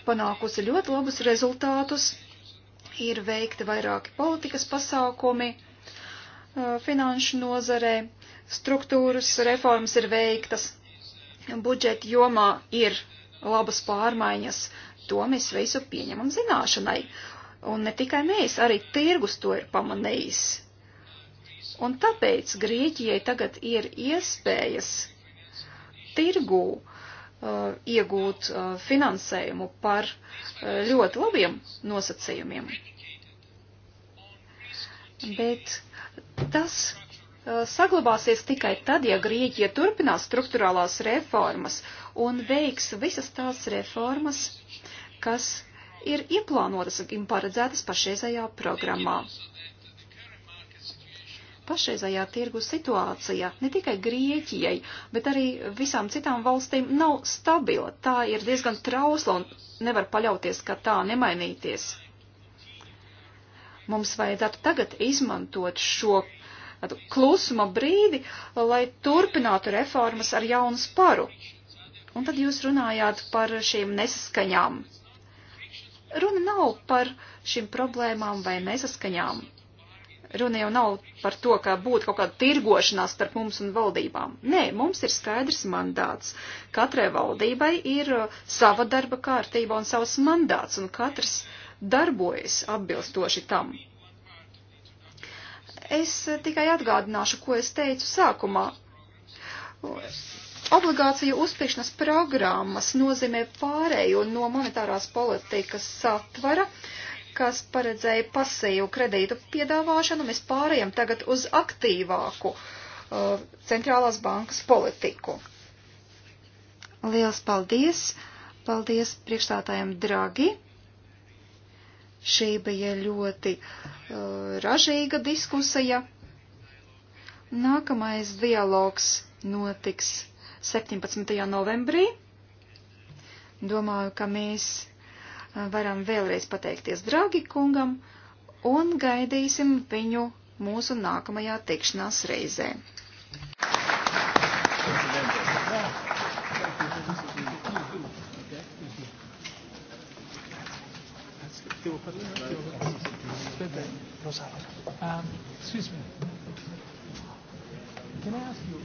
panākusi ļoti labus rezultātus, ir veikti vairāki politikas pasākumi uh, finanšu nozarē, struktūras reformas ir veiktas, budžeta jomā ir labas pārmaiņas, to mēs visu pieņemam zināšanai. Un ne tikai mēs, arī tirgus to ir pamanījis. Un tāpēc Grieķijai tagad ir iespējas tirgū uh, iegūt uh, finansējumu par uh, ļoti labiem nosacījumiem. Bet tas saglabāsies tikai tad, ja Grieķija turpinās struktūrālās reformas un veiks visas tās reformas, kas ir ieplānotas un paredzētas pašreizējā programmā pašreizējā tirgu situācija ne tikai Grieķijai, bet arī visām citām valstīm nav stabila. Tā ir diezgan trausla un nevar paļauties, ka tā nemainīties. Mums vajadzētu tagad izmantot šo klusuma brīdi, lai turpinātu reformas ar jaunu sparu. Un tad jūs runājāt par šīm nesaskaņām. Runa nav par šīm problēmām vai nesaskaņām Runa jau nav par to, ka būtu kaut kāda tirgošanās starp mums un valdībām. Nē, mums ir skaidrs mandāts. Katrai valdībai ir uh, sava darba kārtība un savs mandāts, un katrs darbojas atbilstoši tam. Es uh, tikai atgādināšu, ko es teicu sākumā. Obligāciju uzpirkšanas programmas nozīmē pārēju no monetārās politikas satvara kas paredzēja pasīvu kredītu piedāvāšanu, mēs pārējām tagad uz aktīvāku uh, centrālās bankas politiku. Liels paldies! Paldies priekšstādājiem Dragi! Šī bija ļoti uh, ražīga diskusija. Nākamais dialogs notiks 17. novembrī. Domāju, ka mēs varam vēlreiz pateikties draugi kungam un gaidīsim viņu mūsu nākamajā tikšanās reizē. devo parlare? Aspetta, lo sa. Um, excuse me. Can I ask you?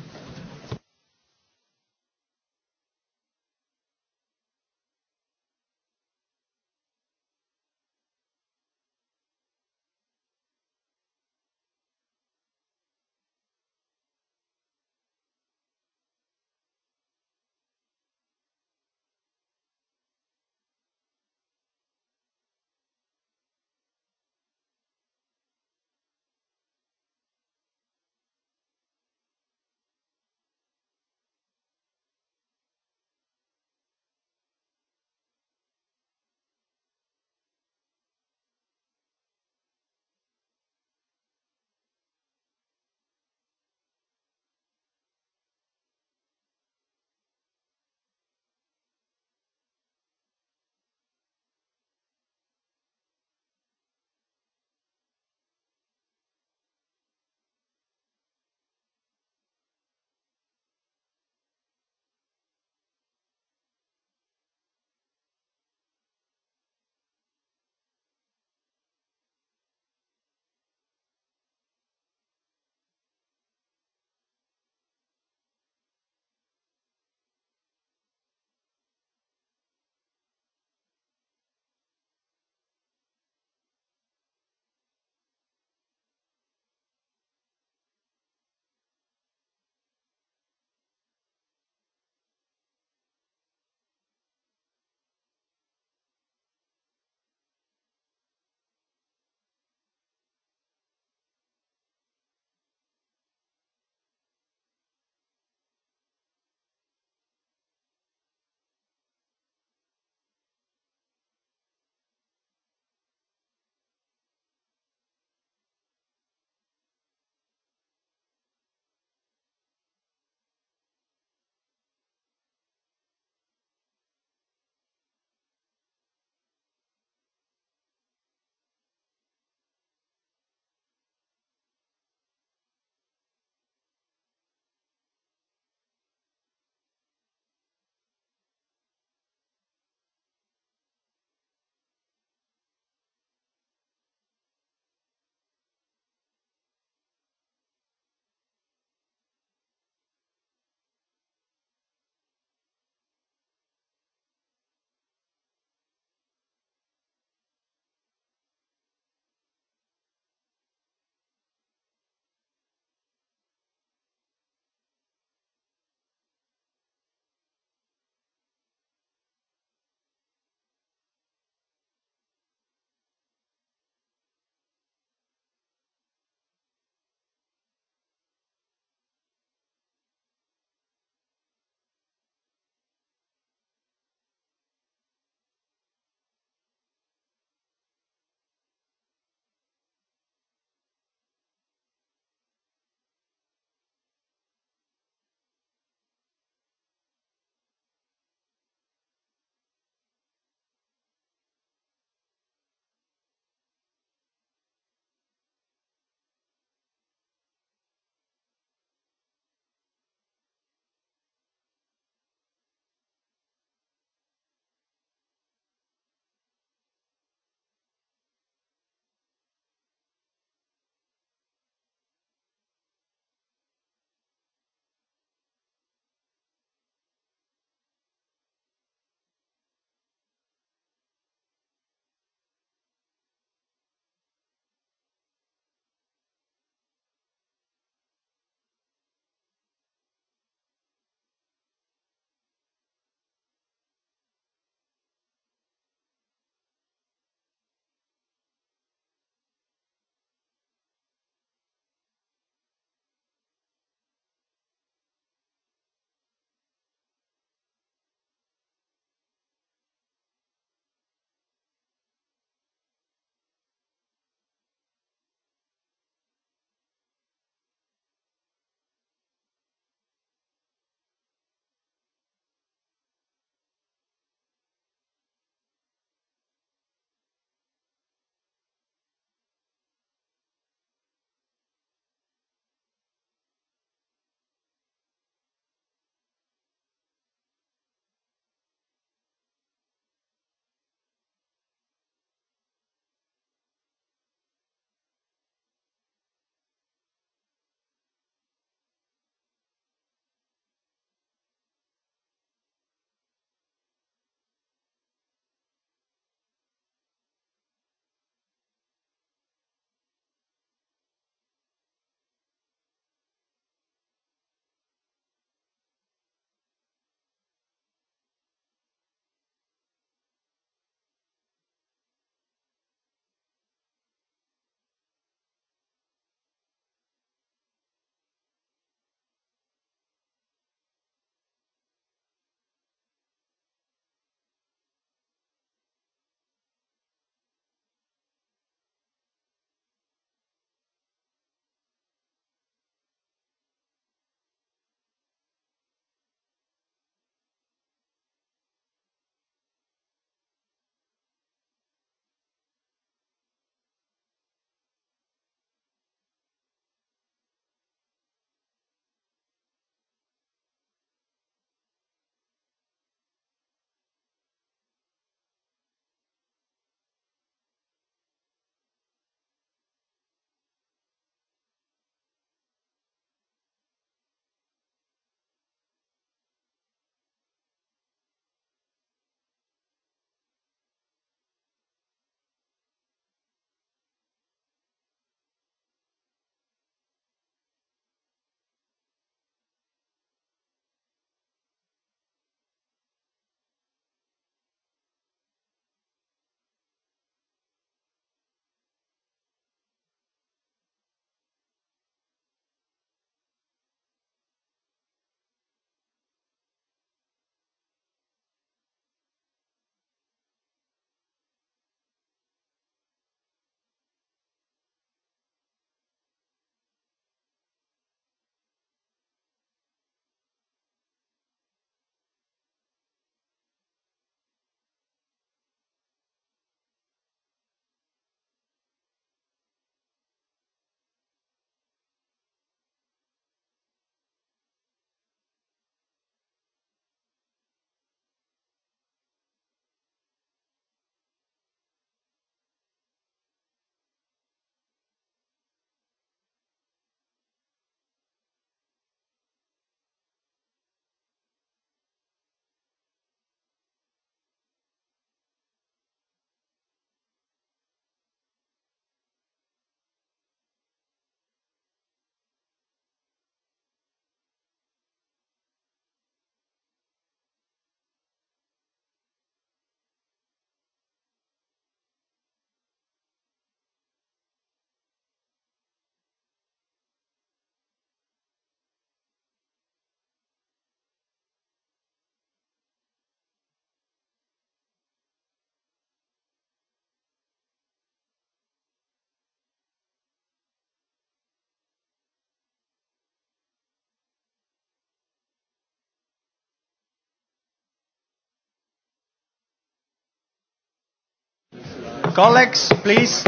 Colleagues, please.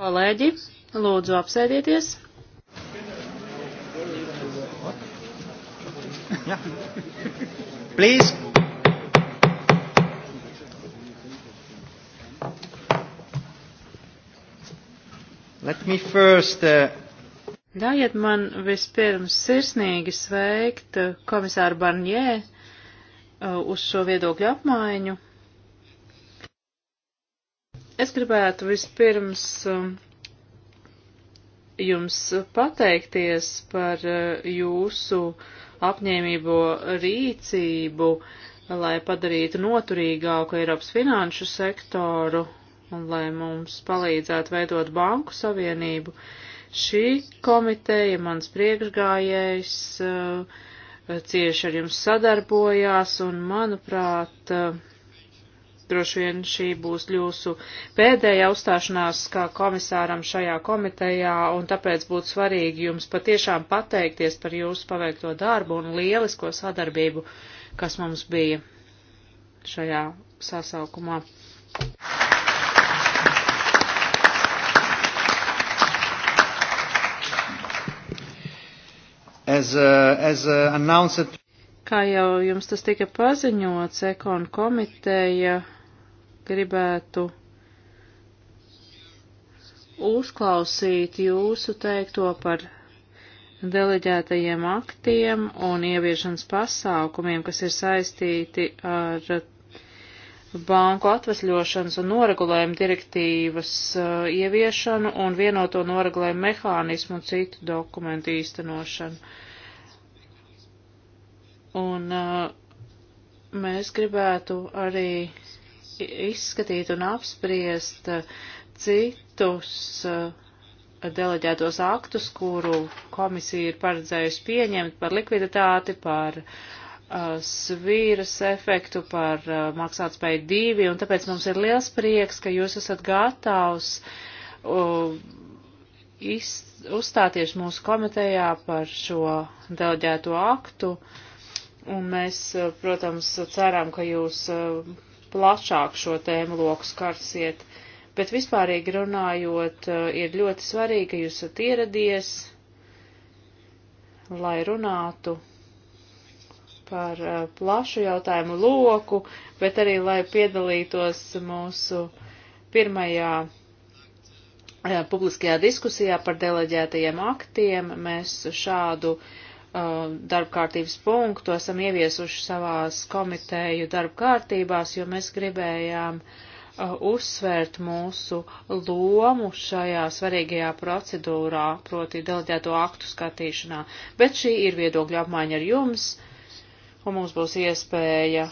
Kolēģi, lūdzu apsēdieties. Yeah. Please. Let me first. Uh... Ļaujiet man vispirms sirsnīgi sveikt uh, komisāru Barnjē uh, uz šo viedokļu apmaiņu. Es gribētu vispirms um, jums pateikties par uh, jūsu apņēmībo rīcību, lai padarītu noturīgāku Eiropas finanšu sektoru un lai mums palīdzētu veidot banku savienību. Šī komiteja, mans priekšgājējs, uh, cieši ar jums sadarbojās un, manuprāt, uh, droši vien šī būs jūsu pēdējā uzstāšanās kā komisāram šajā komitejā, un tāpēc būtu svarīgi jums patiešām pateikties par jūsu paveikto darbu un lielisko sadarbību, kas mums bija šajā sasaukumā. As, uh, as uh, announced kā jau jums tas tika paziņots, ekonu komiteja gribētu uzklausīt jūsu teikto par deleģētajiem aktiem un ieviešanas pasākumiem, kas ir saistīti ar banku atvesļošanas un noregulējuma direktīvas uh, ieviešanu un vienoto noregulējuma mehānismu un citu dokumentu īstenošanu. Un uh, mēs gribētu arī izskatīt un apspriest uh, citus uh, deleģētos aktus, kuru komisija ir paredzējusi pieņemt par likviditāti, par uh, svīras efektu, par uh, maksātspēju divi, un tāpēc mums ir liels prieks, ka jūs esat gatavs uh, iz, uzstāties mūsu komitejā par šo deleģēto aktu, un mēs, uh, protams, ceram, ka jūs plašāk šo tēmu loku skarsiet, bet vispārīgi runājot, eh, ir ļoti svarīgi, ka jūs esat ieradies, lai runātu par eh, plašu jautājumu loku, bet arī, lai piedalītos mūsu pirmajā eh, publiskajā diskusijā par deleģētajiem aktiem. Mēs šādu uh, Uh, darbkārtības punktu esam ieviesuši savās komiteju darbkārtībās, jo mēs gribējām uh, uzsvērt mūsu lomu šajā svarīgajā procedūrā, proti deleģēto aktu skatīšanā. Bet šī ir viedokļa apmaiņa ar jums, un mums būs iespēja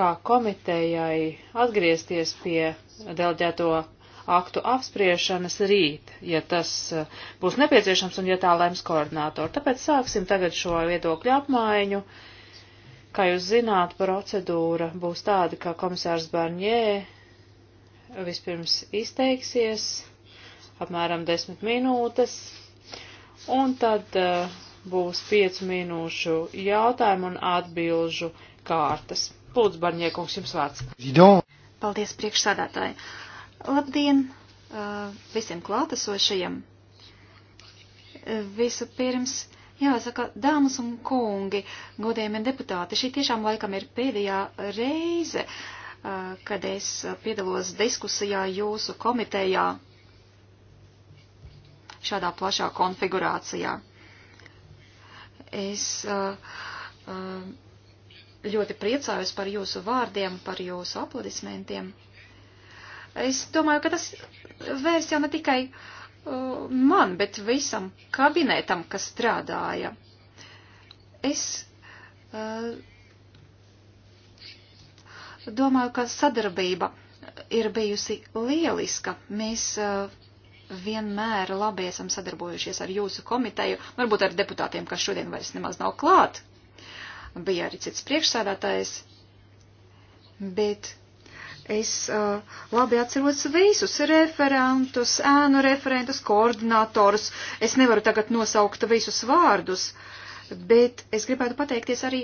kā komitejai atgriezties pie deleģēto aktu apspriešanas rīt, ja tas eh, būs nepieciešams un ja tā lems koordinātori. Tāpēc sāksim tagad šo viedokļu apmaiņu. Kā jūs zināt, procedūra būs tāda, ka komisārs Barņē vispirms izteiksies apmēram desmit minūtes, un tad uh, būs piecu minūšu jautājumu un atbilžu kārtas. Lūdzu, Barņiekungs, jums vārds. Paldies, priekšsādātāji. Labdien visiem klātesošajiem! Visu pirms jāsaka, dāmas un kungi, godējumie deputāti, šī tiešām laikam ir pēdējā reize, kad es piedalos diskusijā jūsu komitejā šādā plašā konfigurācijā. Es ļoti priecājos par jūsu vārdiem, par jūsu aplodismentiem. Es domāju, ka tas vērs jau ne tikai uh, man, bet visam kabinetam, kas strādāja. Es uh, domāju, ka sadarbība ir bijusi lieliska. Mēs uh, vienmēr labi esam sadarbojušies ar jūsu komiteju, varbūt ar deputātiem, kas šodien vairs nemaz nav klāt. Bija arī cits priekšsēdētājs, bet Es uh, labi atceros visus referentus, ēnu referentus, koordinatorus. Es nevaru tagad nosaukt visus vārdus, bet es gribētu pateikties arī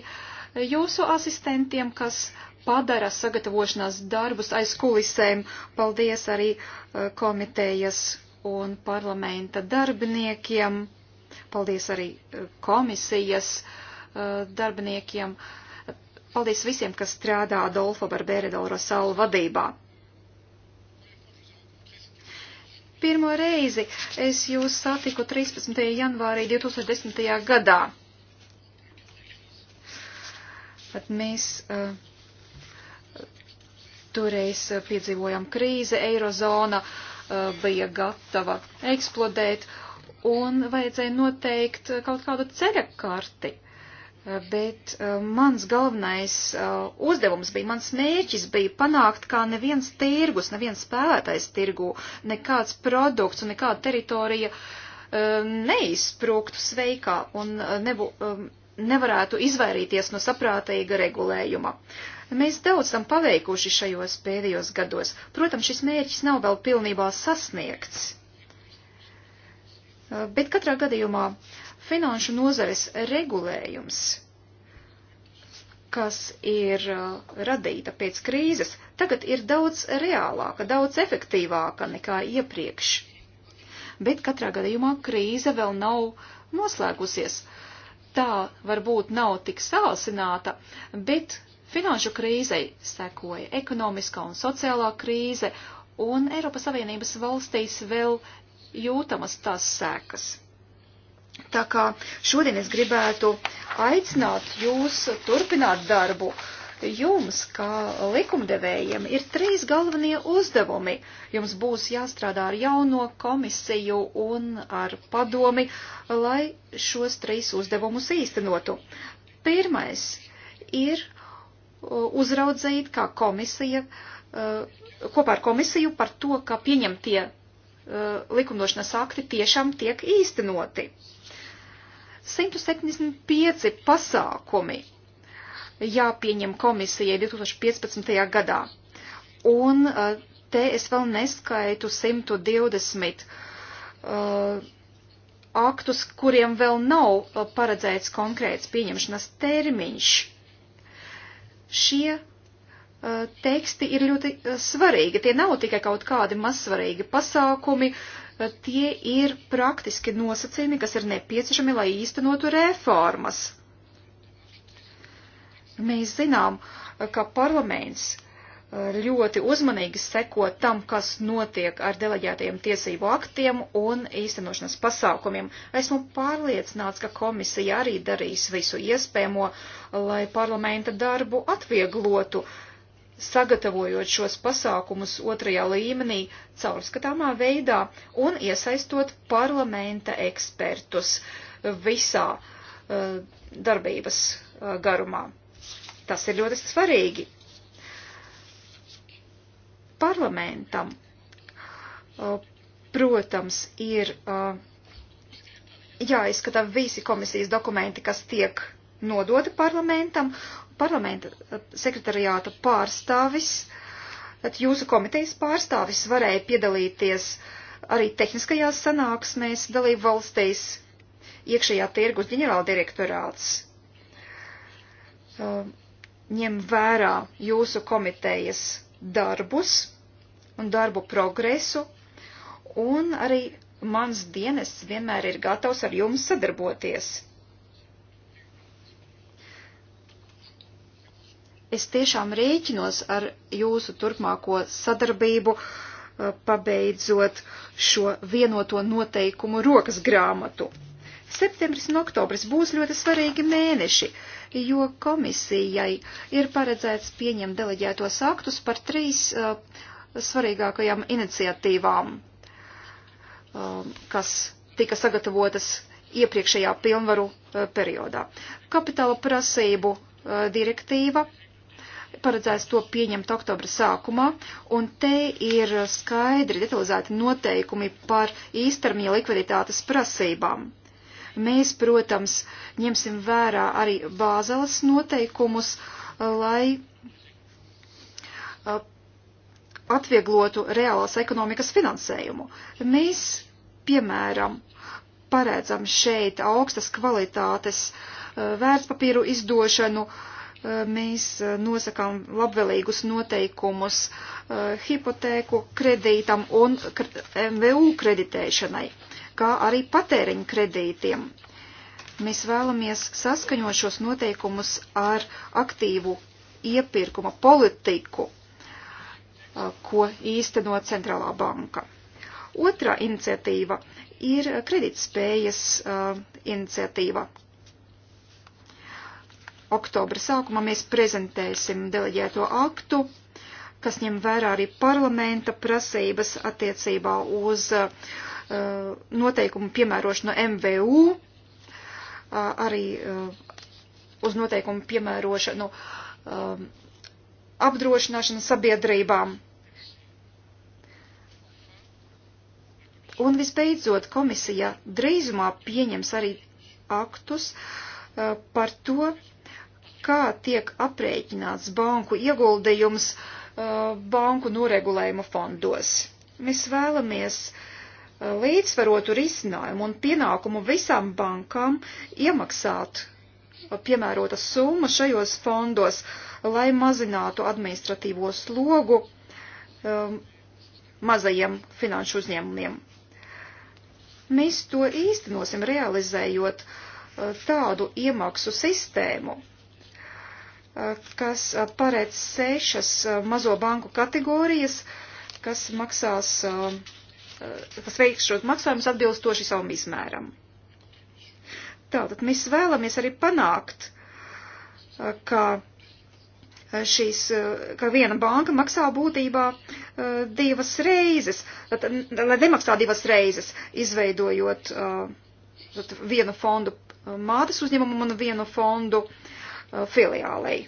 jūsu asistentiem, kas padara sagatavošanās darbus aiz kulisēm. Paldies arī uh, komitejas un parlamenta darbiniekiem. Paldies arī uh, komisijas uh, darbiniekiem. Uh, Paldies visiem, kas strādā Adolfo Barbēra del Rosālu vadībā. Pirmo reizi es jūs satiku 13. janvārī 2010. gadā. Pat mēs uh, toreiz eh, piedzīvojām krīzi, eirozona uh, bija gatava eksplodēt un vajadzēja noteikt kaut kādu ceļa karti. Uh, Bet eh, mans galvenais eh, uzdevums bija, mans mērķis bija panākt, kā neviens tirgus, neviens spēlētais tirgu, nekāds produkts un nekāda teritorija eh, neizsprūktu sveikā un nebū, nevarētu izvairīties no saprātīga regulējuma. Mēs daudz tam paveikuši šajos pēdējos gados. Protams, šis mērķis nav vēl pilnībā sasniegts. Bet katrā gadījumā uh, finanšu nozares regulējums, kas ir uh, radīta pēc krīzes, tagad ir daudz reālāka, daudz efektīvāka nekā iepriekš. Bet katrā gadījumā krīze vēl nav noslēgusies. Tā varbūt nav tik sāsināta, bet finanšu krīzei sekoja ekonomiskā un sociālā krīze, un Eiropas Savienības valstīs vēl jūtamas tās sēkas. Tā kā šodien es gribētu aicināt jūs turpināt darbu. Jums, kā likumdevējiem, ir trīs galvenie uzdevumi. Jums būs jāstrādā ar jauno komisiju un ar padomi, lai šos trīs uzdevumus īstenotu. Pirmais ir uzraudzīt, kā komisija, kopā ar komisiju par to, ka pieņemtie likumdošanas akti tiešām tiek īstenoti. 175 pasākumi jāpieņem komisijai 2015. gadā. Un eh, te es vēl neskaitu 120 uh, eh, aktus, kuriem vēl nav eh, paredzēts konkrēts pieņemšanas termiņš. Šie teksti ir ļoti svarīgi. Tie nav tikai kaut kādi mazsvarīgi pasākumi, tie ir praktiski nosacījumi, kas ir nepieciešami, lai īstenotu reformas. Mēs zinām, ka parlaments eh, ļoti uzmanīgi seko tam, kas notiek ar deleģētajiem tiesību aktiem un īstenošanas pasākumiem. Esmu pārliecināts, ka komisija arī darīs visu iespējamo, lai parlamenta darbu atvieglotu, uh, sagatavojot šos pasākumus otrajā līmenī caurskatāmā veidā un iesaistot parlamenta ekspertus visā uh, darbības uh, garumā. Tas ir ļoti svarīgi. Parlamentam, uh, protams, ir uh, jāizskata visi komisijas dokumenti, kas tiek nodoti parlamentam, parlamenta eh, sekretariāta pārstāvis, tad jūsu komitejas pārstāvis varēja piedalīties arī tehniskajās sanāksmēs dalību valstīs, iekšējā tirgus ģenerāldirektorāts eh, ņem vērā jūsu komitejas darbus un darbu progresu, un arī mans dienests vienmēr ir gatavs ar jums sadarboties. Es tiešām rēķinos ar jūsu turpmāko sadarbību, eh, pabeidzot šo vienoto noteikumu rokas grāmatu. Septembris un oktobris būs ļoti svarīgi mēneši, jo komisijai ir paredzēts pieņemt deleģētos aktus par trīs uh, svarīgākajām iniciatīvām, um, kas tika sagatavotas iepriekšējā pilnvaru uh, periodā. Kapitāla prasību uh, direktīva paredzēts to pieņemt oktobra sākumā, un te ir skaidri detalizēti noteikumi par īstermiņa likviditātes prasībām. Mēs, protams, ņemsim vērā arī bāzeles noteikumus, uh, lai uh, atvieglotu reālās ekonomikas finansējumu. Mēs, piemēram, paredzam šeit augstas kvalitātes uh, vērtspapīru izdošanu, uh, mēs eh, nosakām labvēlīgus noteikumus eh, hipotēku kredītam un MVU kreditēšanai, kā arī patēriņu kredītiem. Mēs vēlamies saskaņot šos noteikumus ar aktīvu iepirkuma politiku, eh, ko īsteno Centrālā banka. Otra iniciatīva ir kredītspējas uh, iniciatīva, Oktobra sākumā mēs prezentēsim deleģēto aktu, kas ņem vērā arī parlamenta prasības attiecībā uz uh, noteikumu piemērošanu MVU, uh, arī uh, uz noteikumu piemērošanu uh, apdrošināšanu sabiedrībām. Un visbeidzot, komisija drīzumā pieņems arī aktus uh, par to, kā tiek aprēķināts banku ieguldījums uh, banku noregulējuma fondos. Mēs vēlamies uh, līdzsvarotu risinājumu un pienākumu visām bankām iemaksāt uh, piemērota summa šajos fondos, lai mazinātu administratīvo slogu um, mazajiem finanšu uzņēmumiem. Mēs to īstenosim, realizējot uh, tādu iemaksu sistēmu, kas eh, paredz sešas eh, mazo banku kategorijas, kas maksās, eh, kas veiks šos maksājumus atbilstoši savam izmēram. Tātad mēs vēlamies arī panākt, ka šīs, ka viena banka maksā būtībā divas reizes, lai nemaksā divas reizes, izveidojot vienu fondu mātes uzņēmumam un vienu fondu uh, Uh, filiālei.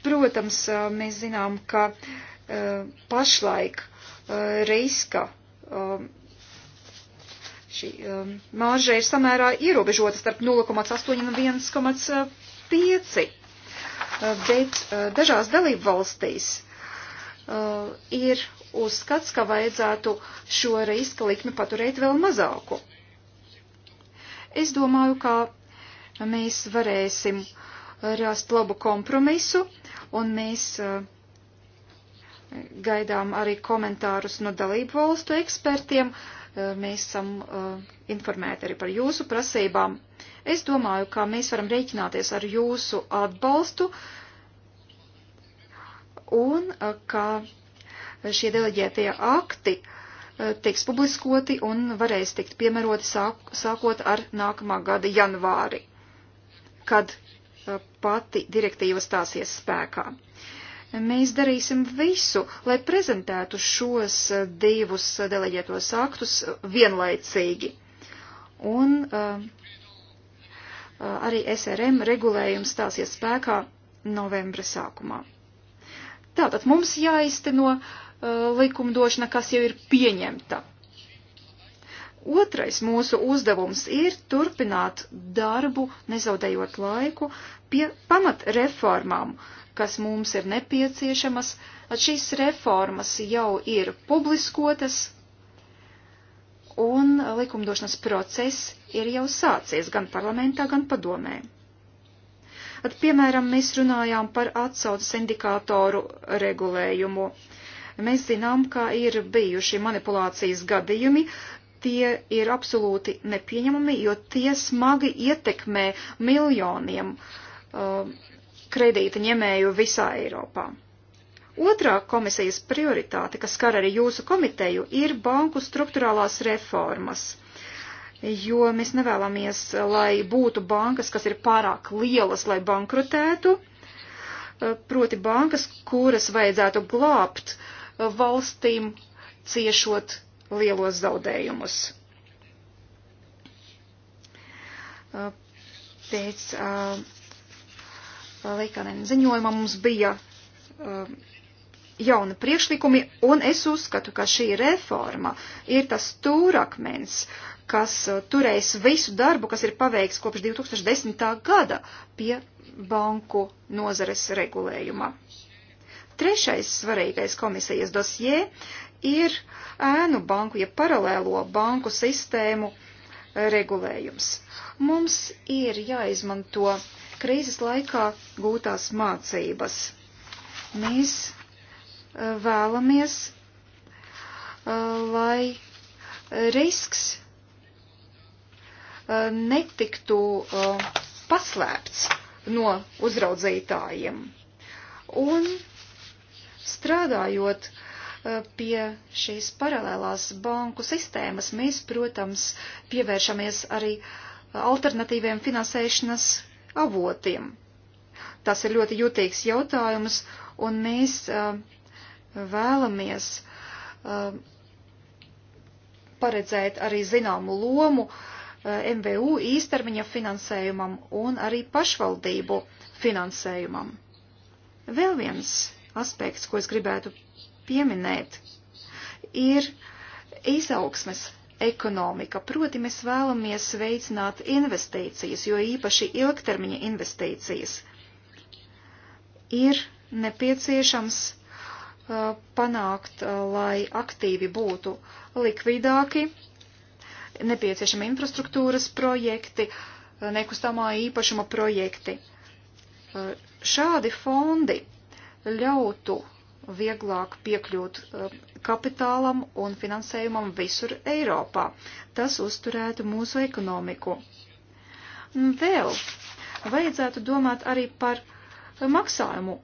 Protams, uh, mēs zinām, ka uh, pašlaik riska um, šī māža um, ir samērā ierobežota starp 0,8 un 1,5, bet dažās dalību valstīs ir uzskats, ka vajadzētu šo riska likmi paturēt vēl mazāku. Es domāju, ka mēs varēsim rast labu kompromisu, un mēs eh, gaidām arī komentārus no dalību valstu ekspertiem. Eh, mēs esam eh, informēti arī par jūsu prasībām. Es domāju, ka mēs varam rēķināties ar jūsu atbalstu un ka šie deleģētie akti tiks publiskoti un varēs tikt piemēroti sāk, sākot ar nākamā gada janvāri kad eh, pati direktīva stāsies spēkā. Mēs darīsim visu, lai prezentētu šos eh, divus deleģētos aktus vienlaicīgi. Un uh, arī SRM regulējums stāsies spēkā novembra sākumā. Tātad mums jāizteno uh, likumdošana, kas jau ir pieņemta. Otrais mūsu uzdevums ir turpināt darbu, nezaudējot laiku, pie pamatreformām, kas mums ir nepieciešamas. At šīs reformas jau ir publiskotas, un likumdošanas process ir jau sācies gan parlamentā, gan padomē. At, piemēram, mēs runājām par atsaucas indikātoru regulējumu. Mēs zinām, ka ir bijuši manipulācijas gadījumi, tie ir absolūti nepieņemami, jo tie smagi ietekmē miljoniem uh, kredīta ņemēju visā Eiropā. Otrā komisijas prioritāte, kas skar arī jūsu komiteju, ir banku struktūrālās reformas, jo mēs nevēlamies, lai būtu bankas, kas ir pārāk lielas, lai bankrotētu, uh, proti bankas, kuras vajadzētu glābt uh, valstīm ciešot lielos zaudējumus. Pēc Leikanena ziņojuma mums bija jauni priekšlikumi, un es uzskatu, ka šī reforma ir tas stūrakmens, kas turēs visu darbu, kas ir paveikts kopš 2010. gada pie banku nozares regulējuma. Trešais svarīgais komisijas dosie ir ēnu banku, ja paralēlo banku sistēmu regulējums. Mums ir jāizmanto krīzes laikā gūtās mācības. Mēs vēlamies, lai risks netiktu paslēpts no uzraudzītājiem. Un strādājot uh, pie šīs paralēlās banku sistēmas. Mēs, protams, pievēršamies arī alternatīviem finansēšanas avotiem. Tas ir ļoti jūtīgs jautājums, un mēs vēlamies paredzēt arī zināmu lomu MVU īstermiņa finansējumam un arī pašvaldību finansējumam. Vēl viens aspekts, ko es gribētu pieminēt, ir izaugsmes ekonomika. Proti mēs vēlamies veicināt investīcijas, jo īpaši ilgtermiņa investīcijas. Ir nepieciešams uh, panākt, uh, lai aktīvi būtu likvidāki, nepieciešami infrastruktūras projekti, uh, nekustamā īpašuma projekti. Uh, šādi fondi ļautu vieglāk piekļūt eh, kapitālam un finansējumam visur Eiropā. Tas uzturētu mūsu ekonomiku. Vēl vajadzētu domāt arī par eh, maksājumu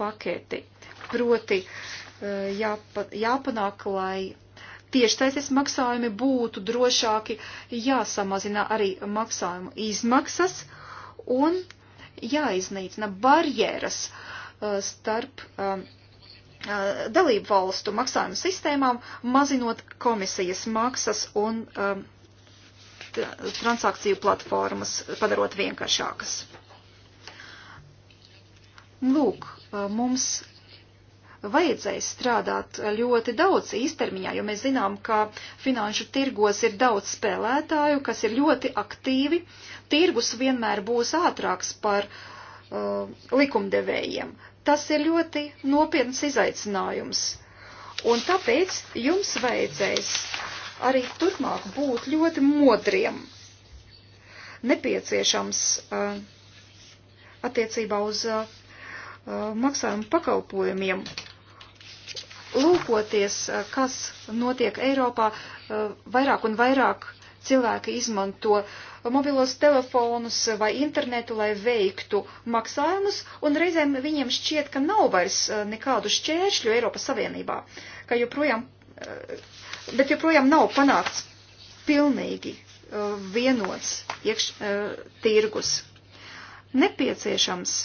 paketi. Proti eh, jāpa, jāpanāk, lai tiešsaistes maksājumi būtu drošāki, jāsamazina arī maksājumu izmaksas un jāiznīcina barjeras starp um, dalību valstu maksājumu sistēmām, mazinot komisijas maksas un um, transakciju platformas, padarot vienkāršākas. Lūk, mums vajadzēs strādāt ļoti daudz īstermiņā, jo mēs zinām, ka finanšu tirgos ir daudz spēlētāju, kas ir ļoti aktīvi. Tirgus vienmēr būs ātrāks par uh, likumdevējiem. Tas ir ļoti nopietns izaicinājums. Un tāpēc jums vajadzēs arī turpmāk būt ļoti modriem. Nepieciešams uh, attiecībā uz uh, uh maksājumu pakalpojumiem lūkoties, uh, kas notiek Eiropā, uh, vairāk un vairāk cilvēki izmanto uh, mobilos telefonus vai internetu, lai veiktu maksājumus, un reizēm viņiem šķiet, ka nav vairs eh, nekādu šķēršļu Eiropas Savienībā, ka joprojām, eh, bet joprojām nav panākts pilnīgi eh, vienots iekš, tirgus. Nepieciešams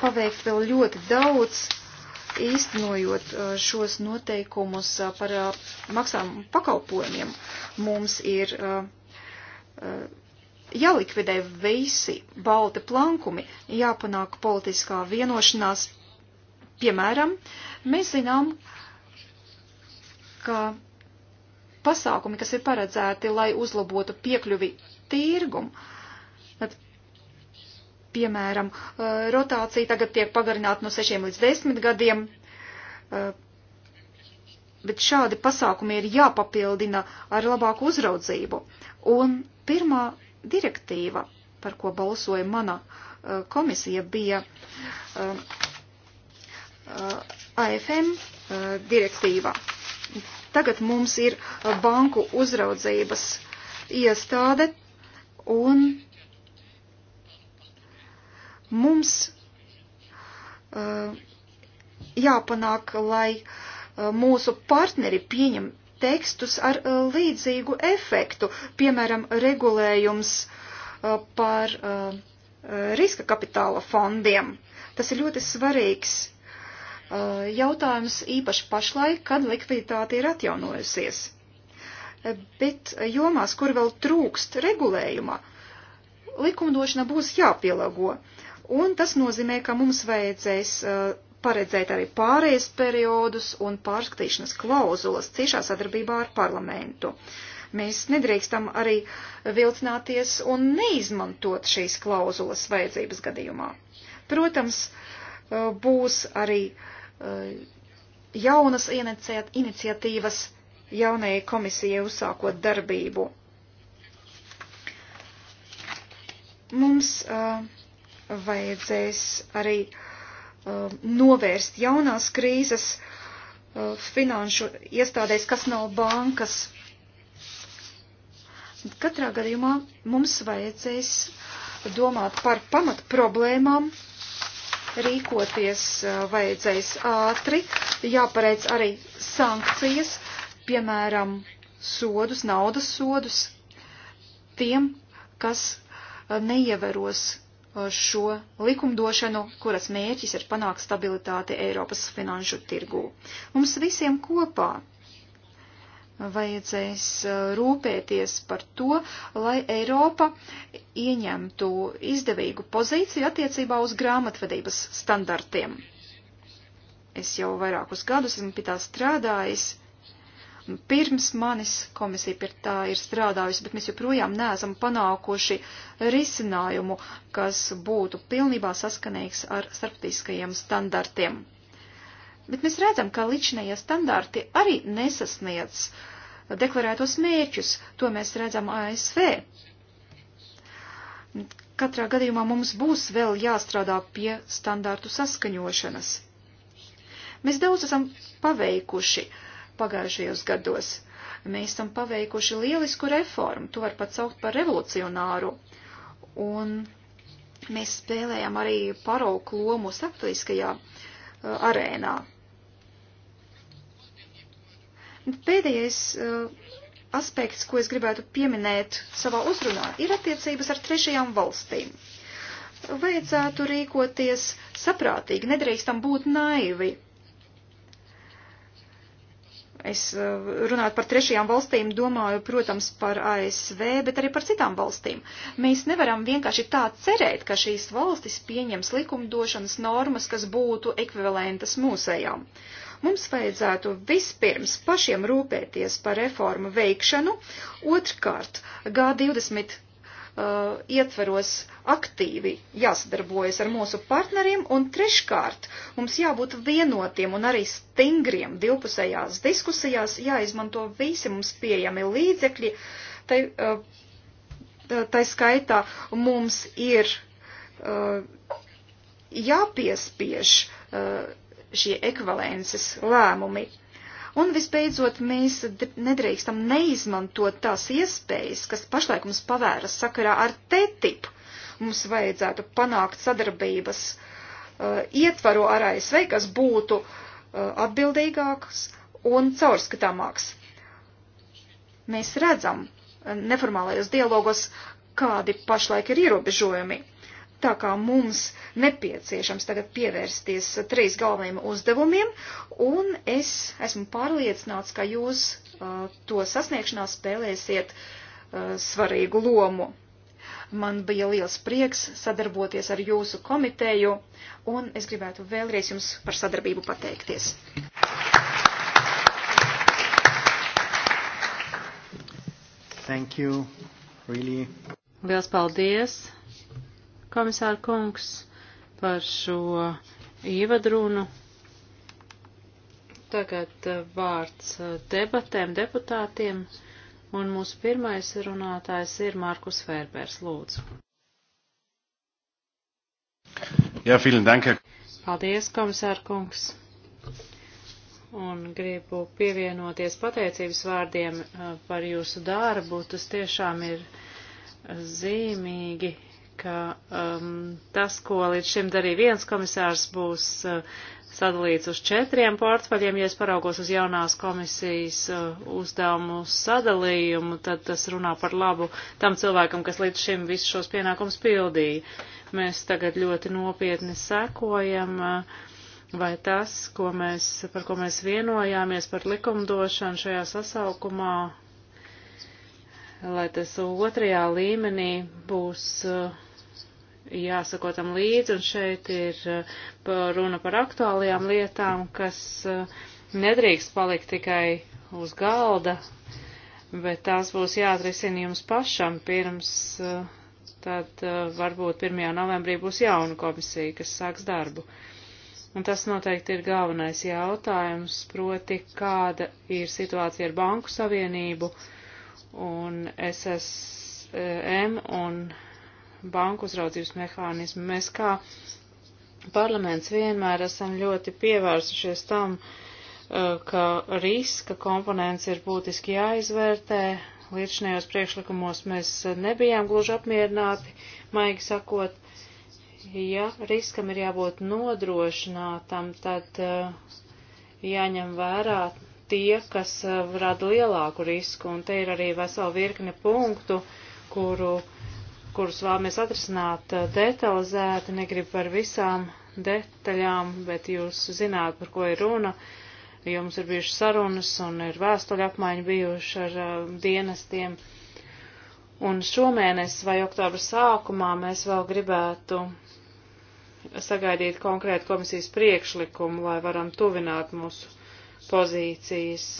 paveikt vēl ļoti daudz īstenojot šos noteikumus par maksām pakalpojumiem, mums ir jālikvidē visi balti plankumi, jāpanāk politiskā vienošanās. Piemēram, mēs zinām, ka pasākumi, kas ir paredzēti, lai uzlabotu piekļuvi tīrgumu, Piemēram, eh, rotācija tagad tiek pagarināta no 6 līdz 10 gadiem, eh, bet šādi pasākumi ir jāpapildina ar labāku uzraudzību. Un pirmā direktīva, par ko balsoja mana eh, komisija, bija AFM direktīva. Tagad mums ir banku uzraudzības iestāde un Mums uh, jāpanāk, lai uh, mūsu partneri pieņem tekstus ar uh, līdzīgu efektu, piemēram, regulējums uh, par uh, uh, riska kapitāla fondiem. Tas ir ļoti svarīgs jautājums īpaši pašlaik, kad likviditāte ir atjaunojusies. Bet jomās, kur vēl trūkst regulējuma, likumdošana būs jāpielāgo. Uh, Un tas nozīmē, ka mums vajadzēs uh, paredzēt arī pārējais periodus un pārskatīšanas klauzulas ciešā sadarbībā ar parlamentu. Mēs nedrīkstam arī vilcināties un neizmantot šīs klauzulas vajadzības gadījumā. Protams, uh, būs arī uh, jaunas iniciatīvas jaunajai komisijai uzsākot darbību. Mums uh, vajadzēs arī uh, novērst jaunās krīzes uh, finanšu iestādēs, kas nav bankas. Katrā gadījumā mums vajadzēs domāt par pamat problēmām, rīkoties uh, vajadzēs ātri, jāpareic arī sankcijas, piemēram, sodus, naudas sodus tiem, kas uh, neievēros Uh, šo likumdošanu, kuras mērķis ir panākt stabilitāti Eiropas finanšu tirgū. Mums visiem kopā vajadzēs uh, rūpēties par to, lai Eiropa ieņemtu izdevīgu pozīciju attiecībā uz grāmatvedības standartiem. Es jau vairākus gadus esmu pie tā strādājis. Pirms manis komisija pie tā ir strādājusi, bet mēs joprojām neesam panākuši risinājumu, kas būtu pilnībā saskanīgs ar starptiskajiem standartiem. Bet mēs redzam, ka ličinējie standarti arī nesasniedz deklarētos mērķus, to mēs redzam ASV. Katrā gadījumā mums būs vēl jāstrādā pie standārtu saskaņošanas. Mēs daudz esam paveikuši. Uh, pagājušajos gados. Mēs esam paveikuši lielisku reformu, to var pat saukt par revolucionāru. Un mēs spēlējam arī parauku lomu starptautiskajā uh, arēnā. Pēdējais uh, aspekts, ko es gribētu pieminēt savā uzrunā, ir attiecības ar trešajām valstīm. Vajadzētu rīkoties saprātīgi, nedrīkstam būt naivi. Es eh, runāt par trešajām valstīm, domāju, protams, par ASV, bet arī par citām valstīm. Mēs nevaram vienkārši tā cerēt, ka šīs valstis pieņems likumdošanas normas, kas būtu ekvivalentas mūsējām. Mums vajadzētu vispirms pašiem rūpēties par reformu veikšanu, otrkārt G20 uh, ietveros aktīvi jāsadarbojas ar mūsu partneriem, un treškārt mums jābūt vienotiem un arī stingriem divpusējās diskusijās, jāizmanto visi mums pieejami līdzekļi, tai, uh, tai skaitā mums ir uh, jāpiespiež uh, šie ekvalences lēmumi Un visbeidzot, mēs nedrīkstam neizmantot tās iespējas, kas pašlaik mums pavēras sakarā ar TTIP. Mums vajadzētu panākt sadarbības uh, ietvaru ar ASV, kas būtu uh, atbildīgāks un caurskatāmāks. Mēs redzam uh, neformālajos dialogos, kādi pašlaik ir ierobežojumi tā kā mums nepieciešams tagad pievērsties trīs galvenajiem uzdevumiem, un es esmu pārliecināts, ka jūs uh, to sasniegšanā spēlēsiet uh, svarīgu lomu. Man bija liels prieks sadarboties ar jūsu komiteju, un es gribētu vēlreiz jums par sadarbību pateikties. Thank you. Really. Liels paldies! komisāra kungs, par šo ievadrunu. Tagad eh, vārds eh, debatēm, deputātiem, un mūsu pirmais runātājs ir Markus Fērbērs, lūdzu. Jā, vielen dank. Paldies, komisāra kungs. Un gribu pievienoties pateicības vārdiem eh, par jūsu darbu. Tas tiešām ir zīmīgi ka um, tas, ko līdz šim darīja viens komisārs, būs uh, sadalīts uz četriem portfaļiem. Ja es paraugos uz jaunās komisijas uh, uzdevumu sadalījumu, tad tas runā par labu tam cilvēkam, kas līdz šim visus šos pienākumus pildīja. Mēs tagad ļoti nopietni sekojam. Uh, Vai tas, ko mēs, par ko mēs vienojāmies par likumdošanu šajā sasaukumā, lai tas otrajā līmenī būs uh, jāsako tam līdzi, un šeit ir eh, runa par aktuālajām lietām, kas eh, nedrīkst palikt tikai uz galda, bet tās būs jāatrisina jums pašam pirms, eh, tad varbūt 1. novembrī būs jauna komisija, kas sāks darbu. Un tas noteikti ir galvenais jautājums, proti, kāda ir situācija ar Banku Savienību un SSM un banku uzraudzības mehānismu. Mēs kā parlaments vienmēr esam ļoti pievērsušies tam, uh, ka riska komponents ir būtiski jāizvērtē. Līdzinējos priekšlikumos mēs nebijām gluži apmierināti, maigi sakot, ja riskam ir jābūt nodrošinātam, tad uh, jāņem vērā tie, kas uh, rada lielāku risku, un te ir arī vesela virkne punktu, kuru uh, kurus vēlamies atrisināt eh, detalizēti, negribu par visām detaļām, bet jūs zināt, par ko ir runa. Jums ir bijušas sarunas un ir vēstuļu apmaiņa bijuši ar uh, dienestiem. Un šomēnes vai oktobra sākumā mēs vēl gribētu sagaidīt konkrētu komisijas priekšlikumu, lai varam tuvināt mūsu pozīcijas.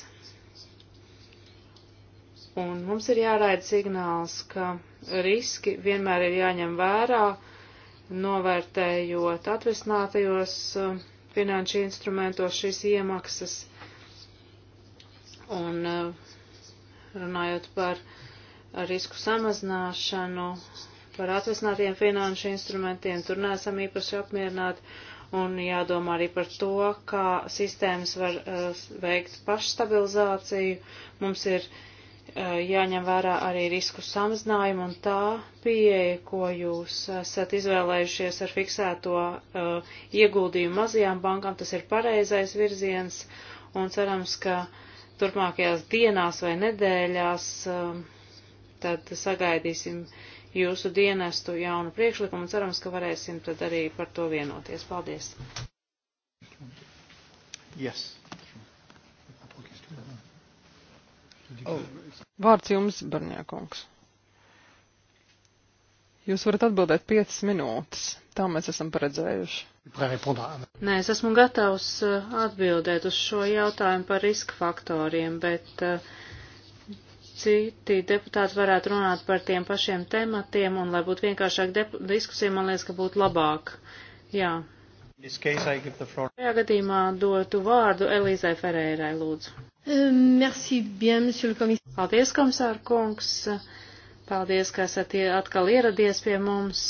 Un mums ir jāraida signāls, ka riski vienmēr ir jāņem vērā, novērtējot atvesinātajos um, finanšu instrumentos šīs iemaksas un uh, runājot par risku samazināšanu, par atvesinātiem finanšu instrumentiem, tur neesam īpaši apmierināti un jādomā arī par to, kā sistēmas var uh, veikt pašstabilizāciju. Mums ir uh, Eh, jāņem vērā arī risku samazinājumu un tā pieeja, ko jūs esat izvēlējušies ar fiksēto uh, ieguldījumu mazajām bankām, tas ir pareizais virziens un cerams, ka turpmākajās dienās vai nedēļās uh, tad sagaidīsim jūsu dienestu jaunu priekšlikumu un cerams, ka varēsim tad arī par to vienoties. Paldies! Yes. Oh. Vārds jums, Barņēkungs. Jūs varat atbildēt 5 minūtes. Tā mēs esam paredzējuši. Nē, es esmu gatavs uh, atbildēt uz šo jautājumu par riska faktoriem, bet uh, citi deputāti varētu runāt par tiem pašiem tematiem, un lai būtu vienkāršāk diskusija, man liekas, ka būtu labāk. Jā, Šajā gadījumā dotu vārdu Elīzai Ferērai, lūdzu. Um, merci bien, monsieur le commissaire. Paldies, komisār kungs. Paldies, ka esat atkal ieradies pie mums.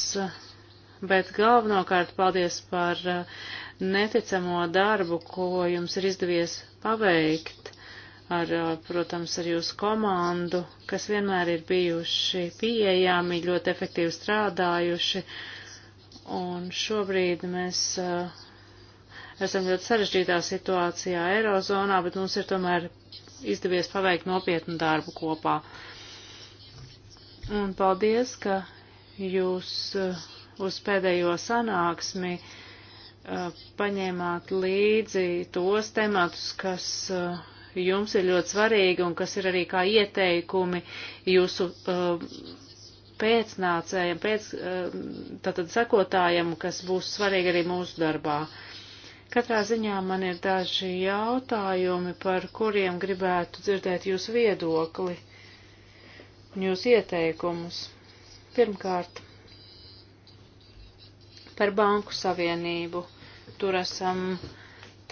Bet galvenokārt paldies par uh, neticamo darbu, ko jums ir izdevies paveikt ar, uh, protams, ar jūsu komandu, kas vienmēr ir bijuši pieejami, ļoti efektīvi strādājuši Un šobrīd mēs uh, esam ļoti sarežģītā situācijā Eirozonā, bet mums ir tomēr izdevies paveikt nopietnu darbu kopā. Un paldies, ka jūs uh, uz pēdējo sanāksmi uh, paņēmāt līdzi tos tematus, kas jums ir ļoti svarīgi un kas ir arī kā ieteikumi jūsu pēcnācējiem, pēc, eh, tātad sekotājiem, kas būs svarīgi arī mūsu darbā. Katrā ziņā man ir daži jautājumi, par kuriem gribētu dzirdēt jūsu viedokli un jūsu ieteikumus. Pirmkārt, par banku savienību. Tur esam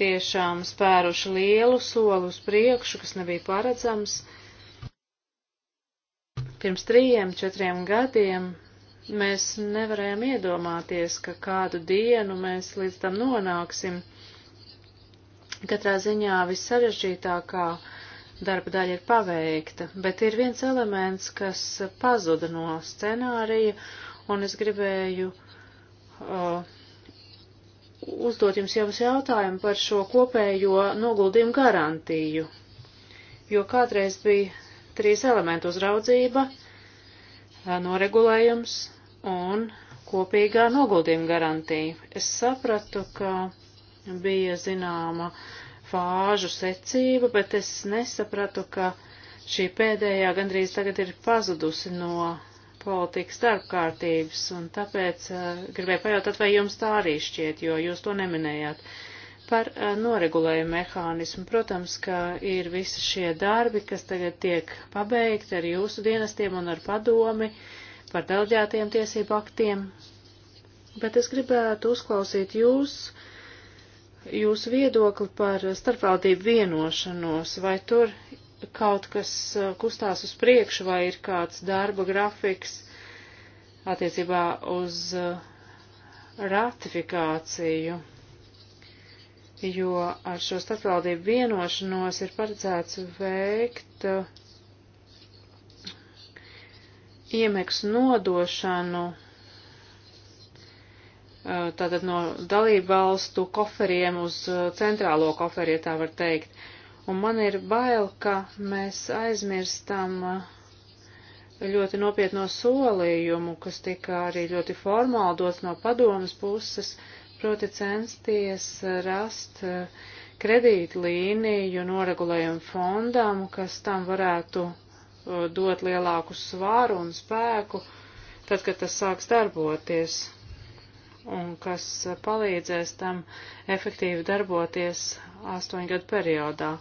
tiešām spēruši lielu soli uz priekšu, kas nebija paredzams. Uh, Pirms trījiem, četriem gadiem mēs nevarējām iedomāties, ka kādu dienu mēs līdz tam nonāksim. Katrā ziņā vissarežģītākā darba daļa ir paveikta, bet ir viens elements, kas pazuda no scenārija, un es gribēju uh, uzdot jums jau jautājumu par šo kopējo noguldījumu garantiju, jo kādreiz bija trīs elementi - uzraudzība, noregulējums un kopīgā noguldījuma garantija. Es sapratu, ka bija zināma fāžu secība, bet es nesapratu, ka šī pēdējā gandrīz tagad ir pazudusi no politikas darbkārtības, un tāpēc uh, gribēju pajautāt, vai jums tā arī šķiet, jo jūs to neminējāt. Uh, Par noregulējumu mehānismu, protams, ka ir visi šie darbi, kas tagad tiek pabeigti ar jūsu dienestiem un ar padomi par delģētiem tiesību aktiem, bet es gribētu uzklausīt jūs, jūsu viedokli par starpvaldību vienošanos, vai tur kaut kas kustās uz priekšu, vai ir kāds darba grafiks attiecībā uz ratifikāciju jo ar šo starpvaldību vienošanos ir paredzēts veikt uh, iemeksu nodošanu uh, tātad no dalību valstu koferiem uz uh, centrālo koferi, ja tā var teikt. Un man ir bail, ka mēs aizmirstam ļoti nopietno solījumu, kas tika arī ļoti formāli dots no padomas puses, proti censties rast eh, kredītlīniju noregulējumu fondam, kas tam varētu eh, dot lielāku svāru un spēku, tad, kad tas sāks darboties, un kas palīdzēs tam efektīvi darboties astoņu gadu periodā.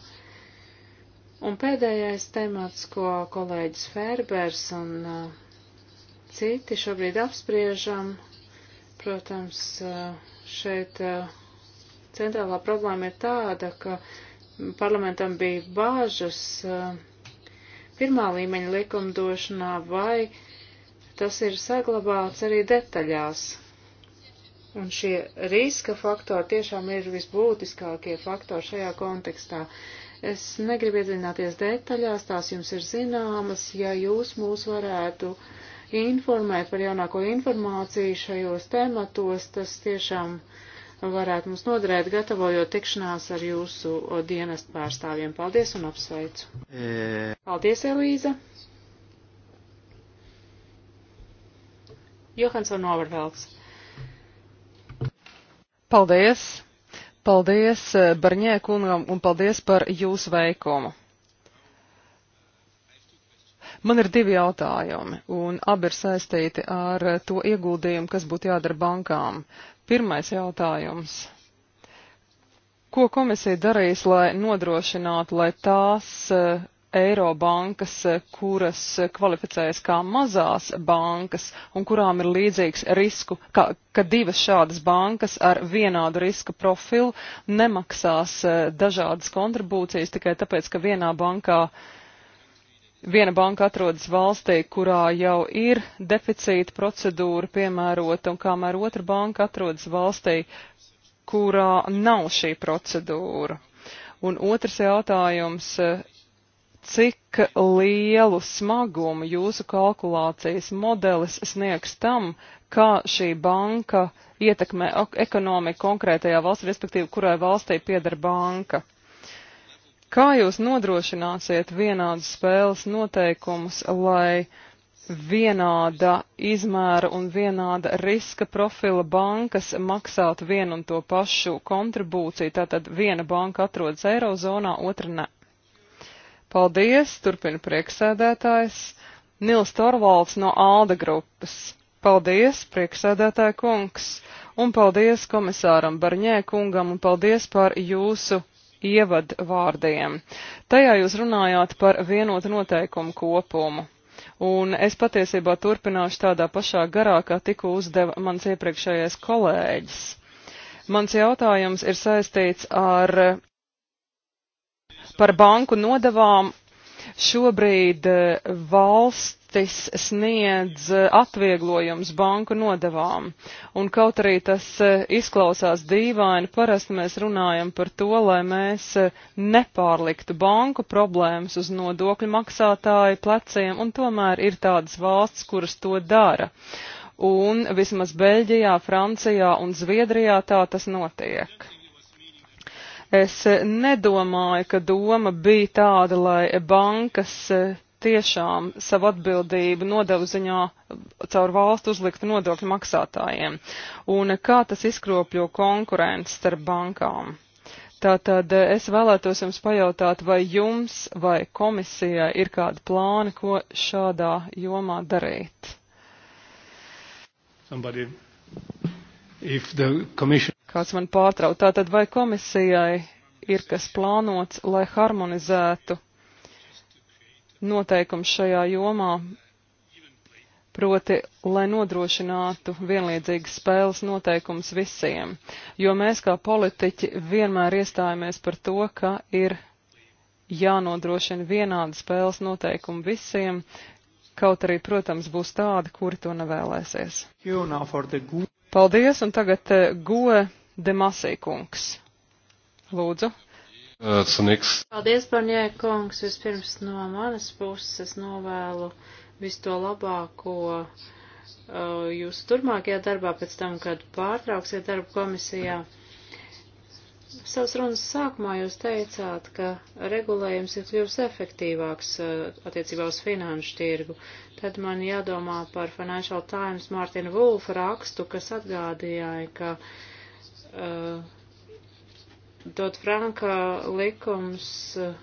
Un pēdējais temats, ko kolēģis Ferbers un uh, citi šobrīd apspriežam, protams, uh, šeit eh, centrālā problēma ir tāda, ka parlamentam bija bāžas eh, pirmā līmeņa likumdošanā, vai tas ir saglabāts arī detaļās. Un šie riska faktori tiešām ir visbūtiskākie faktori šajā kontekstā. Es negribu iedziļināties detaļās, tās jums ir zināmas, ja jūs mūs varētu uh, informēt par jaunāko informāciju šajos tematos. Tas tiešām varētu mums noderēt, gatavojot tikšanās ar jūsu dienestu pārstāvjiem. Paldies un apsveicu. E... Paldies, Elīza. Johansson Overvelks. Paldies! Paldies eh, Barņē kungam un paldies par jūsu veikumu! Man ir divi jautājumi, un abi ir saistīti ar to ieguldījumu, kas būtu jādara bankām. Pirmais jautājums. Ko komisija darīs, lai nodrošinātu, lai tās eh, eiro bankas, eh, kuras kvalificējas kā mazās bankas un kurām ir līdzīgs risku, ka, ka divas šādas bankas ar vienādu riska profilu nemaksās eh, dažādas kontribūcijas tikai tāpēc, ka vienā bankā uh, viena banka atrodas valstī, kurā jau ir deficīta procedūra piemērota, un kamēr otra banka atrodas valstī, kurā nav šī procedūra. Un otrs jautājums, cik lielu smagumu jūsu kalkulācijas modelis sniegs tam, kā šī banka ietekmē ekonomiku konkrētajā valstī, respektīvi, kurai valstī pieder banka? Kā jūs nodrošināsiet vienādas spēles noteikumus, lai vienāda izmēra un vienāda riska profila bankas maksātu vienu un to pašu kontribūciju, tātad viena banka atrodas Eirozonā, otra ne. Paldies, turpina prieksēdētājs Nils Torvalds no Alda grupas. Paldies, prieksēdētāja kungs, un paldies komisāram Barņē kungam, un paldies par jūsu ievadvārdiem. Tajā jūs runājāt par vienotu noteikumu kopumu. Un es patiesībā turpināšu tādā pašā garā, kā tikko uzdeva mans iepriekšējais kolēģis. Mans jautājums ir saistīts ar par banku nodavām. Šobrīd eh, valsts valstis sniedz eh, atvieglojums banku nodevām. Un kaut arī tas eh, izklausās dīvaini, parasti mēs runājam par to, lai mēs eh, nepārliktu banku problēmas uz nodokļu maksātāju pleciem, un tomēr ir tādas valsts, kuras to dara. Un vismaz Beļģijā, Francijā un Zviedrijā tā tas notiek. Es nedomāju, ka doma bija tāda, lai bankas tiešām savu atbildību nodevu ziņā caur valstu uzliktu nodokļu maksātājiem, un kā tas izkropļo konkurences starp bankām. Tātad eh, es vēlētos jums pajautāt, vai jums vai komisijai ir kādi plāni, ko šādā jomā darīt? Somebody, commission... Kāds man pārtrauc. Tātad vai komisijai ir kas plānots, lai harmonizētu noteikums šajā jomā, proti, lai nodrošinātu vienlīdzīgas spēles noteikums visiem, jo mēs kā politiķi vienmēr iestājamies par to, ka ir jānodrošina vienāda spēles noteikumi visiem, kaut arī, protams, būs tādi, kuri to nevēlēsies. Paldies, un tagad eh, goe demasīkungs. Lūdzu. Uh, Suniks. Paldies, Barņē kungs. Vispirms no manas puses novēlu visu to labāko uh, jūsu turmākajā darbā pēc tam, kad pārtrauksiet darbu komisijā. Savas runas sākumā jūs teicāt, ka regulējums ir kļuvis efektīvāks uh, attiecībā uz finanšu tirgu. Tad man jādomā par Financial Times Mārtina Vulfa rakstu, kas atgādījāja, ka uh, Dot Franka likums eh,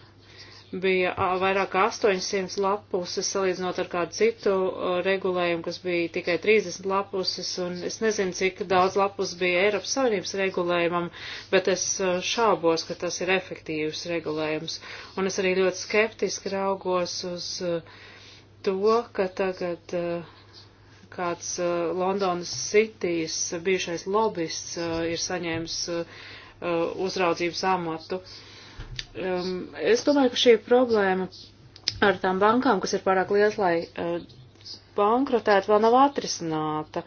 bija vairāk kā 800 lapuses, salīdzinot ar kādu citu eh, regulējumu, kas bija tikai 30 lapuses, un es nezinu, cik daudz lapus bija Eiropas Savienības regulējumam, bet es eh, šaubos, ka tas ir efektīvs regulējums. Un es arī ļoti skeptiski raugos uz to, ka tagad kāds Londonas Citīs bijušais lobists ir saņēmis Uh, uzraudzības amatu. Um, es domāju, ka šī problēma ar tām bankām, kas ir pārāk liels, lai uh, bankrotētu, vēl nav atrisināta.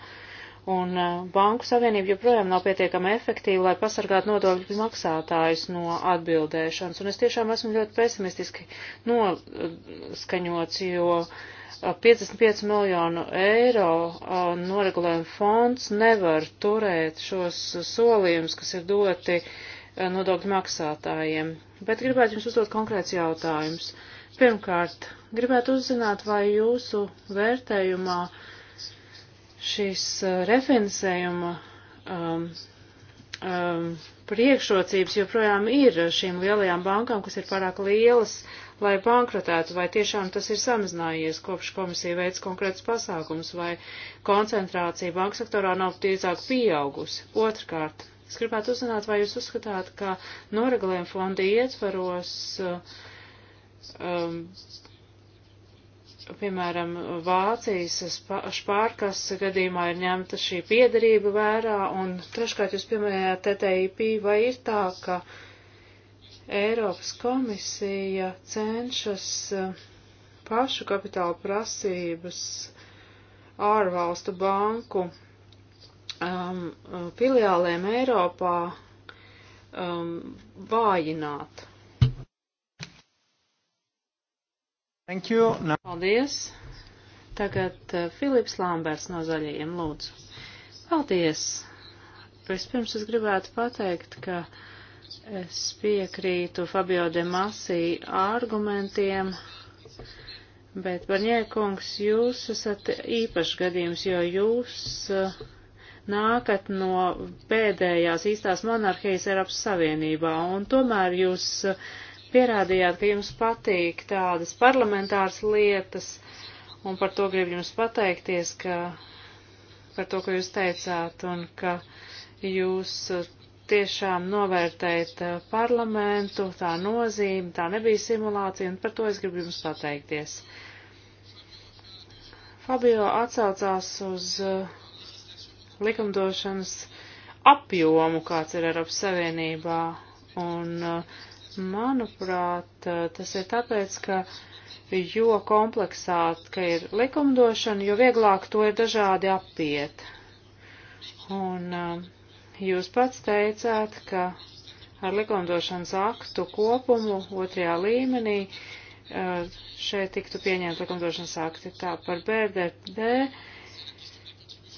Un uh, Banku Savienība joprojām nav pietiekama efektīva, lai pasargātu nodokļu maksātājus no atbildēšanas. Un es tiešām esmu ļoti pesimistiski noskaņots, jo uh, 55 miljonu eiro noregulējuma fonds nevar turēt šos solījumus, kas ir doti nodokļu maksātājiem. Bet gribētu jums uzdot konkrēts jautājums. Pirmkārt, gribētu uzzināt, vai jūsu vērtējumā šīs refinansējuma um, um, priekšrocības joprojām ir šīm lielajām bankām, kas ir pārāk lielas, uh, lai bankrotētu, vai tiešām tas ir samazinājies kopš komisija veids konkrēts pasākums, vai koncentrācija banka sektorā nav tiecāk pieaugusi. Otrkārt, es gribētu uzzināt, vai jūs uzskatāt, ka noregulējuma fondi ietvaros. Um, piemēram, Vācijas špārkas gadījumā ir ņemta šī piedarība vērā, un treškārt jūs pieminējāt TTIP, vai ir tā, ka Eiropas komisija cenšas eh, pašu kapitāla prasības ārvalstu banku um, eh, filiālēm Eiropā um, vājināt. Thank you. No. Paldies. Tagad uh, Filips Lamberts no Zaļajiem lūdzu. Paldies. Vispirms es gribētu pateikt, ka uh, Es piekrītu Fabio de Masī argumentiem, bet, Barņēkungs, jūs esat īpašs gadījums, jo jūs uh, nākat no pēdējās īstās monarhijas Eiropas Savienībā, un tomēr jūs uh, pierādījāt, ka jums patīk tādas parlamentāras lietas, un par to gribu jums pateikties, ka par to, ko jūs teicāt, un ka jūs uh, tiešām novērtēt eh, parlamentu, tā nozīme, tā nebija simulācija, un par to es gribu jums pateikties. Fabio atsaucās uz eh, likumdošanas apjomu, kāds ir Eiropas Savienībā, un eh, manuprāt, tas ir tāpēc, ka jo kompleksāka ir likumdošana, jo vieglāk to ir dažādi apiet. Un uh, Jūs pats teicāt, ka ar likumdošanas aktu kopumu otrajā līmenī eh, šeit tiktu pieņemt likumdošanas akti. Tā par BRDD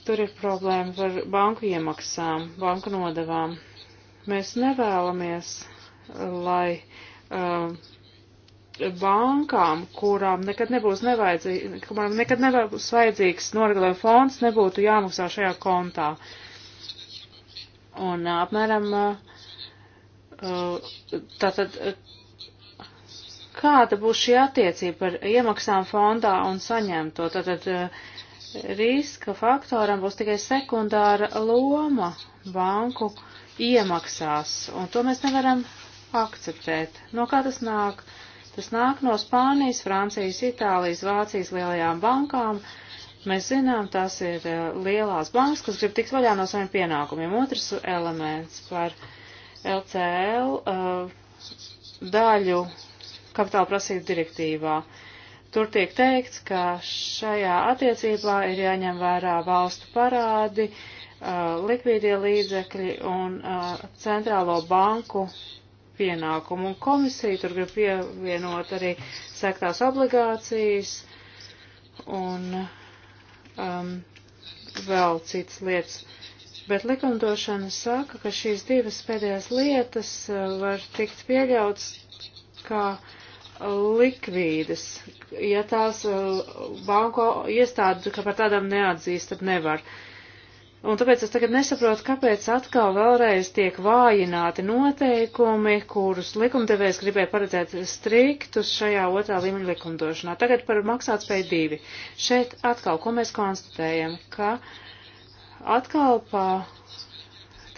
tur ir problēma par banku iemaksām, banku nodavām. Mēs nevēlamies, lai uh, bankām, kurām nekad nebūs, kurām nekad nebūs vajadzīgs noregulējuma fonds, nebūtu jāmaksā šajā kontā. Uh, Un apmēram tātad kāda būs šī attiecība par iemaksām fondā un saņemto? Tātad riska faktoram būs tikai sekundāra loma banku iemaksās, un to mēs nevaram akceptēt. No kā tas nāk? Tas nāk no Spānijas, Francijas, Itālijas, Vācijas lielajām bankām, uh, Mēs zinām, tās ir eh, lielās bankas, kas grib tikt vaļā no saviem pienākumiem. Otrs elements par LCL eh, daļu kapitāla prasību direktīvā. Tur tiek teikts, ka šajā attiecībā ir jāņem vērā valstu parādi, eh, likvīdie līdzekļi un centrālo banku pienākumu. Un komisija tur grib pievienot arī sektās obligācijas un um, vēl citas lietas. Bet likumdošana saka, ka šīs divas pēdējās lietas uh, var tikt pieļauts kā likvīdas. Ja tās uh, banko iestādi, ka par tādām neatzīst, tad nevar. Uh, Un tāpēc es tagad nesaprotu, kāpēc atkal vēlreiz tiek vājināti noteikumi, kurus likumdevējs gribēja paredzēt striktus šajā otrā līmeņa likumdošanā. Tagad par maksātspēju divi. Šeit atkal, ko mēs konstatējam, ka atkal pa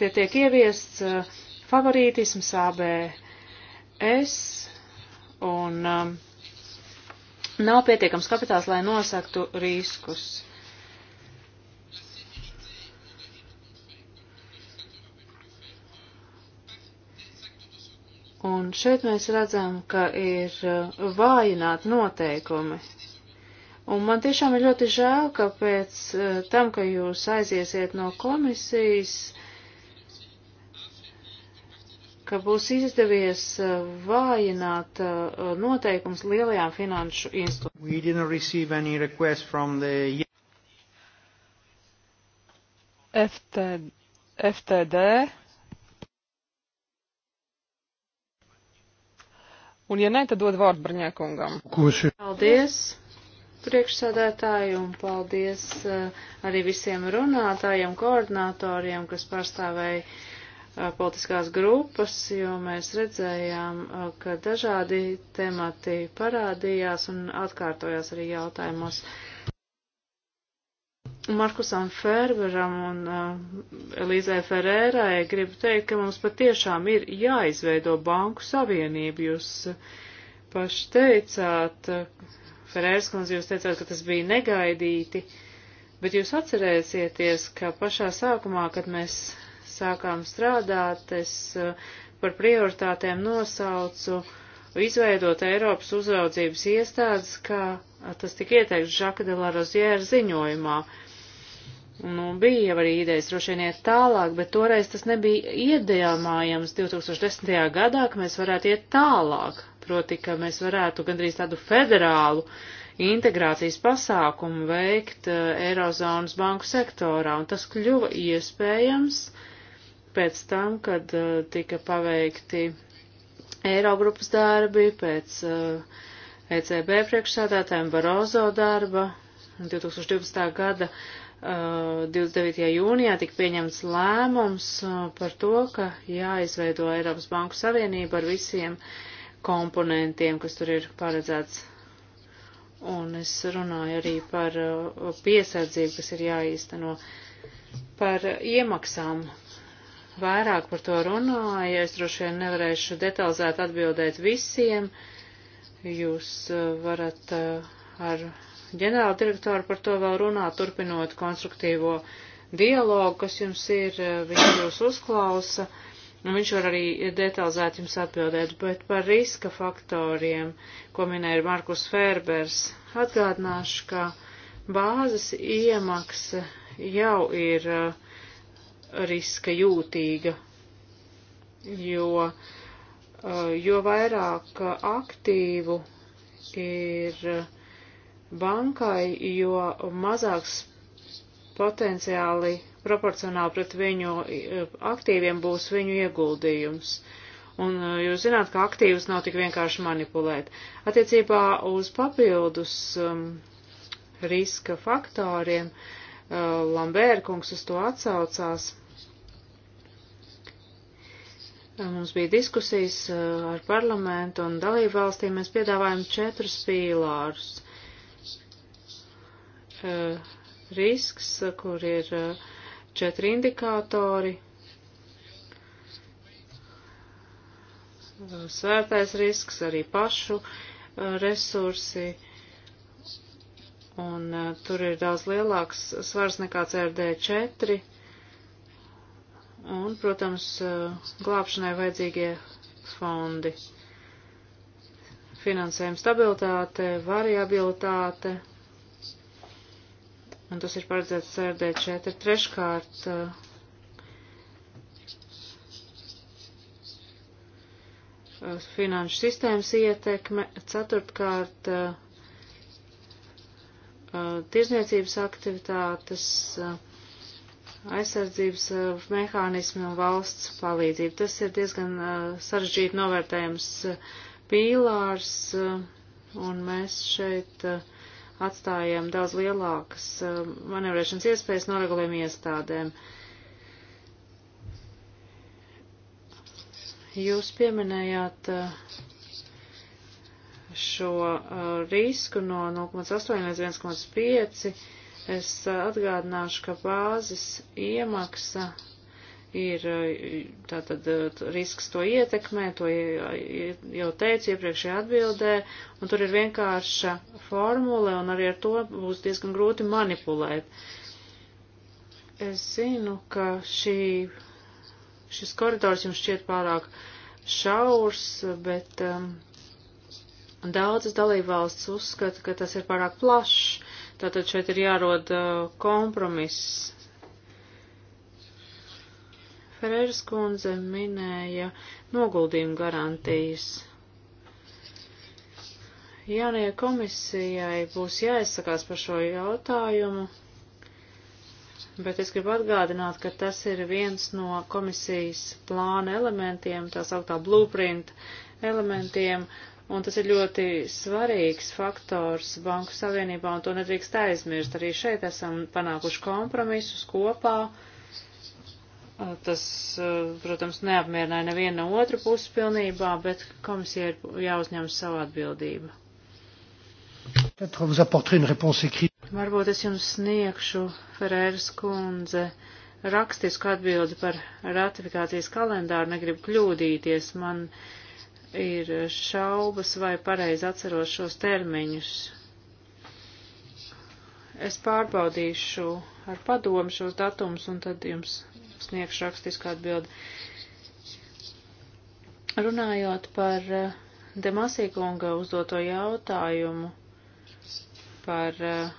tie tiek ieviests uh, favorītisms ABS un um, nav pietiekams kapitāls, lai nosaktu riskus. Un šeit mēs redzam, ka ir uh, vājināti noteikumi. Un man tiešām ir ļoti žēl, ka pēc uh, tam, ka jūs aiziesiet no komisijas, ka būs izdevies uh, vājināt noteikums lielajām finanšu institūcijām. The... FTD, FTD Un, ja nē, tad dod vārdu Brņēkungam. Kuši. Paldies, priekšsādētāji, un paldies uh, arī visiem runātājiem, koordinatoriem, kas pārstāvēja uh, politiskās grupas, jo mēs redzējām, uh, ka dažādi temati parādījās un atkārtojās arī jautājumos. Uh, Markusam Ferberam un uh, Elīzai Ferērai gribu teikt, ka mums patiešām ir jāizveido banku savienību. Jūs uh, paši teicāt, uh, Ferērs kundze, jūs teicāt, ka tas bija negaidīti, bet jūs atcerēsieties, ka pašā sākumā, kad mēs sākām strādāt, es uh, par prioritātēm nosaucu izveidot Eiropas uzraudzības iestādes, kā tas tika ieteikts Žaka de la Rozjēra ziņojumā. Uh, Nu, bija jau arī idejas droši vien iet tālāk, bet toreiz tas nebija iedomājams 2010. gadā, ka mēs varētu iet tālāk, proti, ka mēs varētu gandrīz tādu federālu integrācijas pasākumu veikt uh, Eirozonas banku sektorā, un tas kļuva iespējams pēc tam, kad uh, tika paveikti Eirogrupas darbi, pēc uh, eh, ECB priekšsādātājiem Barozo darba 2012. gada 29. Eh, jūnijā tika pieņemts lēmums eh, par to, ka jāizveido Eiropas Banku Savienība ar visiem komponentiem, kas tur ir paredzēts. Un es runāju arī par eh, piesardzību, kas ir jāīsteno par iemaksām. Vairāk par to runāju, es droši vien nevarēšu detalizēt atbildēt visiem. Jūs varat ar ģenerāla direktora par to vēl runā, turpinot konstruktīvo dialogu, kas jums ir, eh, viņš jūs uzklausa, un viņš var arī detalizēt jums atbildēt, bet par riska faktoriem, ko minēja Markus Ferbers, atgādināšu, ka bāzes iemaksa jau ir eh, riska jūtīga, jo, eh, jo vairāk aktīvu ir bankai, jo mazāks potenciāli proporcionāli pret viņu eh, aktīviem būs viņu ieguldījums. Un eh, jūs zināt, ka aktīvus nav tik vienkārši manipulēt. Attiecībā uz papildus um, riska faktoriem uh, eh, Lambērkungs uz to atsaucās. Mums bija diskusijas ar parlamentu un dalību valstīm. Mēs piedāvājam četrus pīlārus. Uh, uh, risks, kur ir uh, četri indikātori. Eh, Svērtais risks, arī pašu uh, resursi, un uh, tur ir daudz lielāks svars nekā CRD4, un, protams, uh, glābšanai vajadzīgie fondi finansējuma stabilitāte, variabilitāte, un tas ir paredzēts sērdēt šeit. Ir treškārt uh, uh, finanšu sistēmas ietekme, ceturtkārt uh, uh tirzniecības aktivitātes, uh, aizsardzības uh, mehānismi un valsts palīdzība. Tas ir diezgan sarežģīti novērtējams pīlārs, un mēs šeit uh, atstājam daudz lielākas eh, manevrēšanas iespējas noregulējumu iestādēm. Jūs pieminējāt eh, šo eh, risku no 0,8 līdz 1,5. Es atgādināšu, ka bāzes iemaksa ir eh, tātad eh, risks to ietekmē, to jau teicu iepriekšējā atbildē, un tur ir vienkārša formula, un arī ar to būs diezgan grūti manipulēt. Es zinu, ka šī, šis koridors jums šķiet pārāk šaurs, bet um, daudzas dalībvalsts uzskata, ka tas ir pārāk plašs, tātad šeit ir jārod uh, kompromiss Ferēras kundze minēja noguldījumu garantijas. Jaunajai komisijai būs jāizsakās par šo jautājumu, bet es gribu atgādināt, ka tas ir viens no komisijas plāna elementiem, tā sauktā blueprint elementiem, un tas ir ļoti svarīgs faktors Banku Savienībā, un to nedrīkst aizmirst. Arī šeit esam panākuši kompromisus kopā, Tas, protams, neapmierināja nevienu no otru pusi pilnībā, bet komisija ir jāuzņem savu atbildību. Varbūt es jums sniegšu, Ferēras kundze, rakstisku atbildi par ratifikācijas kalendāru. Negribu kļūdīties, man ir šaubas, vai pareizi atceros šos termiņus. Es pārbaudīšu ar padomu šos datumus un tad jums sniegšu rakstisku atbildi. Runājot par eh, Demasīkunga uzdoto jautājumu par eh,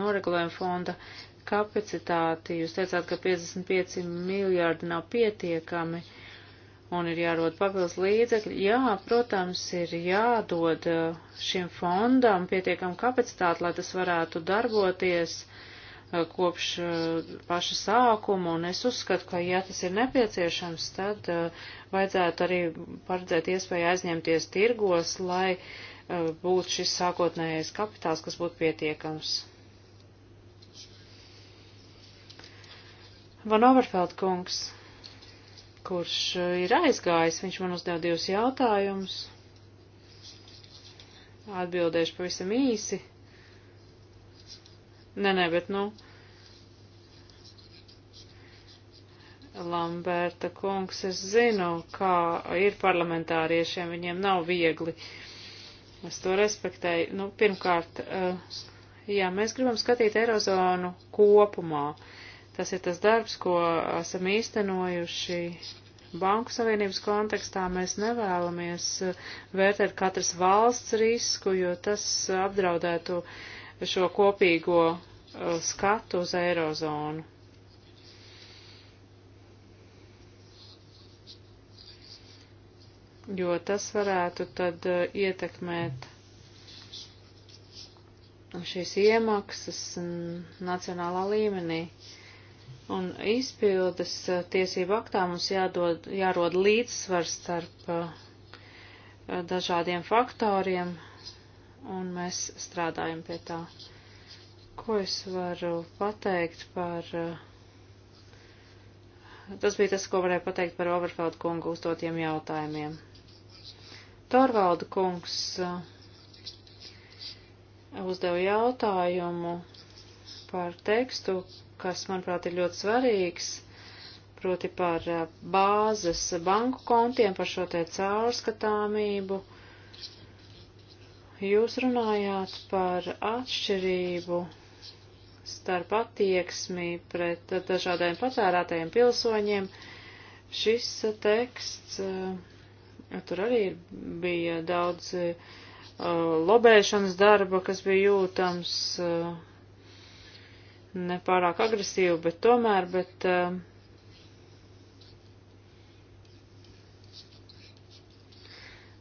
noregulējumu fonda kapacitāti, jūs teicāt, ka 55 miljārdi nav pietiekami un ir jārod papildus līdzekļi. Jā, protams, ir jādod eh, šim fondam pietiekama kapacitāte, lai tas varētu darboties uh, Eh, kopš eh, paša sākuma, un es uzskatu, ka, ja tas ir nepieciešams, tad eh, vajadzētu arī paredzēt iespēju aizņemties tirgos, lai būtu šis sākotnējais kapitāls, kas būtu pietiekams. Van Overfeld kungs, kurš ir aizgājis, viņš man uzdeva divus jautājumus. Atbildēšu pavisam īsi. Nē, nē, bet nu. Lamberta kungs, es zinu, kā ir parlamentāriešiem, viņiem nav viegli. Es to respektēju. Nu, pirmkārt, eh, jā, mēs gribam skatīt Eirozonu kopumā. Tas ir tas darbs, ko esam īstenojuši Banku savienības kontekstā mēs nevēlamies eh, vērtēt katras valsts risku, jo tas apdraudētu šo kopīgo uh, skatu uz eirozonu. Jo tas varētu tad uh, ietekmēt šīs iemaksas nacionālā līmenī. Un izpildes uh, tiesību aktā mums jādod, jārod līdzsvars starp dažādiem faktoriem, un mēs strādājam pie tā. Ko es varu pateikt par. Eh, tas bija tas, ko varēju pateikt par Overfeld kungu uzdotiem jautājumiem. Torvalda kungs eh, uzdeva jautājumu par tekstu, kas, manuprāt, ir ļoti svarīgs, proti par eh, bāzes banku kontiem, par šo te caurskatāmību Jūs runājāt par atšķirību starp attieksmi pret dažādiem patērētajiem pilsoņiem. Šis teksts, eh, tur arī bija daudz eh, lobēšanas darba, kas bija jūtams eh, nepārāk agresīvi, bet tomēr, bet uh,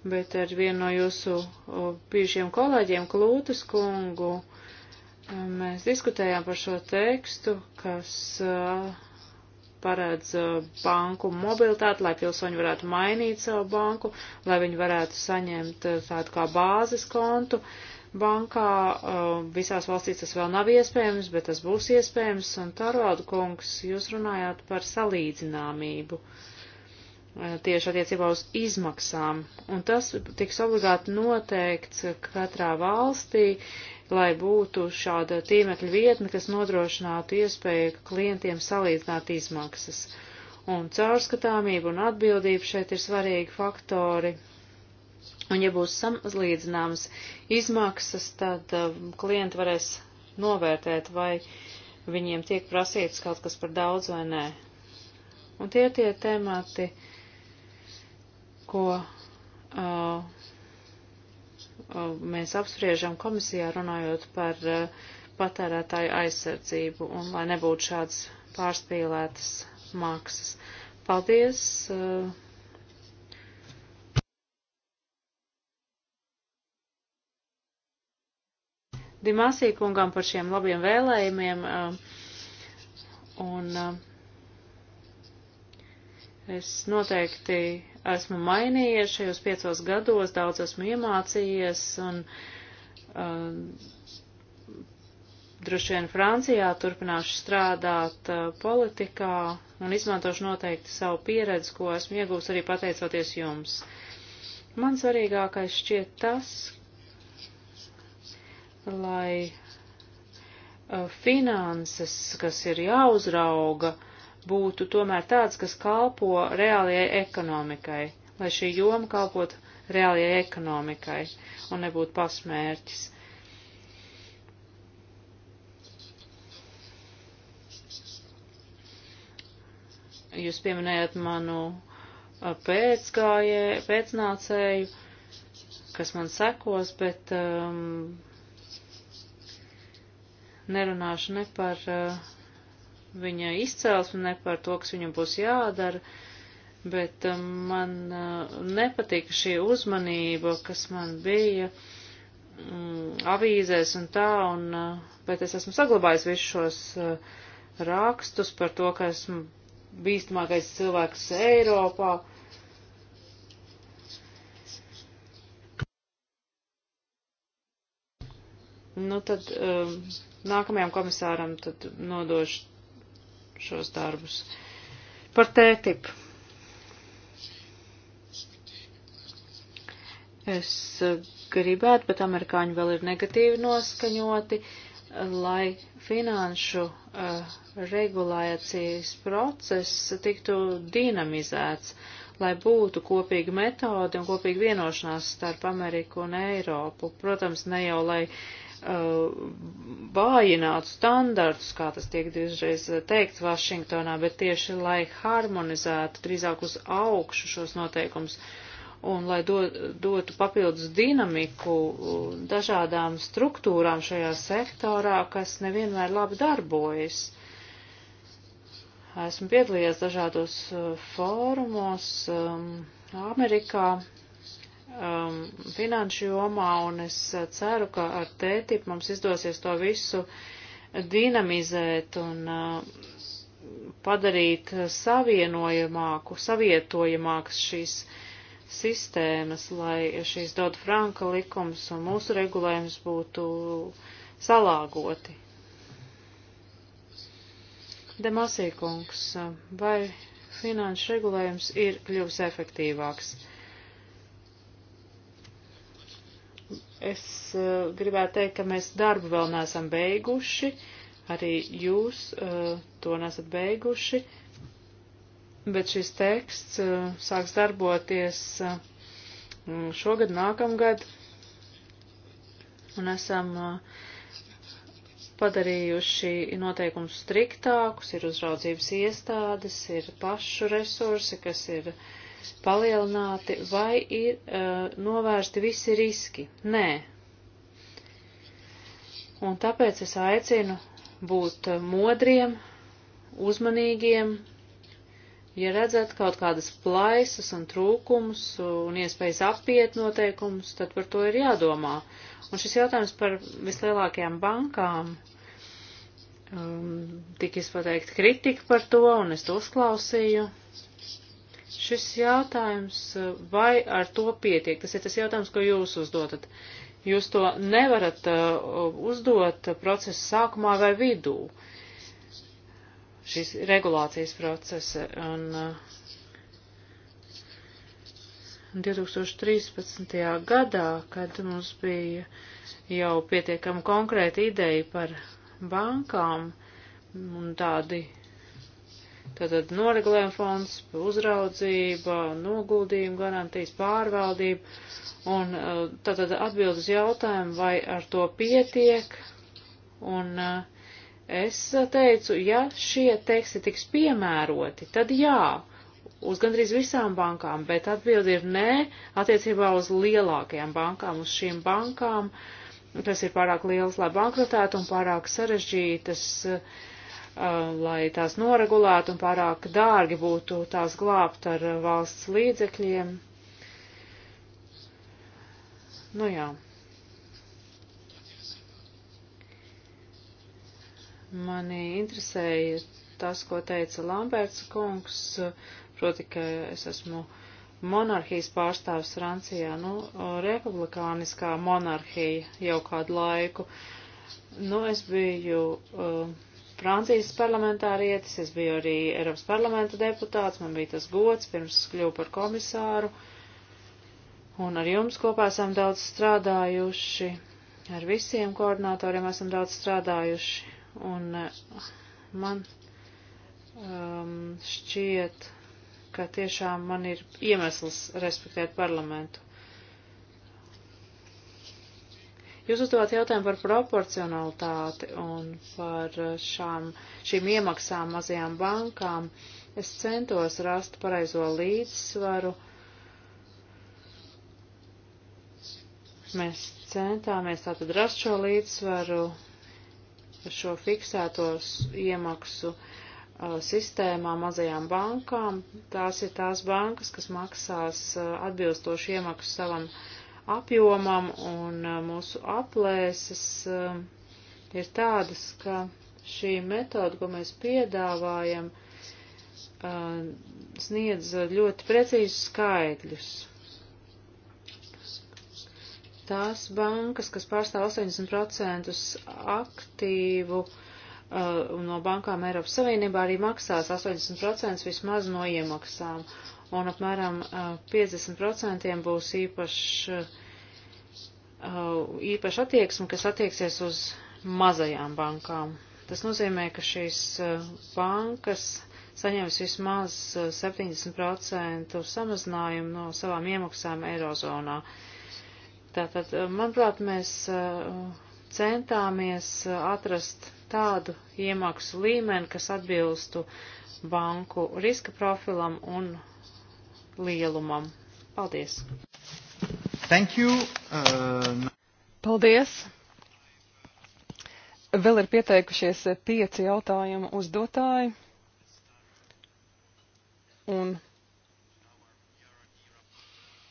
bet ar vienu no jūsu bijušiem kolēģiem, Klūtas kungu, mēs diskutējām par šo tekstu, kas paredz banku mobilitāti, lai pilsoņi varētu mainīt savu banku, lai viņi varētu saņemt tādu kā bāzes kontu. Bankā visās valstīs tas vēl nav iespējams, bet tas būs iespējams, un Tarvaldu kungs, jūs runājāt par salīdzināmību. Uh, tieši attiecībā uz izmaksām. Un tas tiks obligāti noteikts katrā valstī, lai būtu šāda tīmekļa vietne, kas nodrošinātu iespēju klientiem salīdzināt izmaksas. Un caurskatāmība un atbildība šeit ir svarīgi faktori. Un ja būs samazlīdzināmas izmaksas, tad uh, klienti varēs novērtēt, vai viņiem tiek prasīts kaut kas par daudz vai nē. Un tie ir tie temati, uh, ko uh, uh, mēs apspriežam komisijā runājot par uh, patērētāju aizsardzību un lai nebūtu šāds pārspīlētas maksas. Paldies! Uh, Dimasī kungam par šiem labiem vēlējumiem uh, un uh, es noteikti esmu mainījies šajos piecos gados, daudz esmu iemācījies un uh, droši vien Francijā turpināšu strādāt uh, politikā un izmantošu noteikti savu pieredzi, ko esmu iegūst arī pateicoties jums. Man svarīgākais šķiet tas, lai uh, finanses, kas ir jāuzrauga, uh, būtu tomēr tāds, kas kalpo reālajai ekonomikai, lai šī joma kalpot reālajai ekonomikai un nebūtu pasmērķis. Jūs pieminējat manu pēcgājēju, pēcnācēju, kas man sekos, bet um, nerunāšu ne par uh, viņa izcelsmi, ne par to, kas viņam būs jādara, bet um, man uh, nepatika šī uzmanība, kas man bija mm, avīzēs un tā, un, uh, bet es esmu saglabājis visus šos uh, rakstus par to, ka esmu bīstamākais cilvēks Eiropā. Nu, tad um, nākamajam komisāram tad nodošu šos darbus. Par tētipu. Es gribētu, bet amerikāņi vēl ir negatīvi noskaņoti, lai finanšu uh, regulācijas process tiktu dinamizēts, lai būtu kopīga metode un kopīga vienošanās starp Ameriku un Eiropu. Protams, ne jau lai uh, Uh, vājinātu standartus, kā tas tiek dažreiz teikts Vašingtonā, bet tieši lai harmonizētu drīzāk uz augšu šos noteikumus un lai do, dotu papildus dinamiku dažādām struktūrām šajā sektorā, kas nevienmēr labi darbojas. Esmu piedalījies dažādos uh, fórumos um, Amerikā um, finanšu jomā, un es ceru, ka ar TTIP mums izdosies to visu dinamizēt un uh, padarīt savienojamāku, savietojamākas šīs sistēmas, lai šīs Doda Franka likums un mūsu regulējums būtu salāgoti. Demasīkungs, vai finanšu regulējums ir kļuvis efektīvāks? Es uh, gribētu teikt, ka mēs darbu vēl neesam beiguši, arī jūs uh, to nesat beiguši, bet šis teksts uh, sāks darboties uh, šogad, nākamgad, un esam uh, padarījuši noteikumus striktākus, ir uzraudzības iestādes, ir pašu resursi, kas ir uh, palielināti, vai ir uh, novērsti visi riski? Nē. Un tāpēc es aicinu būt modriem, uzmanīgiem, ja redzat kaut kādas plaisas un trūkumus un iespējas apiet noteikumus, tad par to ir jādomā. Un šis jautājums par vislielākajām bankām um, tika izpateikta kritika par to, un es to uzklausīju. Šis jautājums, eh, vai ar to pietiek, tas ir tas jautājums, ko jūs uzdotat. Jūs to nevarat eh, uzdot procesa sākumā vai vidū, šīs regulācijas procesa. Un 2013. Eh, gadā, kad mums bija jau pietiekami konkrēta ideja par bankām un tādi Tātad noregulējuma fonds, uzraudzība, noguldījuma garantijas, pārvaldība. Un uh, tātad atbild uz jautājumu, vai ar to pietiek. Un uh, es teicu, ja šie teksti tiks piemēroti, tad jā, uz gandrīz visām bankām, bet atbildi ir nē attiecībā uz lielākajām bankām, uz šīm bankām, kas ir pārāk lielas, lai bankrotētu un pārāk sarežģītas. Uh, Uh, lai tās noregulētu un pārāk dārgi būtu tās glābt ar uh, valsts līdzekļiem. Nu jā. Mani interesēja tas, ko teica Lamberts kungs, proti, ka es esmu monarhijas pārstāvis Francijā, nu, republikāniskā monarhija jau kādu laiku. Nu, es biju uh, Francijas parlamentārietis, es biju arī Eiropas parlamenta deputāts, man bija tas gods pirms kļuvu par komisāru, un ar jums kopā esam daudz strādājuši, ar visiem koordinatoriem esam daudz strādājuši, un eh, man um, šķiet, ka tiešām man ir iemesls respektēt parlamentu. Jūs uzdevāt jautājumu par proporcionalitāti un par šām, šīm iemaksām mazajām bankām. Es centos rast pareizo līdzsvaru. Mēs centāmies tātad rast šo līdzsvaru, šo fiksētos iemaksu uh, sistēmā mazajām bankām. Tās ir tās bankas, kas maksās uh, atbilstoši iemaksu savam uh, apjomam, un uh, mūsu aplēses um, ir tādas, ka šī metoda, ko mēs piedāvājam, uh, sniedz ļoti precīzus skaitļus. Tās bankas, kas pārstāv 80% aktīvu uh, no bankām Eiropas Savienībā, arī maksās 80% vismaz no iemaksām un apmēram 50% būs īpašs, īpaša attieksme, kas attieksies uz mazajām bankām. Tas nozīmē, ka šīs bankas saņems vismaz 70% samazinājumu no savām iemaksām Eirozonā. Tātad, manuprāt, mēs centāmies atrast tādu iemaksu līmeni, kas atbilstu banku riska profilam un lielumam. Paldies! Thank you. Uh... Paldies! Vēl ir pieteikušies pieci jautājumu uzdotāji. Un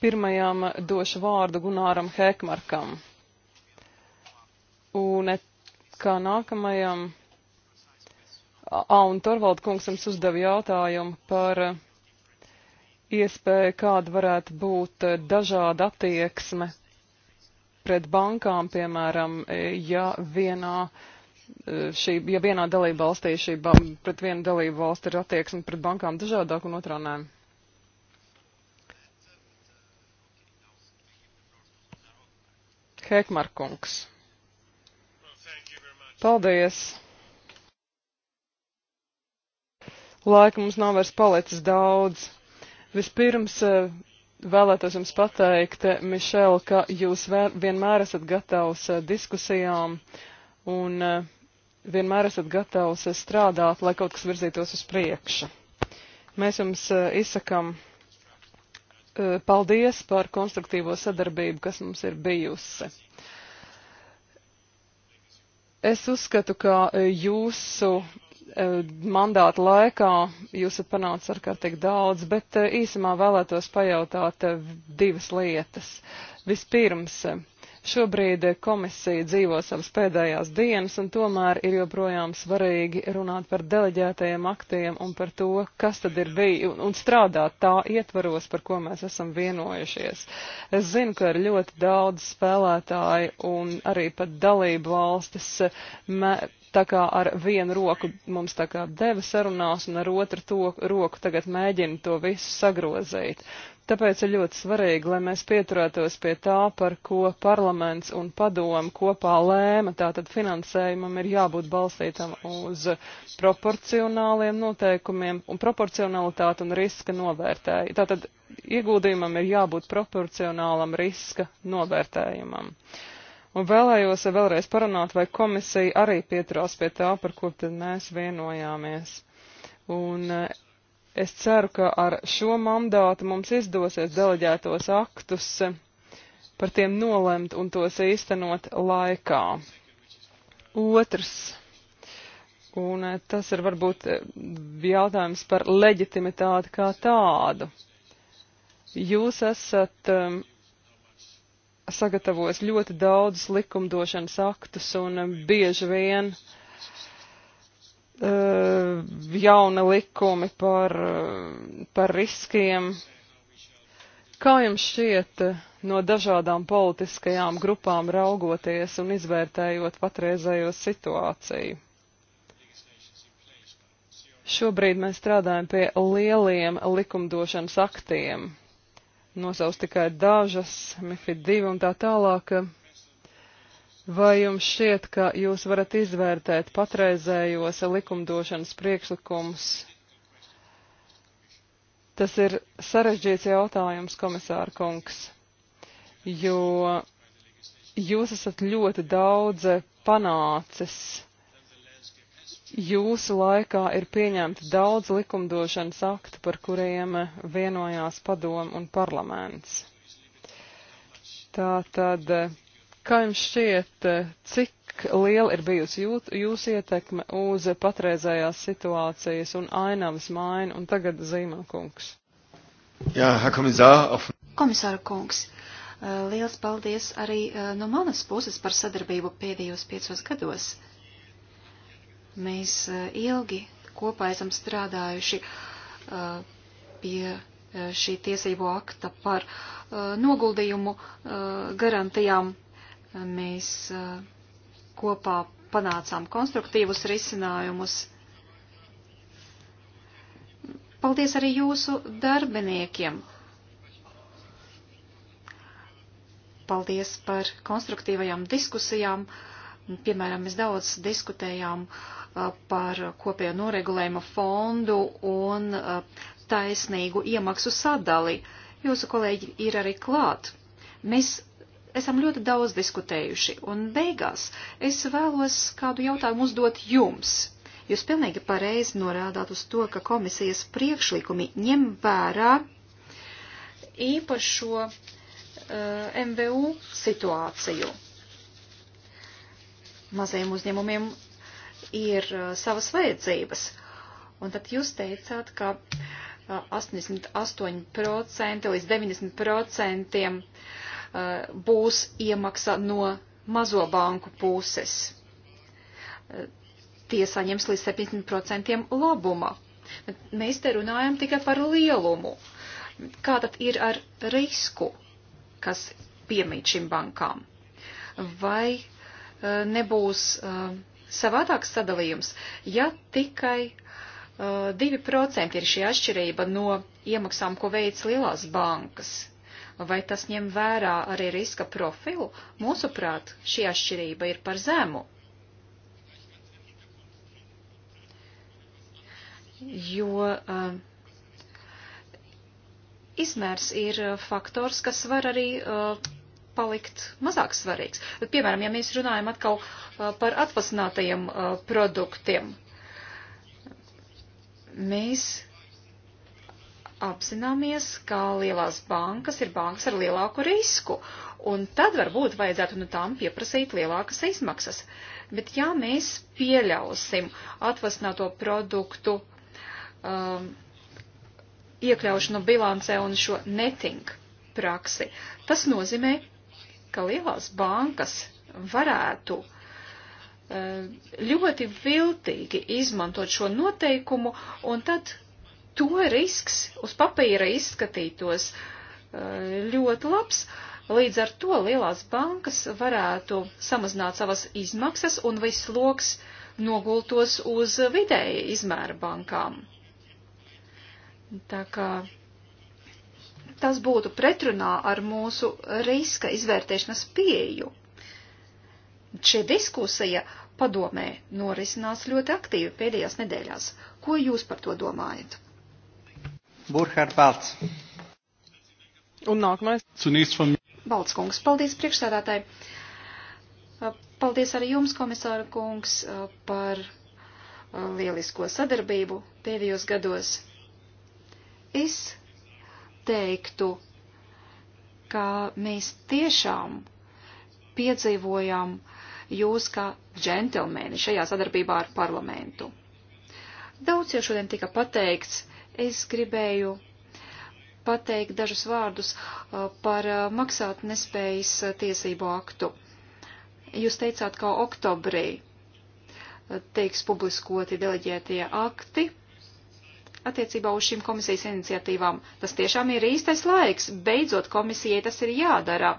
pirmajam došu vārdu Gunāram Hekmarkam. Un kā nākamajam, ā, un Torvald kungs jums uzdeva jautājumu par uh, iespēja, kāda varētu būt eh, dažāda attieksme pret bankām, piemēram, eh, ja vienā eh, šī, ja vienā dalība valstī šī pret vienu dalību valsti ir attieksme pret bankām dažādāk un otrā nē. Hekmarkungs. Paldies! Laika mums nav vairs palicis daudz. Vispirms eh, vēlētos jums pateikt, eh, Mišel, ka jūs vienmēr esat gatavs eh, diskusijām un vienmēr esat gatavs strādāt, lai kaut kas virzītos uz priekšu. Mēs jums izsakam paldies par konstruktīvo sadarbību, kas mums ir bijusi. Es uzskatu, ka jūsu Eh, mandāta laikā jūs esat panācis ārkārtīgi daudz, bet eh, īsumā vēlētos pajautāt eh, divas lietas. Vispirms, šobrīd komisija dzīvo savas pēdējās dienas, un tomēr ir joprojām svarīgi runāt par deleģētajiem aktiem un par to, kas tad ir bija, un strādāt tā ietvaros, par ko mēs esam vienojušies. Es zinu, ka ir ļoti daudz spēlētāji un arī pat dalību valstis. Me, tā kā ar vienu roku mums tā kā deva sarunās un ar otru to, roku tagad mēģina to visu sagrozīt. Tāpēc ir ļoti svarīgi, lai mēs pieturētos pie tā, par ko parlaments un padomu kopā lēma. Tātad finansējumam ir jābūt balstītam uz proporcionāliem noteikumiem un proporcionalitāti un riska novērtēju. Tātad ieguldījumam ir jābūt proporcionālam riska novērtējumam. Uh, Un vēlējos vēlreiz parunāt, vai komisija arī pieturās pie tā, par ko tad mēs vienojāmies. Un eh, es ceru, ka ar šo mandātu mums izdosies deleģētos aktus par tiem nolemt un tos īstenot laikā. Otrs. Un eh, tas ir varbūt eh, jautājums par leģitimitāti kā tādu. Jūs esat um, sagatavojis ļoti daudz likumdošanas aktus un um, bieži vien uh, jauna likumi par, uh, par riskiem. Kā jums šķiet uh, no dažādām politiskajām grupām raugoties un izvērtējot patreizējo situāciju? Šobrīd mēs strādājam pie lieliem likumdošanas aktiem, nosaus tikai dažas, MIFID 2 un tā tālāk. Vai jums šķiet, ka jūs varat izvērtēt patreizējos likumdošanas priekšlikumus? Tas ir sarežģīts jautājums, komisāra kungs, jo jūs esat ļoti daudz panācis jūsu laikā ir pieņemta daudz likumdošanas aktu, par kuriem vienojās padomu un parlaments. Tā tad, kā jums šķiet, cik liela ir bijusi jū, jūsu ietekme uz patreizējās situācijas un ainavas mainu un tagad zīmākungs? Jā, komisāra. Komisāra kungs, liels paldies arī eh, no manas puses par sadarbību pēdējos piecos gados. Uh, Mēs eh, ilgi kopā esam strādājuši eh, pie eh, šī tiesību akta par noguldījumu garantijām. Mēs kopā panācām konstruktīvus risinājumus. Paldies arī jūsu darbiniekiem. Paldies par konstruktīvajām diskusijām. Uh, Piemēram, mēs daudz diskutējām uh, par kopējo noregulējumu fondu un uh, taisnīgu iemaksu sadali. Jūsu kolēģi ir arī klāt. Mēs esam ļoti daudz diskutējuši, un beigās es vēlos kādu jautājumu uzdot jums. Jūs pilnīgi pareizi norādāt uz to, ka komisijas priekšlikumi ņem vērā īpašo uh, MVU situāciju mazajiem uzņēmumiem ir uh, savas vajadzības. Un tad jūs teicāt, ka 88% uh, līdz 90% uh, būs iemaksa no mazo banku puses. Tie saņems līdz 70% labuma. Bet mēs te runājam tikai par lielumu. Kā tad ir ar risku, kas piemīt šīm bankām? Vai E, nebūs e, savādāks sadalījums, ja tikai 2% e, ir šī atšķirība no iemaksām, ko veic lielās bankas. Vai tas ņem vērā arī riska profilu? Mūsuprāt, šī atšķirība ir par zemu. jo uh, izmērs ir faktors, kas var arī uh, palikt mazāk svarīgs. Bet, piemēram, ja mēs runājam atkal uh, par atvasinātajiem uh, produktiem, mēs apzināmies, ka lielās bankas ir bankas ar lielāku risku, un tad varbūt vajadzētu no tām pieprasīt lielākas izmaksas. Bet ja mēs pieļausim atvasināto produktu um, iekļaušanu bilancē un šo netink praksi, tas nozīmē, ka lielās bankas varētu e, ļoti viltīgi izmantot šo noteikumu, un tad to risks uz papīra izskatītos e, ļoti labs. Līdz ar to lielās bankas varētu samazināt savas izmaksas un viss loks nogultos uz vidēja izmēra bankām. Tā kā tas būtu pretrunā ar mūsu riska izvērtēšanas pieeju. Šī diskusija padomē norisinās ļoti aktīvi pēdējās nedēļās. Ko jūs par to domājat? Burkhard Balts. Un nākamais. Cunīst from. Balts kungs, paldies priekšstādātāji. Paldies arī jums, komisāra kungs, par lielisko sadarbību pēdējos gados. Es teiktu, ka mēs tiešām piedzīvojam jūs kā džentelmeni šajā sadarbībā ar parlamentu. Daudz jau šodien tika pateikts, es gribēju pateikt dažus vārdus uh, par uh, maksāt nespējas uh, tiesību aktu. Jūs teicāt, ka oktobrī tiks publiskoti deleģētie akti attiecībā uz šīm komisijas iniciatīvām. Tas tiešām ir īstais laiks. Beidzot komisijai tas ir jādara.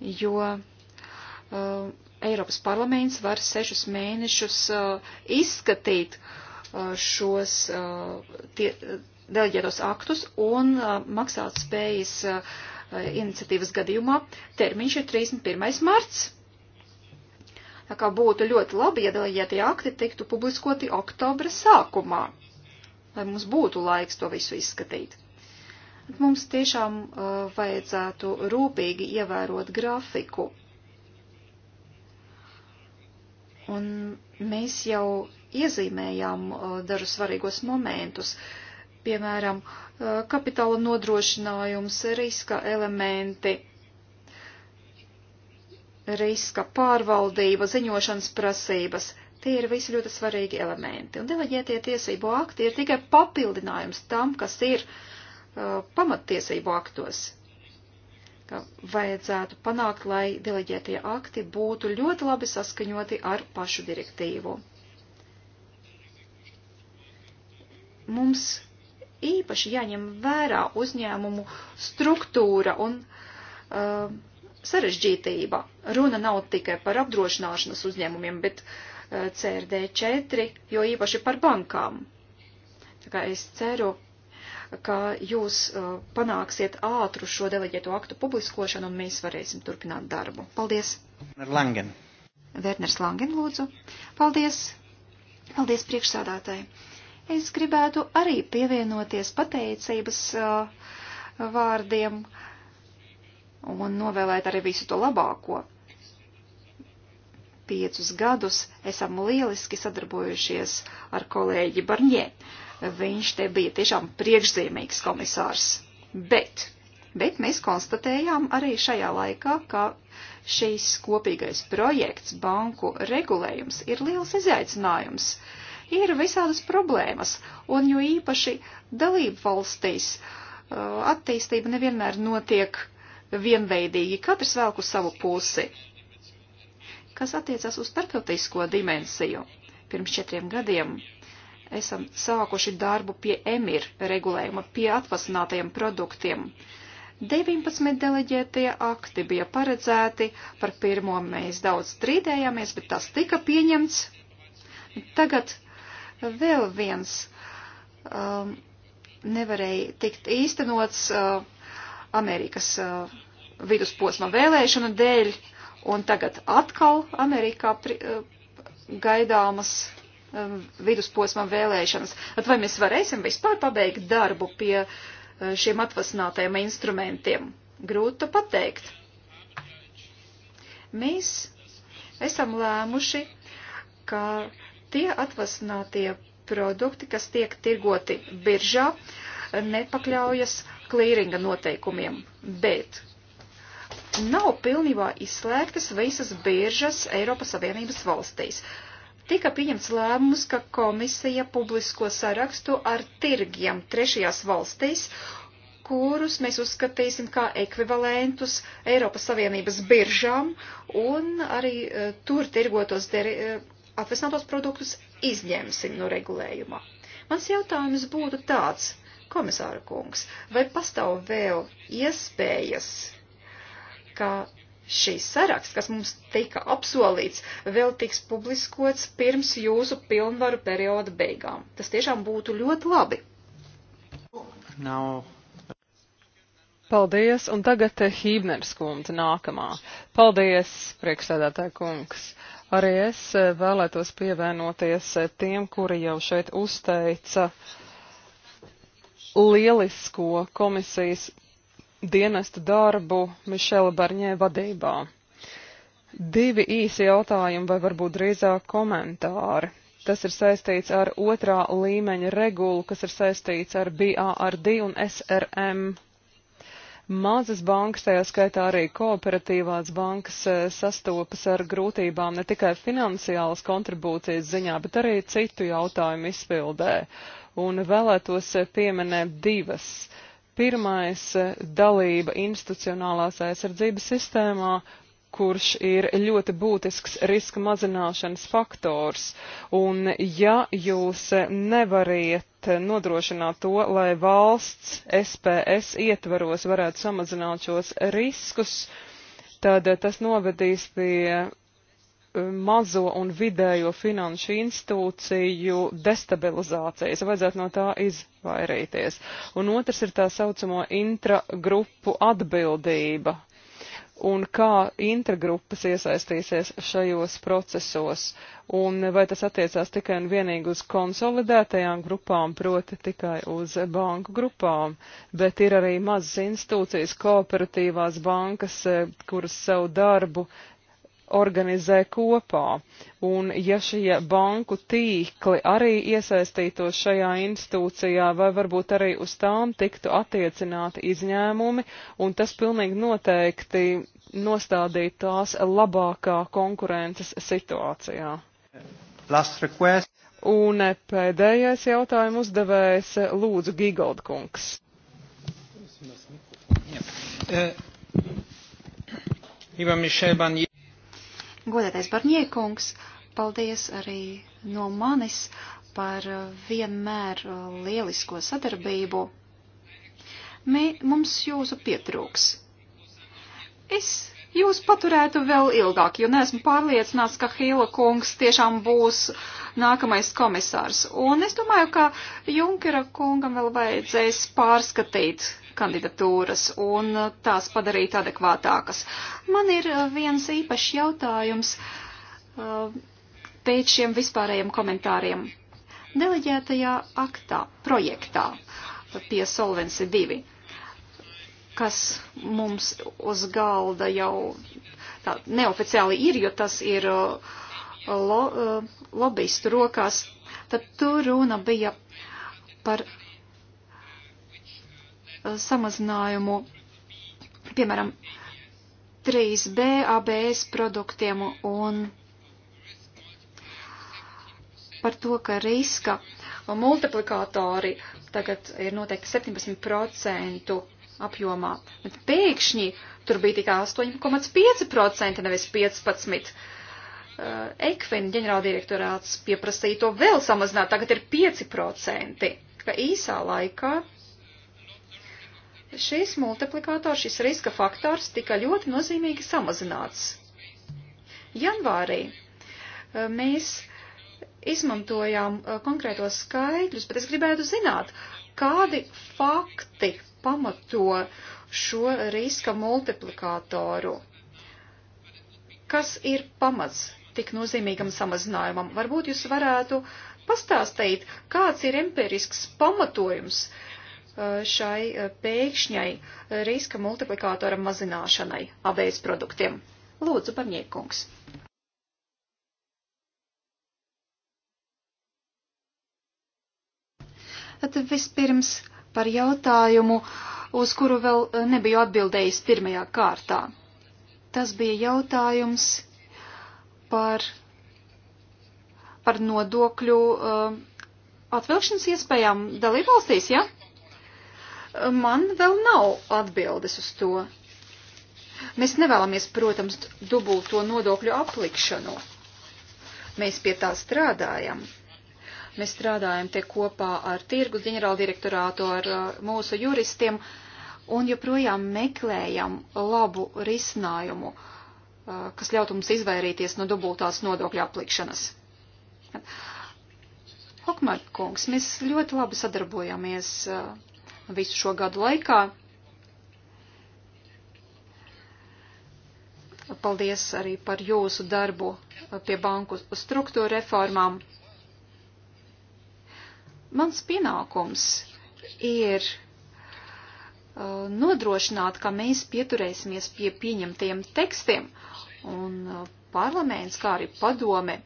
Jo uh, Eiropas parlaments var sešus mēnešus uh, izskatīt uh, šos uh, tie, uh, deleģētos aktus un uh, maksāt spējas uh, uh iniciatīvas gadījumā. Termiņš ir 31. marts. Tā kā būtu ļoti labi, ja delegētie akti tiktu publiskoti oktobra sākumā, lai mums būtu laiks to visu izskatīt. Mums tiešām uh, vajadzētu rūpīgi ievērot grafiku. Un mēs jau iezīmējām uh, dažus svarīgos momentus, piemēram, uh, kapitāla nodrošinājums, riska elementi, uh, riska pārvaldība, ziņošanas prasības. Tie ir visi ļoti svarīgi elementi. Un deleģētie tiesību akti ir tikai papildinājums tam, kas ir uh, pamattiesību aktos. Ka vajadzētu panākt, lai deleģētie akti būtu ļoti labi saskaņoti ar pašu direktīvu. Mums īpaši jāņem vērā uzņēmumu struktūra un uh, sarežģītība. Runa nav tikai par apdrošināšanas uzņēmumiem, bet eh, CRD4, jo īpaši par bankām. Tā kā es ceru, ka jūs eh, panāksiet ātru šo deleģēto aktu publiskošanu un mēs varēsim turpināt darbu. Paldies! Langen. Vērners Langen, lūdzu. Paldies! Paldies priekšsādātāji! Es gribētu arī pievienoties pateicības eh, vārdiem uh, un novēlēt arī visu to labāko. Piecus gadus esam lieliski sadarbojušies ar kolēģi Barņē. Viņš te bija tiešām priekšzīmīgs komisārs. Bet, bet mēs konstatējām arī šajā laikā, ka šīs kopīgais projekts banku regulējums ir liels izaicinājums ir visādas problēmas, un jo īpaši dalību valstīs uh, attīstība nevienmēr notiek vienveidīgi, katrs velk uz savu pusi. Kas attiecas uz starptautisko dimensiju, pirms četriem gadiem esam sākuši darbu pie emir regulējuma, pie atvasinātajiem produktiem. 19 deleģētie akti bija paredzēti, par pirmo mēs daudz strīdējāmies, bet tas tika pieņemts. Tagad vēl viens um, nevarēja tikt īstenots. Uh, Amerikas uh, vidusposma vēlēšanu dēļ, un tagad atkal Amerikā pri, uh, gaidāmas um, vidusposma vēlēšanas. At vai mēs varēsim vispār pabeigt darbu pie uh, šiem atvasinātajiem instrumentiem? Grūti pateikt. Mēs esam lēmuši, ka tie atvasinātie produkti, kas tiek tirgoti biržā, nepakļaujas uh, klīringa noteikumiem, bet nav pilnībā izslēgtas visas biržas Eiropas Savienības valstīs. Tika pieņemts lēmums, ka komisija publisko sarakstu ar tirgiem trešajās valstīs, kurus mēs uzskatīsim kā ekvivalentus Eiropas Savienības biržām un arī uh, tur tirgotos deri, uh, e, atvesinātos produktus izņemsim no regulējuma. Mans jautājums būtu tāds, uh, Komisāra kungs, vai pastāv vēl iespējas, ka šīs saraksts, kas mums tika apsolīts, vēl tiks publiskots pirms jūsu pilnvaru perioda beigām. Tas tiešām būtu ļoti labi. Nav. Paldies, un tagad eh, Hībners kundze nākamā. Paldies, priekšsēdētāja kungs. Arī es eh, vēlētos pievienoties eh, tiem, kuri jau šeit uzteica uh, lielisko komisijas dienesta darbu Mišela Barņē vadībā. Divi īsi jautājumi vai varbūt drīzāk komentāri. Tas ir saistīts ar otrā līmeņa regulu, kas ir saistīts ar BARD un SRM. Mazas bankas, tajā skaitā arī kooperatīvās bankas, eh, sastopas ar grūtībām ne tikai finansiālas kontribūcijas ziņā, bet arī citu jautājumu izpildē un vēlētos eh, pieminēt divas. Pirmais eh, - dalība institucionālās aizsardzības sistēmā, kurš ir ļoti būtisks riska mazināšanas faktors. Un ja jūs eh, nevariet nodrošināt to, lai valsts SPS ietvaros varētu samazināt šos riskus, tad tas novedīs pie Eh, mazo un vidējo finanšu institūciju destabilizācijas. Vajadzētu no tā izvairīties. Un otrs ir tā saucamo intragrupu atbildība un kā intergrupas iesaistīsies šajos procesos, un vai tas attiecās tikai un vienīgi uz konsolidētajām grupām, proti tikai uz banku grupām, bet ir arī mazas institūcijas, kooperatīvās bankas, eh, kuras savu darbu organizē kopā. Un ja šie banku tīkli arī iesaistītos šajā institūcijā, vai varbūt arī uz tām tiktu attiecināti izņēmumi, un tas pilnīgi noteikti nostādītu tās labākā konkurences situācijā. Un pēdējais jautājums uzdevējs Lūdzu Gigoldkungs. Jā. Uh, Godētais Barņiekungs, paldies arī no manis par vienmēr lielisko sadarbību. Mē, mums jūsu pietrūks. Es jūs paturētu vēl ilgāk, jo neesmu pārliecināts, ka Hīla kungs tiešām būs nākamais komisārs. Un es domāju, ka Junkera kungam vēl vajadzēs pārskatīt kandidatūras un tās padarīt adekvātākas. Man ir eh, viens īpašs jautājums eh, pēc šiem vispārējiem komentāriem. Deleģētajā aktā, projektā pie Solvency 2, kas mums uz galda jau tā, neoficiāli ir, jo tas ir eh, lo, lobbyistu rokās, tad tur runa bija par Uh, samazinājumu, piemēram, 3B ABS produktiem un par to, ka riska multiplikātori tagad ir noteikti 17% apjomā, bet pēkšņi tur bija tikai 8,5%, nevis 15%. Uh, Ekvin ģenerāldirektorāts pieprasīja to vēl samazināt, tagad ir 5%, ka īsā laikā šis multiplikators, šis riska faktors tika ļoti nozīmīgi samazināts. Janvārī e, mēs izmantojām e, konkrētos skaidrus, bet es gribētu zināt, kādi fakti pamato šo riska multiplikātoru. Kas ir pamats tik nozīmīgam samazinājumam? Varbūt jūs varētu pastāstīt, kāds ir empirisks pamatojums uh, Uh, šai uh, pēkšņai riska multiplikātora mazināšanai abējas produktiem. Lūdzu, Barņiekungs. Tad vispirms par jautājumu, uz kuru vēl uh, nebiju atbildējis pirmajā kārtā. Tas bija jautājums par, par nodokļu uh, atvilkšanas iespējām dalībvalstīs, ja? man vēl nav atbildes uz to. Mēs nevēlamies, protams, dubulto nodokļu aplikšanu. Mēs pie tā strādājam. Mēs strādājam te kopā ar tirgus ģenerāldirektorātu, ar uh, mūsu juristiem un joprojām meklējam labu risinājumu, uh, kas ļautu mums izvairīties no dubultās nodokļu aplikšanas. Hokmārk kungs, mēs ļoti labi sadarbojamies uh, visu šo gadu laikā. Paldies arī par jūsu darbu pie banku struktūra reformām. Mans pienākums ir uh, nodrošināt, ka mēs pieturēsimies pie pieņemtiem tekstiem un uh, parlaments, kā arī padome,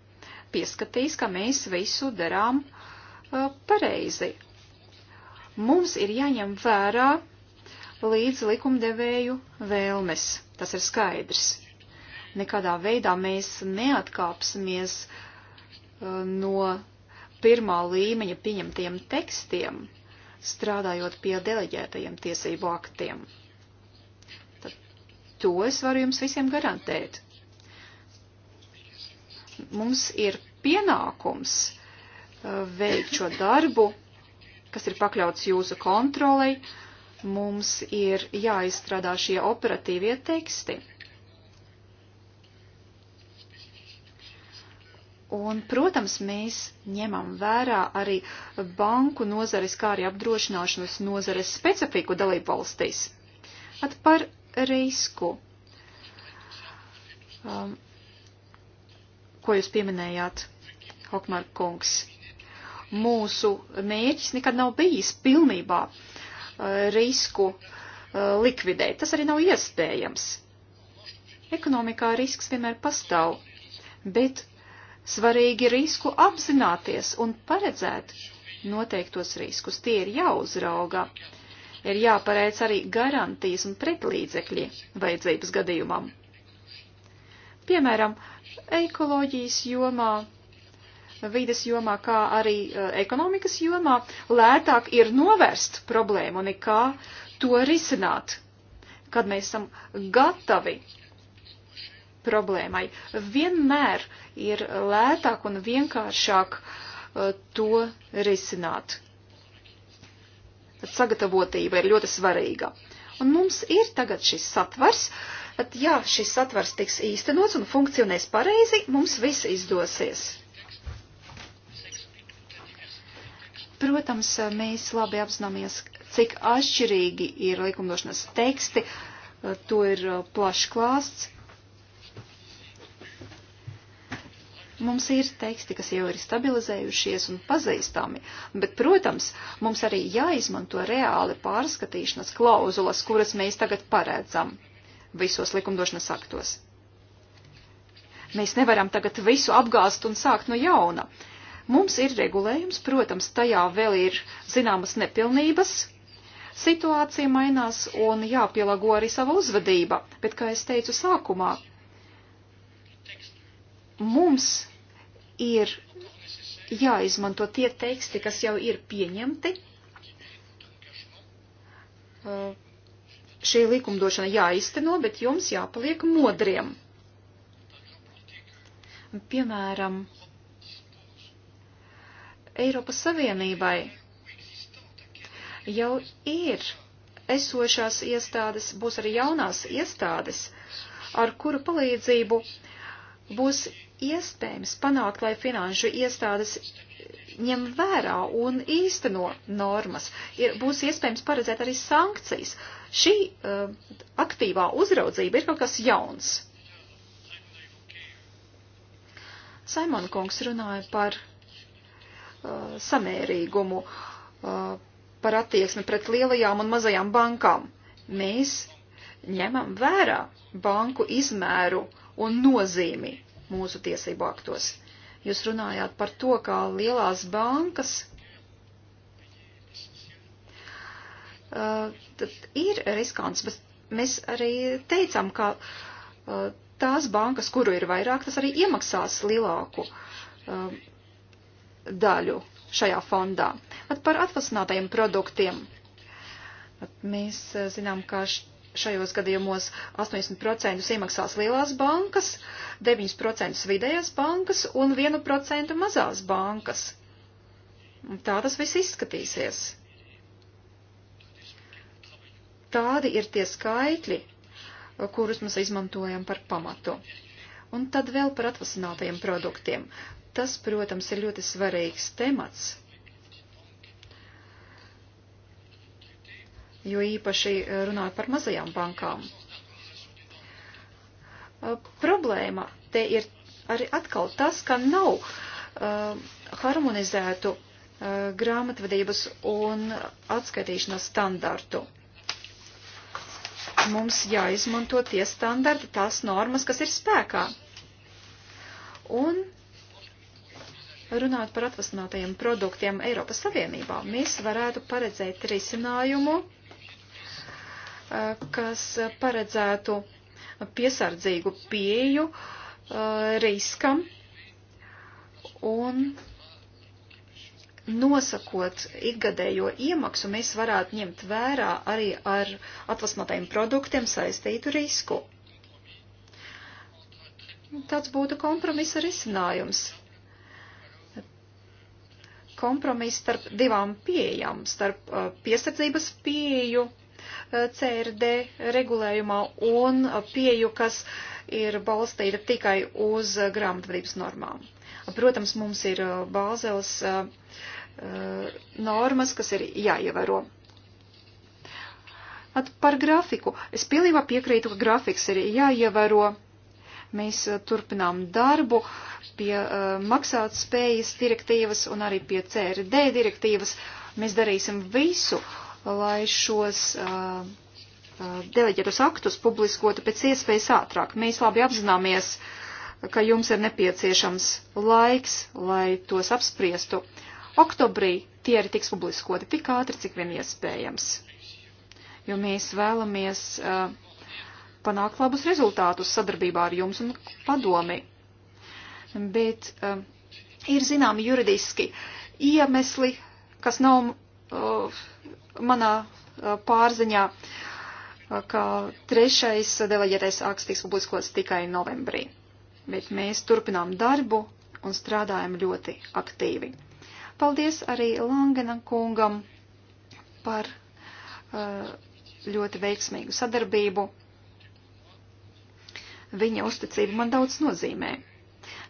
pieskatīs, ka mēs visu darām uh, pareizi Mums ir jāņem vērā līdz likumdevēju vēlmes. Tas ir skaidrs. Nekādā veidā mēs neatkāpsimies uh, no pirmā līmeņa pieņemtiem tekstiem, strādājot pie deleģētajiem tiesību aktiem. Tad to es varu jums visiem garantēt. Mums ir pienākums uh, veikt šo darbu kas ir pakļauts jūsu kontrolei, mums ir jāizstrādā šie operatīvie teksti. Un, protams, mēs ņemam vērā arī banku nozares, kā arī apdrošināšanas nozares specifiku dalību valstīs. At par risku, um, ko jūs pieminējāt, Hokmar kungs mūsu mērķis nekad nav bijis pilnībā uh, risku uh, likvidēt. Tas arī nav iespējams. Ekonomikā risks vienmēr pastāv, bet svarīgi risku apzināties un paredzēt noteiktos riskus. Tie ir jāuzrauga. Ir jāpareic arī garantijas un pretlīdzekļi vajadzības gadījumam. Piemēram, ekoloģijas jomā vides jomā, kā arī eh, ekonomikas jomā, lētāk ir novērst problēmu nekā to risināt, kad mēs esam gatavi problēmai. Vienmēr ir lētāk un vienkāršāk eh, to risināt. Tad sagatavotība ir ļoti svarīga. Un mums ir tagad šis satvars, tad jā, šis satvars tiks īstenots un funkcionēs pareizi, mums viss izdosies. Protams, mēs labi apzināmies, cik atšķirīgi ir likumdošanas teksti, to ir uh, plašs klāsts. Mums ir teksti, kas jau ir stabilizējušies un pazīstami, bet, protams, mums arī jāizmanto reāli pārskatīšanas klauzulas, kuras mēs tagad paredzam visos likumdošanas aktos. Mēs nevaram tagad visu apgāzt un sākt no jauna. Uh, Mums ir regulējums, protams, tajā vēl ir zināmas nepilnības, situācija mainās un jāpielāgo arī sava uzvedība, bet, kā es teicu sākumā, mums ir jāizmanto tie teksti, kas jau ir pieņemti. Šī likumdošana jāizteno, bet jums jāpaliek modriem. Piemēram, Eiropas Savienībai jau ir esošās iestādes, būs arī jaunās iestādes, ar kuru palīdzību būs iespējams panākt, lai finanšu iestādes ņem vērā un īsteno normas. Ir, būs iespējams paredzēt arī sankcijas. Šī uh, aktīvā uzraudzība ir kaut kas jauns. Saimon kungs runāja par Uh, samērīgumu, uh, par attieksmi pret lielajām un mazajām bankām. Mēs ņemam vērā banku izmēru un nozīmi mūsu tiesību aktos. Jūs runājāt par to, kā lielās bankas uh, ir riskants, bet mēs arī teicām, ka uh, tās bankas, kuru ir vairāk, tas arī iemaksās lielāku uh, daļu šajā fondā. At par atvasinātajiem produktiem. At mēs eh, zinām, ka šajos gadījumos 80% iemaksās lielās bankas, 9% vidējās bankas un 1% mazās bankas. Un tā tas viss izskatīsies. Tādi ir tie skaitļi, kurus mēs izmantojam par pamatu. Un tad vēl par atvasinātajiem produktiem. Tas, protams, ir ļoti svarīgs temats, jo īpaši eh, runāju par mazajām bankām. Eh, problēma te ir arī atkal tas, ka nav uh, harmonizētu uh, grāmatvedības un atskaitīšanas standartu. Mums jāizmanto tie standarti, tās normas, kas ir spēkā. Un Runāt par atvasinātajiem produktiem Eiropas Savienībā, mēs varētu paredzēt risinājumu, eh, kas paredzētu piesardzīgu pieju eh, riskam un nosakot ikgadējo iemaksu, mēs varētu ņemt vērā arī ar atvasinātajiem produktiem saistītu risku. Tāds būtu kompromisa risinājums kompromiss starp divām pieejām, starp uh, piesardzības pieju uh, CRD regulējumā un uh, pieju, kas ir balstīta tikai uz grāmatvedības normām. Protams, mums ir bāzeles normas, kas ir jāievēro. At par grafiku. Es pilnībā piekrītu, ka grafiks ir jāievēro Mēs uh, turpinām darbu pie uh, maksāt spējas direktīvas un arī pie CRD direktīvas. Mēs darīsim visu, lai šos uh, deleģētos aktus publiskotu pēc iespējas ātrāk. Mēs labi apzināmies, ka jums ir nepieciešams laiks, lai tos apspriestu. Oktobrī tie arī tiks publiskoti tik ātri, cik vien iespējams. Jo mēs vēlamies uh, panākt labus rezultātus sadarbībā ar jums un padomi. Bet uh, ir zināmi juridiski iemesli, kas nav uh, manā uh, pārziņā, uh, ka trešais deleģētais akts tiks publiskots tikai novembrī. Bet mēs turpinām darbu un strādājam ļoti aktīvi. Paldies arī Langena kungam par uh, ļoti veiksmīgu sadarbību viņa uzticība man daudz nozīmē.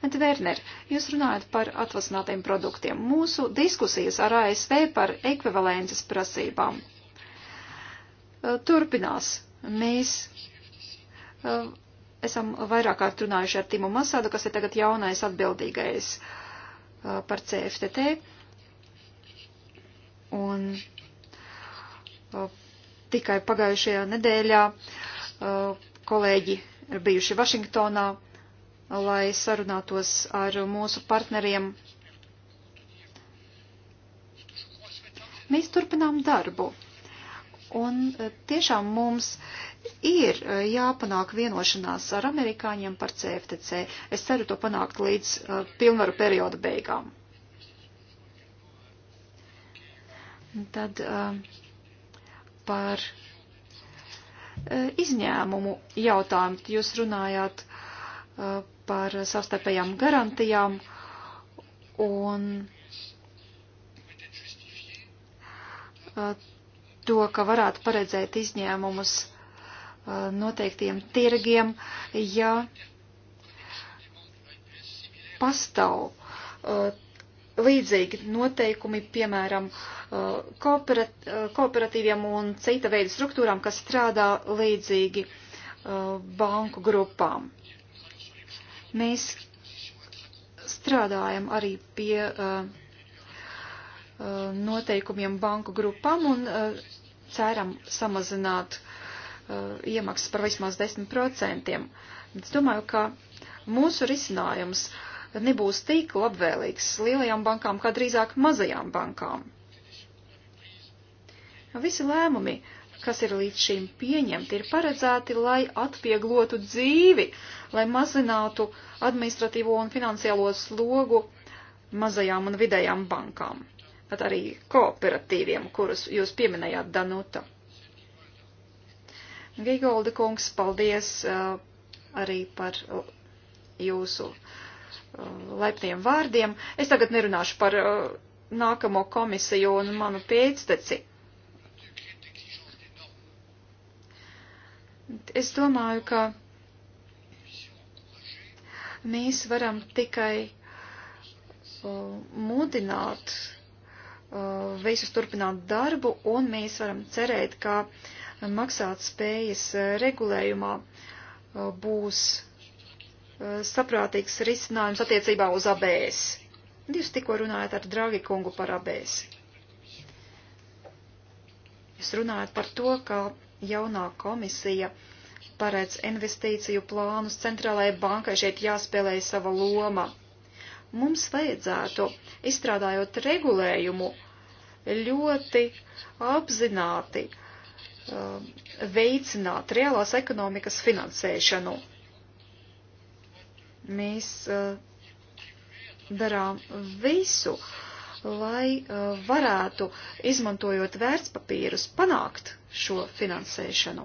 Bet, Werner, jūs runājat par atvasinātiem produktiem. Mūsu diskusijas ar ASV par ekvivalences prasībām uh, turpinās. Mēs uh, esam vairāk kārt runājuši ar Timu Masādu, kas ir tagad jaunais atbildīgais uh, par CFTT. Un tikai pagājušajā nedēļā kolēģi ir bijuši Vašingtonā, lai sarunātos ar mūsu partneriem. Mēs turpinām darbu. Un e, tiešām mums ir e, jāpanāk vienošanās ar amerikāņiem par CFTC. Es ceru to panākt līdz uh, pilnvaru perioda beigām. Tad uh, par E, izņēmumu jautājumu. Jūs runājāt e, par savstarpējām garantijām un e, to, ka varētu paredzēt izņēmumus noteiktiem tirgiem, ja pastāv līdzīgi noteikumi, piemēram, uh, kooperat, uh, kooperatīviem un cita veida struktūrām, kas strādā līdzīgi uh, banku grupām. Mēs strādājam arī pie noteikumiem banku grupām un ceram samazināt iemaksas par vismaz 10%. Es domāju, ka mūsu risinājums uh, nebūs tik labvēlīgs lielajām bankām, kā drīzāk mazajām bankām. Visi lēmumi, kas ir līdz šim pieņemti, ir paredzēti, lai atvieglotu dzīvi, lai mazinātu administratīvo un finansiālo slogu mazajām un vidējām bankām, pat arī kooperatīviem, kurus jūs pieminējāt, Danuta. Gigolda kungs, paldies uh, arī par jūsu Um, lepniem vārdiem. Es tagad nerunāšu par uh, nākamo komisiju un manu pēcteci. Es domāju, ka mēs varam tikai uh, mudināt uh, visus turpināt darbu, un mēs varam cerēt, ka maksāt spējas regulējumā būs saprātīgs risinājums attiecībā uz ABS. Jūs tikko runājat ar Dragi kungu par ABS. Jūs runājat par to, ka jaunā komisija paredz investīciju plānus centrālajai bankai šeit jāspēlē sava loma. Mums vajadzētu, izstrādājot regulējumu, ļoti apzināti um, veicināt reālās ekonomikas finansēšanu Mēs uh, darām visu, lai uh, varētu, izmantojot vērtspapīrus, panākt šo finansēšanu.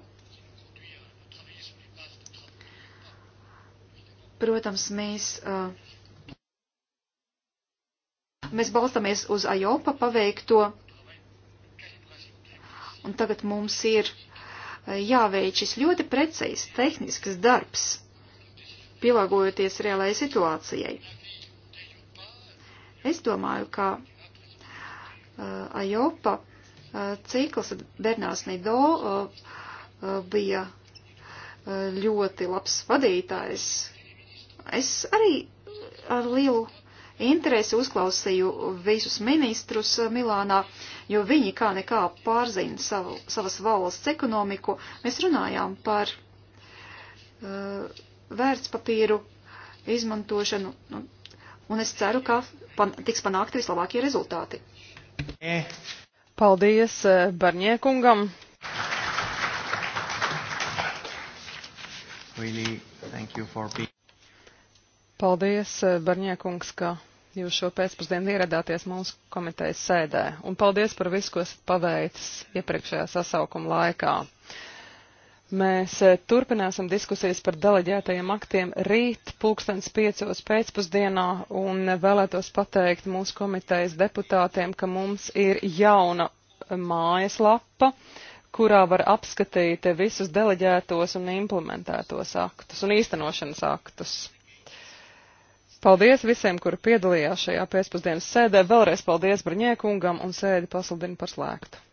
Protams, mēs, uh, mēs balstamies uz AJOPA paveikto, un tagad mums ir jāveic šis ļoti precīzs tehnisks darbs pielāgojoties reālajai situācijai. Es domāju, ka uh, Ajopa uh, cikls Bernās Nido uh, uh, bija uh, ļoti labs vadītājs. Es arī ar lielu interesi uzklausīju visus ministrus uh, Milānā, jo viņi kā nekā pārzina savu, savas valsts ekonomiku. Mēs runājām par uh, vērtspapīru izmantošanu, nu, un es ceru, ka pan, tiks panākti vislabākie rezultāti. E. Paldies e, Barņiekungam! Really, for... Paldies, e, Barņiekungs, ka jūs šo pēcpusdienu ieradāties mūsu komitejas sēdē, un paldies par visu, ko esat paveicis iepriekšējā sasaukuma laikā. Mēs eh, turpināsim diskusijas par deleģētajiem aktiem rīt pulkstens piecos pēcpusdienā un vēlētos pateikt mūsu komitejas deputātiem, ka mums ir jauna eh, mājaslapa, kurā var apskatīt visus deleģētos un implementētos aktus un īstenošanas aktus. Paldies visiem, kuri piedalījās šajā pēcpusdienas sēdē. Vēlreiz paldies Brņiekungam un sēdi pasludinu par slēgtu.